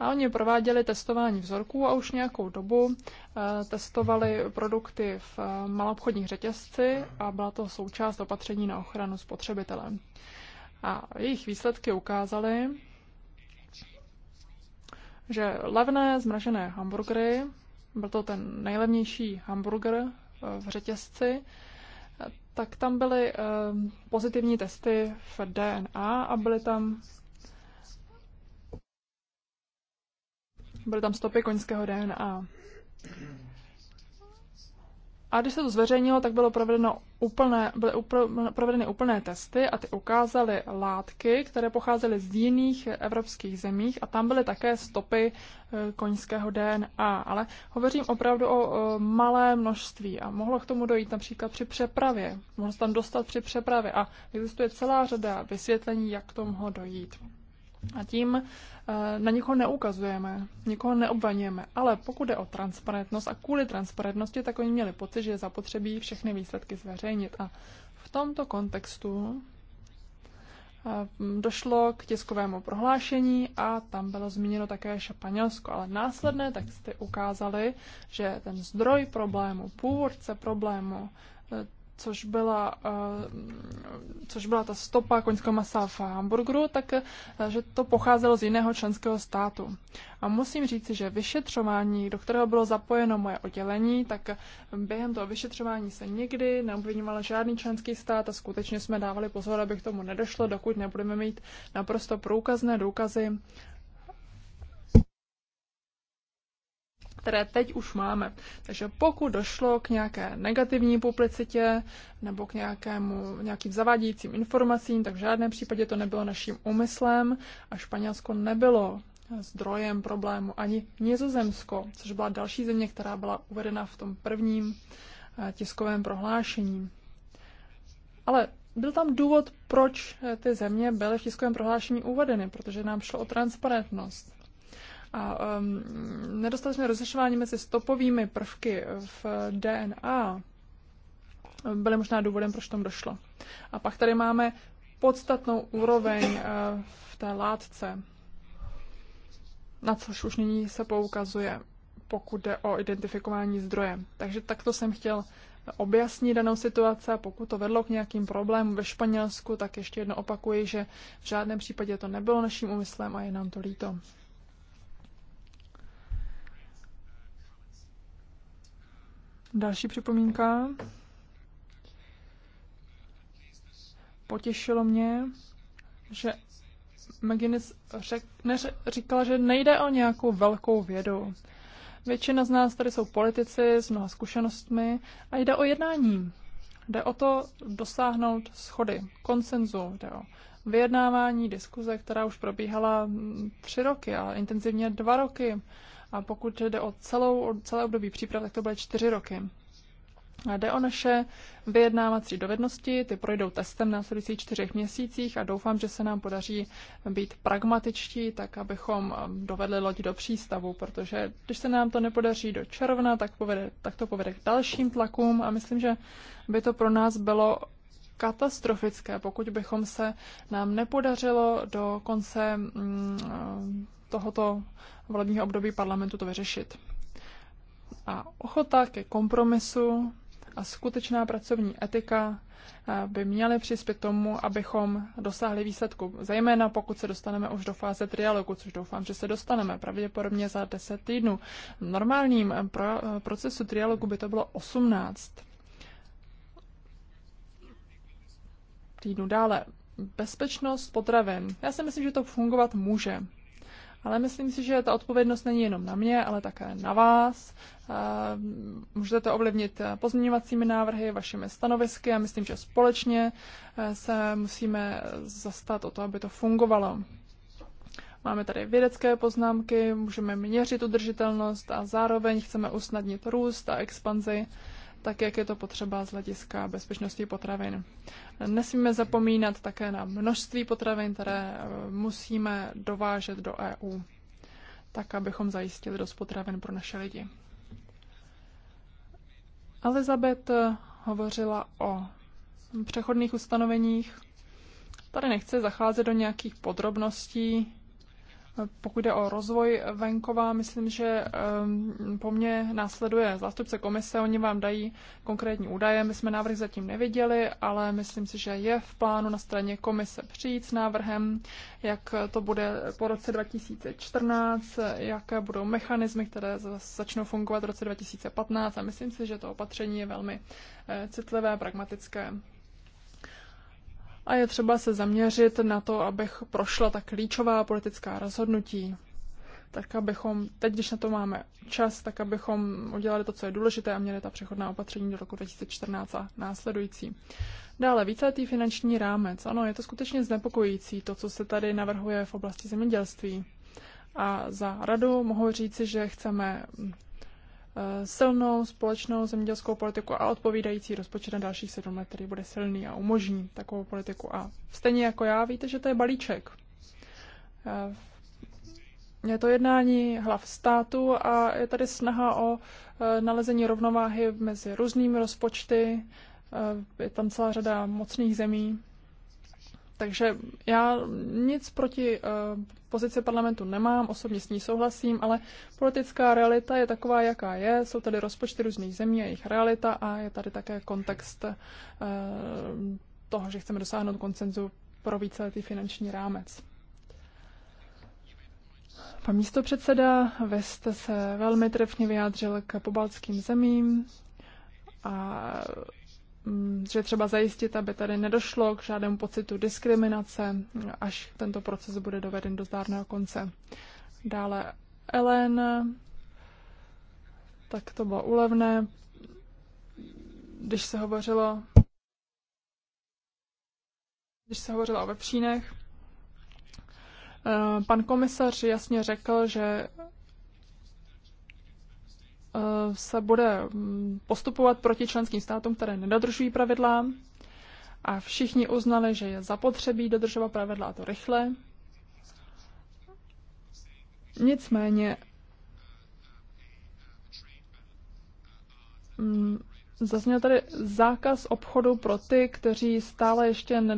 a oni prováděli testování vzorků a už nějakou dobu eh, testovali produkty v eh, maloobchodních řetězci a byla to součást opatření na ochranu spotřebitele. A jejich výsledky ukázaly, že levné zmražené hamburgery, byl to ten nejlevnější hamburger eh, v řetězci, tak tam byly eh, pozitivní testy v DNA a byly tam byly tam stopy koňského DNA. A když se to zveřejnilo, tak bylo provedeno úplné, byly upro, provedeny úplné testy a ty ukázaly látky, které pocházely z jiných evropských zemích a tam byly také stopy eh, koňského DNA. Ale hovořím opravdu o malé množství a mohlo k tomu dojít například při přepravě. Mohlo se tam dostat při přepravě a existuje celá řada vysvětlení, jak k mohlo dojít. A tím eh, na nikoho neukazujeme, nikoho neobvaněme. Ale pokud jde o transparentnost a kvůli transparentnosti, tak oni měli pocit, že je zapotřebí všechny výsledky zveřejnit. A v tomto kontextu eh, došlo k tiskovému prohlášení a tam bylo zmíněno také Španělsko, ale následné texty ukázaly, že ten zdroj problému, původce problému, eh, což byla, eh, což byla ta stopa koňského masa v Hamburgu, tak eh, že to pocházelo z jiného členského státu. A musím říci, že vyšetřování, do kterého bylo zapojeno moje oddělení, tak eh, během toho vyšetřování se nikdy neobvinoval žádný členský stát a skutečně jsme dávali pozor, aby k tomu nedošlo, dokud nebudeme mít naprosto průkazné důkazy které teď už máme. Takže pokud došlo k nějaké negativní publicitě nebo k nějakému, nějakým zavádějícím informacím, tak v žádném případě to nebylo naším úmyslem a Španělsko nebylo zdrojem problému ani Nizozemsko, což byla další země, která byla uvedena v tom prvním eh, tiskovém prohlášení. Ale byl tam důvod, proč eh, ty země byly v tiskovém prohlášení uvedeny, protože nám šlo o transparentnost. A um, nedostatečné rozlišování mezi stopovými prvky v DNA byly možná důvodem, proč tomu došlo. A pak tady máme podstatnou úroveň uh, v té látce, na což už nyní se poukazuje, pokud jde o identifikování zdroje. Takže takto jsem chtěl objasnit danou situaci a pokud to vedlo k nějakým problémům ve Španělsku, tak ještě jedno opakuji, že v žádném případě to nebylo naším úmyslem a je nám to líto. Další připomínka. Potěšilo mě, že McGinnis řek, říkala, že nejde o nějakou velkou vědu. Většina z nás tady jsou politici s mnoha zkušenostmi a jde o jednání. Jde o to dosáhnout schody, konsenzu, jde o vyjednávání, diskuze, která už probíhala tři roky a intenzivně dva roky. A pokud jde o, celou, o celé období příprav, tak to byly čtyři roky. A jde o naše vyjednávací dovednosti, ty projdou testem v následujících čtyřech měsících a doufám, že se nám podaří být pragmatičtí, tak abychom um, dovedli loď do přístavu, protože když se nám to nepodaří do června, tak, povede, tak to povede k dalším tlakům a myslím, že by to pro nás bylo katastrofické, pokud bychom se nám nepodařilo do konce mm, tohoto volebního období parlamentu to vyřešit. A ochota ke kompromisu a skutečná pracovní etika eh, by měly přispět tomu, abychom dosáhli výsledku, zejména pokud se dostaneme už do fáze trialogu, což doufám, že se dostaneme pravděpodobně za 10 týdnů. V normálním eh, procesu trialogu by to bylo 18 týdnů dále. Bezpečnost potravin. Já si myslím, že to fungovat může. Ale myslím si, že ta odpovědnost není jenom na mě, ale také na vás. Eh, můžete to ovlivnit eh, pozměňovacími návrhy, vašimi stanovisky a myslím, že společně eh, se musíme zastat o to, aby to fungovalo. Máme tady vědecké poznámky, můžeme měřit udržitelnost a zároveň chceme usnadnit růst a expanzi tak jak je to potřeba z hlediska bezpečnosti potravin. Nesmíme zapomínat také na množství potravin, které eh, musíme dovážet do EU, tak abychom zajistili dost potravin pro naše lidi. Elizabeth eh, hovořila o přechodných ustanoveních. Tady nechce zacházet do nějakých podrobností, pokud jde o rozvoj venkova, myslím, že ehm, po mně následuje zástupce komise, oni vám dají konkrétní údaje. My jsme návrh zatím neviděli, ale myslím si, že je v plánu na straně komise přijít s návrhem, jak to bude po roce 2014, jaké budou mechanismy, které začnou fungovat v roce 2015 a myslím si, že to opatření je velmi eh, citlivé, pragmatické a je třeba se zaměřit na to, abych prošla ta klíčová politická rozhodnutí. Tak abychom, teď když na to máme čas, tak abychom udělali to, co je důležité a měli ta přechodná opatření do roku 2014 a následující. Dále víceletý finanční rámec. Ano, je to skutečně znepokojící, to, co se tady navrhuje v oblasti zemědělství. A za radu mohu říci, že chceme Eh, silnou společnou zemědělskou politiku a odpovídající rozpočet na dalších sedm let, který bude silný a umožní takovou politiku. A stejně jako já, víte, že to je balíček. Eh, je to jednání hlav státu a je tady snaha o eh, nalezení rovnováhy mezi různými rozpočty. Je tam celá řada mocných zemí, takže já nic proti eh, pozici parlamentu nemám, osobně s ní souhlasím, ale politická realita je taková, jaká je. Jsou tady rozpočty různých zemí a jejich realita a je tady také kontext eh, toho, že chceme dosáhnout koncenzu pro víceletý finanční rámec. Pan místo předseda, vy se velmi trefně vyjádřil k pobaltským zemím a Mm, že třeba zajistit, aby tady nedošlo k žádnému pocitu diskriminace, až tento proces bude doveden do zdárného konce. Dále Ellen, tak to bylo úlevné, když se hovořilo když se hovořilo o vepřínech. Eh, pan komisař jasně řekl, že Eh, se bude mm, postupovat proti členským státům, které nedodržují pravidla. A všichni uznali, že je zapotřebí dodržovat pravidla a to rychle. Nicméně mm, Zazněl tady zákaz obchodu pro ty, kteří stále ještě ne,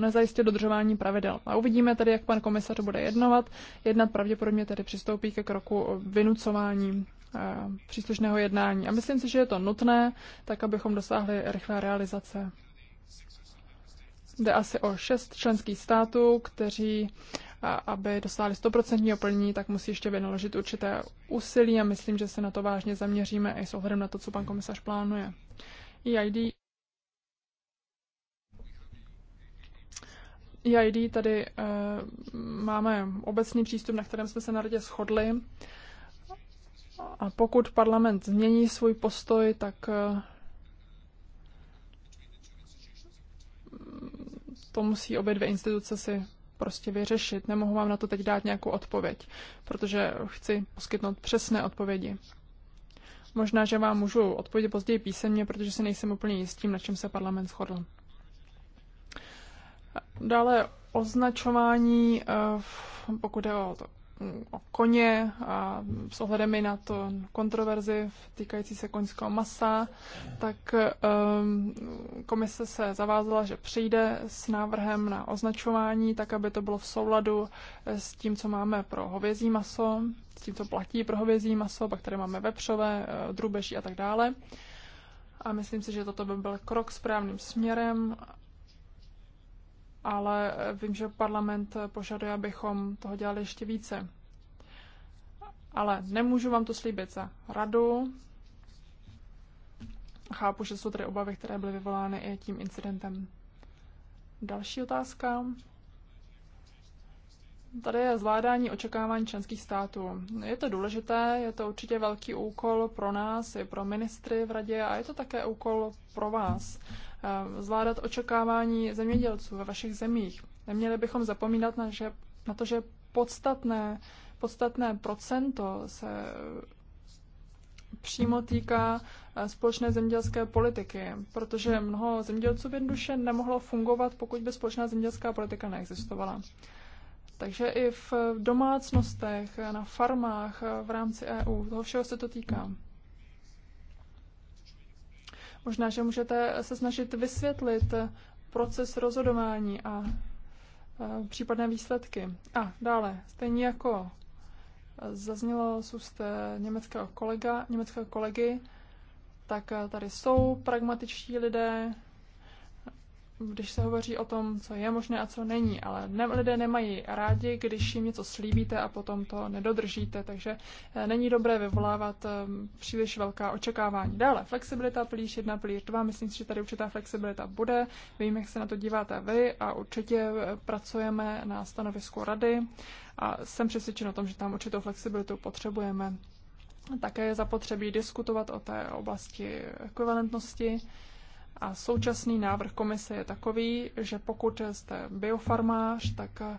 nezajistí dodržování pravidel. A uvidíme tedy, jak pan komisař bude jednovat. Jednat pravděpodobně tedy přistoupí ke kroku vynucování. Eh, příslušného jednání. A myslím si, že je to nutné, tak abychom dosáhli rychlé realizace. Jde asi o šest členských států, kteří, aby dosáhli 100% plnění, tak musí ještě vynaložit určité úsilí a myslím, že se na to vážně zaměříme i s ohledem na to, co pan komisař plánuje. EID EID tady eh, máme obecný přístup, na kterém jsme se na radě shodli. A pokud parlament změní svůj postoj, tak eh, to musí obě dvě instituce si prostě vyřešit. Nemohu vám na to teď dát nějakou odpověď, protože chci poskytnout přesné odpovědi. Možná, že vám můžu odpovědět později písemně, protože si nejsem úplně jistým, na čem se parlament shodl. Dále označování, eh, pokud je o to o koně a s ohledem i na to kontroverzi týkající se koňského masa, tak um, komise se zavázala, že přijde s návrhem na označování, tak aby to bylo v souladu s tím, co máme pro hovězí maso, s tím, co platí pro hovězí maso, pak tady máme vepřové, eh, drubeží a tak dále. A myslím si, že toto by byl krok správným směrem ale eh, vím, že parlament eh, požaduje, abychom toho dělali ještě více. Ale nemůžu vám to slíbit za radu. Chápu, že jsou tady obavy, které byly vyvolány i tím incidentem. Další otázka. Tady je zvládání očekávání členských států. Je to důležité, je to určitě velký úkol pro nás i pro ministry v radě a je to také úkol pro vás zvládat očekávání zemědělců ve vašich zemích. Neměli bychom zapomínat na, že, na to, že podstatné, podstatné procento se přímo týká e, společné zemědělské politiky, protože mnoho zemědělců by jednoduše nemohlo fungovat, pokud by společná zemědělská politika neexistovala. Takže i v domácnostech, na farmách v rámci EU, toho všeho se to týká. Možná, že můžete se snažit vysvětlit proces rozhodování a případné výsledky. A dále, stejně jako zaznělo z úst eh, německého kolega, německého kolegy, tak eh, tady jsou pragmatičtí lidé, když se hovoří o tom, co je možné a co není, ale ne, lidé nemají rádi, když jim něco slíbíte a potom to nedodržíte, takže eh, není dobré vyvolávat eh, příliš velká očekávání. Dále, flexibilita pilíř 1, pilíř 2, myslím si, že tady určitá flexibilita bude, vím, jak se na to díváte vy a určitě eh, pracujeme na stanovisku rady a jsem přesvědčen o tom, že tam určitou flexibilitu potřebujeme. Také je zapotřebí diskutovat o té oblasti ekvivalentnosti. A současný návrh komise je takový, že pokud jste biofarmář, tak eh,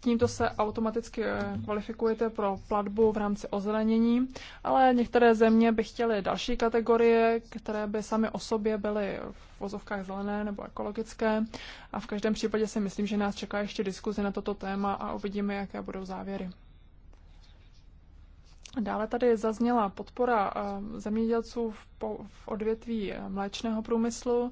tímto se automaticky eh, kvalifikujete pro platbu v rámci ozelenění, ale některé země by chtěly další kategorie, které by sami o sobě byly v vozovkách zelené nebo ekologické. A v každém případě si myslím, že nás čeká ještě diskuzi na toto téma a uvidíme, jaké budou závěry. Dále tady zazněla podpora eh, zemědělců v odvětví eh, mléčného průmyslu,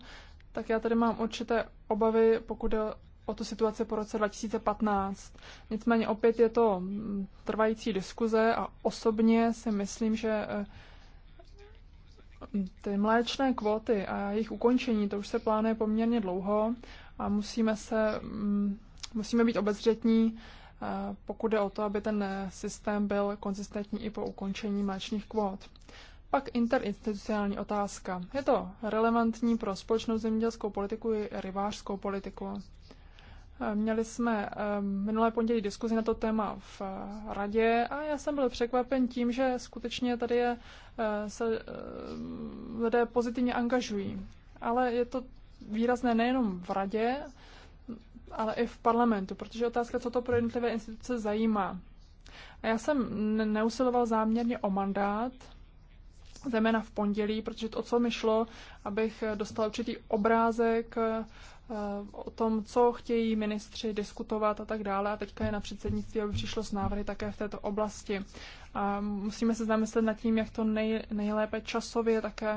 tak já tady mám určité obavy, pokud je o tu situaci po roce 2015. Nicméně opět je to mm, trvající diskuze a osobně si myslím, že eh, ty mléčné kvóty a jejich ukončení, to už se plánuje poměrně dlouho a musíme se, mm, musíme být obezřetní pokud jde o to, aby ten systém byl konzistentní i po ukončení mléčných kvót. Pak interinstitucionální otázka. Je to relevantní pro společnou zemědělskou politiku i rybářskou politiku. E, měli jsme e, minulé pondělí diskuzi na to téma v e, radě a já jsem byl překvapen tím, že skutečně tady je, se lidé pozitivně angažují. Ale je to výrazné nejenom v radě, ale i v parlamentu, protože otázka, co to pro jednotlivé instituce zajímá. A já jsem neusiloval záměrně o mandát, zejména v pondělí, protože to, o co mi šlo, abych dostal určitý obrázek eh, o tom, co chtějí ministři diskutovat a tak dále. A teďka je na předsednictví, aby přišlo s návrhy také v této oblasti. A musíme se zamyslet nad tím, jak to nej, nejlépe časově také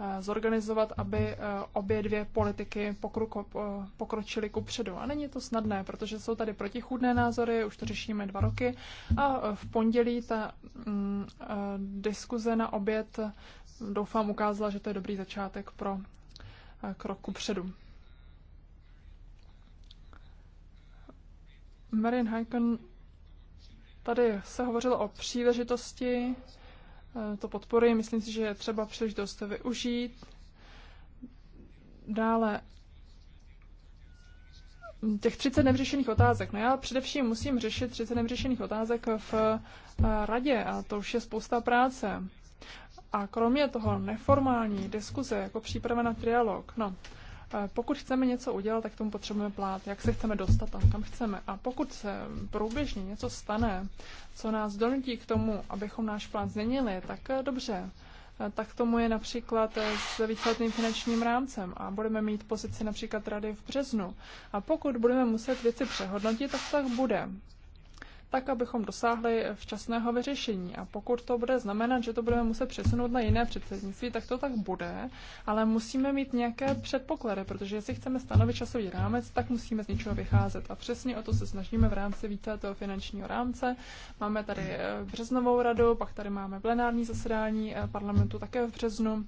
eh, zorganizovat, aby eh, obě dvě politiky pokruko, eh, pokročily předu. A není to snadné, protože jsou tady protichůdné názory, už to řešíme dva roky. A v pondělí ta mm, diskuze na oběd, doufám, ukázala, že to je dobrý začátek pro krok předu. Marian Heiken Tady se hovořilo o příležitosti, eh, to podpory, myslím si, že je třeba příležitost využít. Dále hm, těch 30 nevřešených otázek. No já především musím řešit 30 nevřešených otázek v eh, radě a to už je spousta práce. A kromě toho neformální diskuze jako příprava na trialog, no, pokud chceme něco udělat, tak tomu potřebujeme plát, jak se chceme dostat tam, kam chceme. A pokud se průběžně něco stane, co nás donutí k tomu, abychom náš plán změnili, tak eh, dobře. Eh, tak tomu je například eh, s výsledným finančním rámcem a budeme mít pozici například rady v březnu. A pokud budeme muset věci přehodnotit, tak tak bude tak abychom dosáhli včasného vyřešení. A pokud to bude znamenat, že to budeme muset přesunout na jiné předsednictví, tak to tak bude, ale musíme mít nějaké předpoklady, protože jestli chceme stanovit časový rámec, tak musíme z něčeho vycházet. A přesně o to se snažíme v rámci víceletého finančního rámce. Máme tady eh, březnovou radu, pak tady máme plenární zasedání eh, parlamentu také v březnu.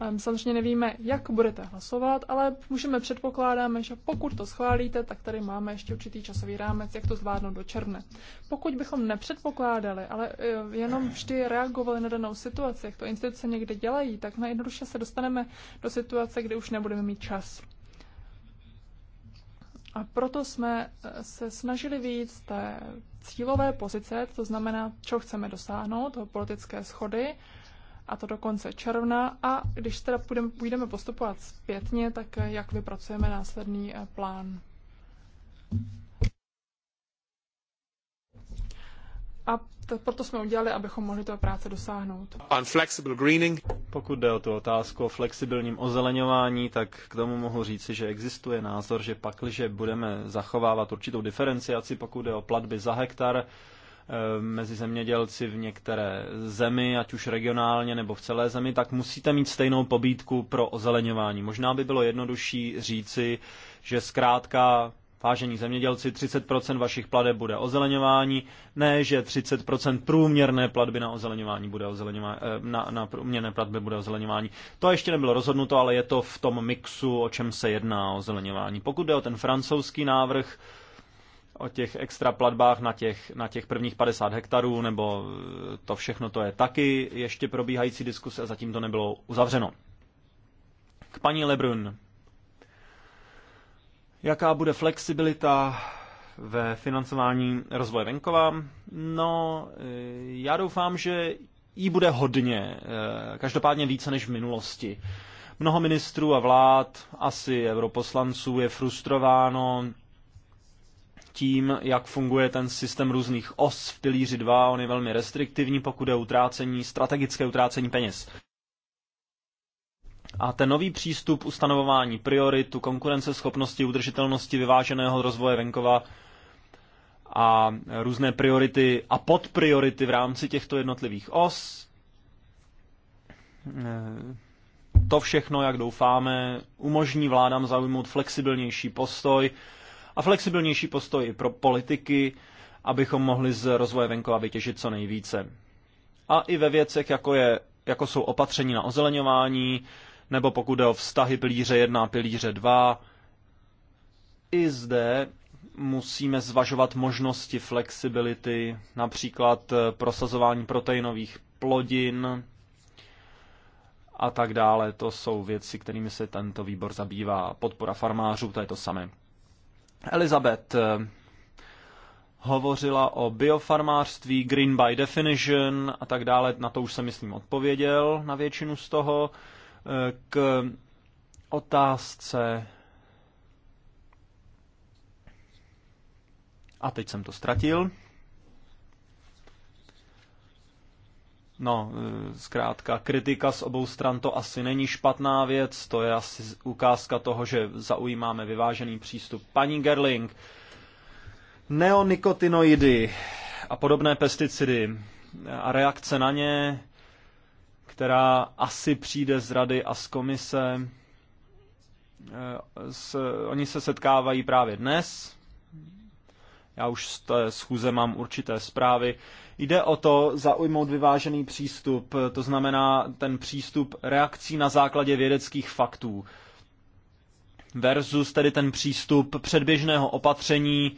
Ehm, samozřejmě nevíme, jak budete hlasovat, ale můžeme předpokládáme, že pokud to schválíte, tak tady máme ještě určitý časový rámec, jak to zvládnout do června. Pokud bychom nepředpokládali, ale eh, jenom vždy reagovali na danou situaci, jak to instituce někde dělají, tak nejjednoduše se dostaneme do situace, kdy už nebudeme mít čas. A proto jsme eh, se snažili víc té cílové pozice, to znamená, co chceme dosáhnout, toho politické schody, a to do konce června. A když teda půjdeme, půjdeme postupovat zpětně, tak eh, jak vypracujeme následný eh, plán. A proto jsme udělali, abychom mohli té práce dosáhnout. On flexible greening. Pokud jde o tu otázku o flexibilním ozeleňování, tak k tomu mohu říci, že existuje názor, že pakliže budeme zachovávat určitou diferenciaci, pokud jde o platby za hektar, Eh, mezi zemědělci v některé zemi, ať už regionálně nebo v celé zemi, tak musíte mít stejnou pobídku pro ozeleňování. Možná by bylo jednodušší říci, že zkrátka Vážení zemědělci, 30% vašich pladeb bude ozeleňování, ne, že 30% průměrné platby na ozeleňování bude ozeleňování, eh, na, na průměrné platby bude ozeleňování. To ještě nebylo rozhodnuto, ale je to v tom mixu, o čem se jedná o ozeleňování. Pokud jde o ten francouzský návrh, o těch extra platbách na těch, na těch prvních 50 hektarů, nebo eh, to všechno to je taky ještě probíhající diskuse a zatím to nebylo uzavřeno. K paní Lebrun. Jaká bude flexibilita ve financování rozvoje venkova? No, eh, já doufám, že jí bude hodně, eh, každopádně více než v minulosti. Mnoho ministrů a vlád, asi europoslanců, je frustrováno tím, jak funguje ten systém různých os v pilíři 2. On je velmi restriktivní, pokud je utrácení, strategické utrácení peněz. A ten nový přístup ustanovování prioritu, konkurenceschopnosti, udržitelnosti vyváženého rozvoje venkova a různé priority a podpriority v rámci těchto jednotlivých os, eh, to všechno, jak doufáme, umožní vládám zaujmout flexibilnější postoj a flexibilnější postoj pro politiky, abychom mohli z rozvoje venkova vytěžit co nejvíce. A i ve věcech, jako, je, jako jsou opatření na ozeleňování, nebo pokud jde o vztahy pilíře 1 a pilíře 2, i zde musíme zvažovat možnosti flexibility, například eh, prosazování proteinových plodin a tak dále. To jsou věci, kterými se tento výbor zabývá. Podpora farmářů, to je to samé. Elizabeth eh, hovořila o biofarmářství, green by definition a tak dále, na to už jsem, myslím, odpověděl na většinu z toho. Eh, k otázce... A teď jsem to ztratil. No, e, zkrátka, kritika z obou stran to asi není špatná věc, to je asi ukázka toho, že zaujímáme vyvážený přístup. Paní Gerling, neonikotinoidy a podobné pesticidy a reakce na ně, která asi přijde z rady a z komise, e, s, oni se setkávají právě dnes. Já už z té schůze mám určité zprávy. Jde o to zaujmout vyvážený přístup, to znamená ten přístup reakcí na základě vědeckých faktů versus tedy ten přístup předběžného opatření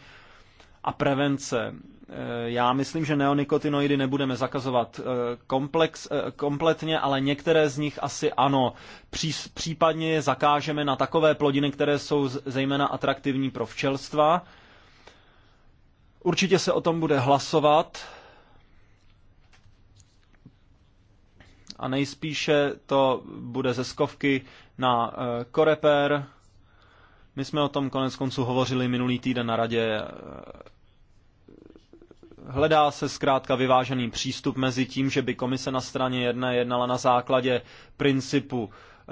a prevence. Eh, já myslím, že neonikotinoidy nebudeme zakazovat eh, komplex, eh, kompletně, ale některé z nich asi ano. Pří, případně je zakážeme na takové plodiny, které jsou zejména atraktivní pro včelstva. Určitě se o tom bude hlasovat a nejspíše to bude ze skovky na eh, koreper. My jsme o tom konec konců hovořili minulý týden na radě. Eh, hledá se zkrátka vyvážený přístup mezi tím, že by komise na straně jedné jednala na základě principu eh,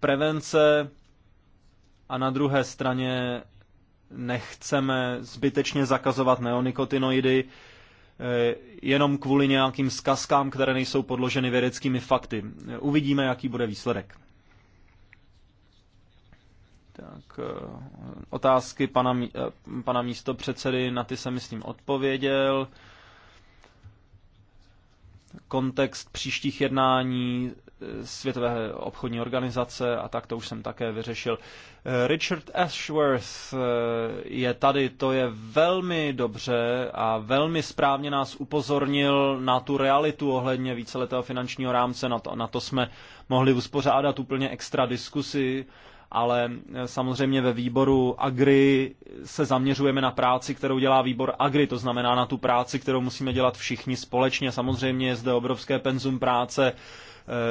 prevence a na druhé straně nechceme zbytečně zakazovat neonikotinoidy, Eh, jenom kvůli nějakým zkazkám, které nejsou podloženy vědeckými fakty. Eh, uvidíme, jaký bude výsledek. Tak eh, otázky pana, pana předsedy, na ty jsem, myslím, odpověděl kontext příštích jednání eh, Světové obchodní organizace a tak to už jsem také vyřešil. Eh, Richard Ashworth eh, je tady, to je velmi dobře a velmi správně nás upozornil na tu realitu ohledně víceletého finančního rámce, na to, na to jsme mohli uspořádat úplně extra diskusi ale eh, samozřejmě ve výboru Agri se zaměřujeme na práci, kterou dělá výbor Agri, to znamená na tu práci, kterou musíme dělat všichni společně. Samozřejmě je zde obrovské penzum práce,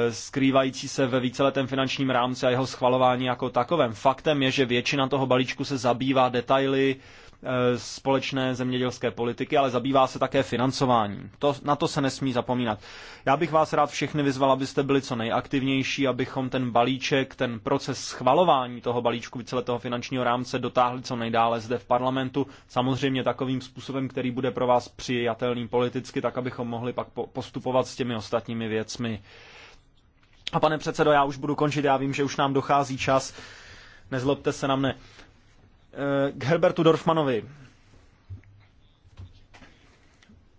eh, skrývající se ve víceletém finančním rámci a jeho schvalování jako takovém. Faktem je, že většina toho balíčku se zabývá detaily, Eh, společné zemědělské politiky, ale zabývá se také financováním. To, na to se nesmí zapomínat. Já bych vás rád všechny vyzval, abyste byli co nejaktivnější, abychom ten balíček, ten proces schvalování toho balíčku toho finančního rámce dotáhli co nejdále zde v parlamentu. Samozřejmě takovým způsobem, který bude pro vás přijatelný politicky, tak abychom mohli pak postupovat s těmi ostatními věcmi. A pane předsedo, já už budu končit, já vím, že už nám dochází čas. Nezlobte se na mne. K Herbertu Dorfmanovi.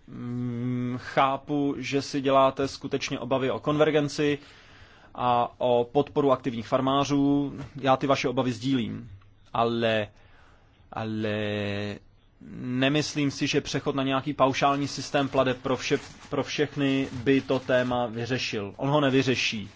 Mm, chápu, že si děláte skutečně obavy o konvergenci a o podporu aktivních farmářů. Já ty vaše obavy sdílím, ale, ale nemyslím si, že přechod na nějaký paušální systém pladeb pro, vše, pro všechny by to téma vyřešil. On ho nevyřeší.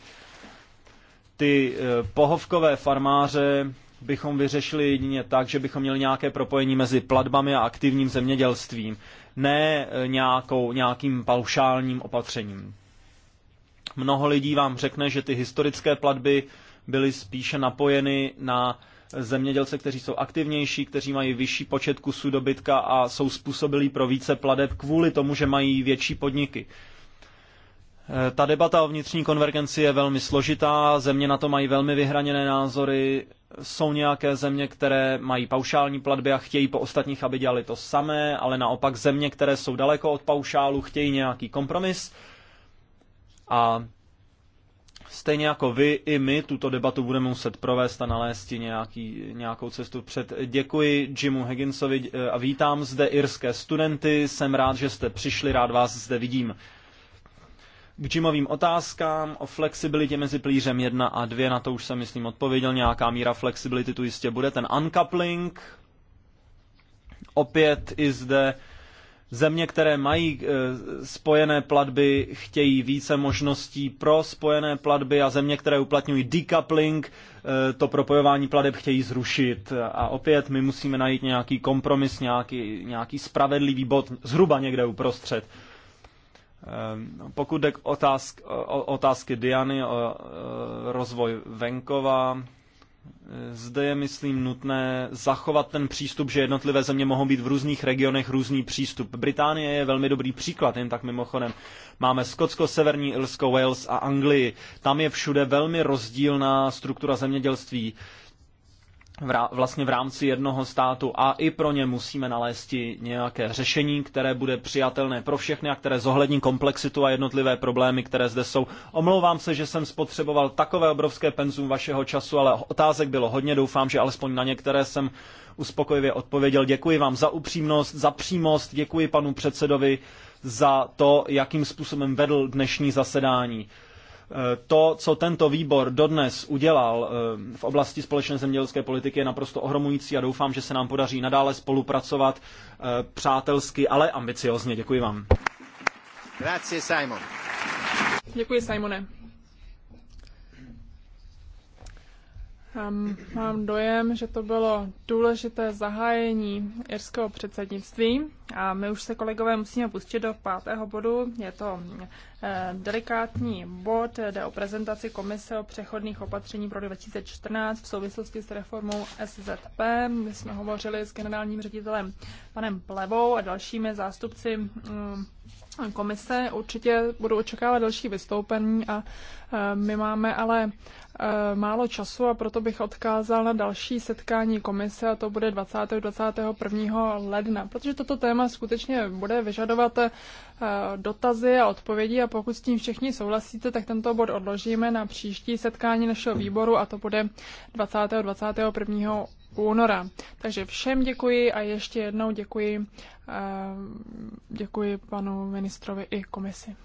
Ty eh, pohovkové farmáře bychom vyřešili jedině tak, že bychom měli nějaké propojení mezi platbami a aktivním zemědělstvím, ne eh, nějakou, nějakým paušálním opatřením. Mnoho lidí vám řekne, že ty historické platby byly spíše napojeny na zemědělce, kteří jsou aktivnější, kteří mají vyšší počet kusů dobytka a jsou způsobilí pro více pladeb kvůli tomu, že mají větší podniky. Eh, ta debata o vnitřní konvergenci je velmi složitá, země na to mají velmi vyhraněné názory, jsou nějaké země, které mají paušální platby a chtějí po ostatních, aby dělali to samé, ale naopak země, které jsou daleko od paušálu, chtějí nějaký kompromis. A stejně jako vy, i my tuto debatu budeme muset provést a nalézt nějaký, nějakou cestu před. Děkuji Jimu Higginsovi eh, a vítám zde irské studenty. Jsem rád, že jste přišli, rád vás zde vidím. K Jimovým otázkám o flexibilitě mezi plířem 1 a 2, na to už jsem, myslím, odpověděl. Nějaká míra flexibility tu jistě bude. Ten uncoupling, opět i zde země, které mají e, spojené platby, chtějí více možností pro spojené platby a země, které uplatňují decoupling, e, to propojování plateb chtějí zrušit. A opět my musíme najít nějaký kompromis, nějaký, nějaký spravedlivý bod zhruba někde uprostřed. Ehm, pokud jde k otázk, o otázky Diany, o e, rozvoj venkova, e, zde je, myslím, nutné zachovat ten přístup, že jednotlivé země mohou být v různých regionech různý přístup. Británie je velmi dobrý příklad, jen tak mimochodem. Máme Skotsko, Severní Irsko, Wales a Anglii. Tam je všude velmi rozdílná struktura zemědělství vlastně v rámci jednoho státu a i pro ně musíme nalézt nějaké řešení, které bude přijatelné pro všechny a které zohlední komplexitu a jednotlivé problémy, které zde jsou. Omlouvám se, že jsem spotřeboval takové obrovské penzum vašeho času, ale otázek bylo hodně. Doufám, že alespoň na některé jsem uspokojivě odpověděl. Děkuji vám za upřímnost, za přímost, děkuji panu předsedovi za to, jakým způsobem vedl dnešní zasedání. Eh, to, co tento výbor dodnes udělal eh, v oblasti společné zemědělské politiky, je naprosto ohromující a doufám, že se nám podaří nadále spolupracovat eh, přátelsky, ale ambiciozně. Děkuji vám. Grazie, Simon. Děkuji, Simone. Mám dojem, že to bylo důležité zahájení irského předsednictví a my už se kolegové musíme pustit do pátého bodu. Je to eh, delikátní bod, jde o prezentaci komise o přechodných opatření pro 2014 v souvislosti s reformou SZP. My jsme hovořili s generálním ředitelem panem Plevou a dalšími zástupci mm, Komise určitě budou očekávat další vystoupení a e, my máme ale e, málo času a proto bych odkázal na další setkání komise a to bude 20. 21. ledna, protože toto téma skutečně bude vyžadovat e, dotazy a odpovědi a pokud s tím všichni souhlasíte, tak tento bod odložíme na příští setkání našeho výboru a to bude 20. 21 února. Takže všem děkuji a ještě jednou děkuji, eh, děkuji panu ministrovi i komisi.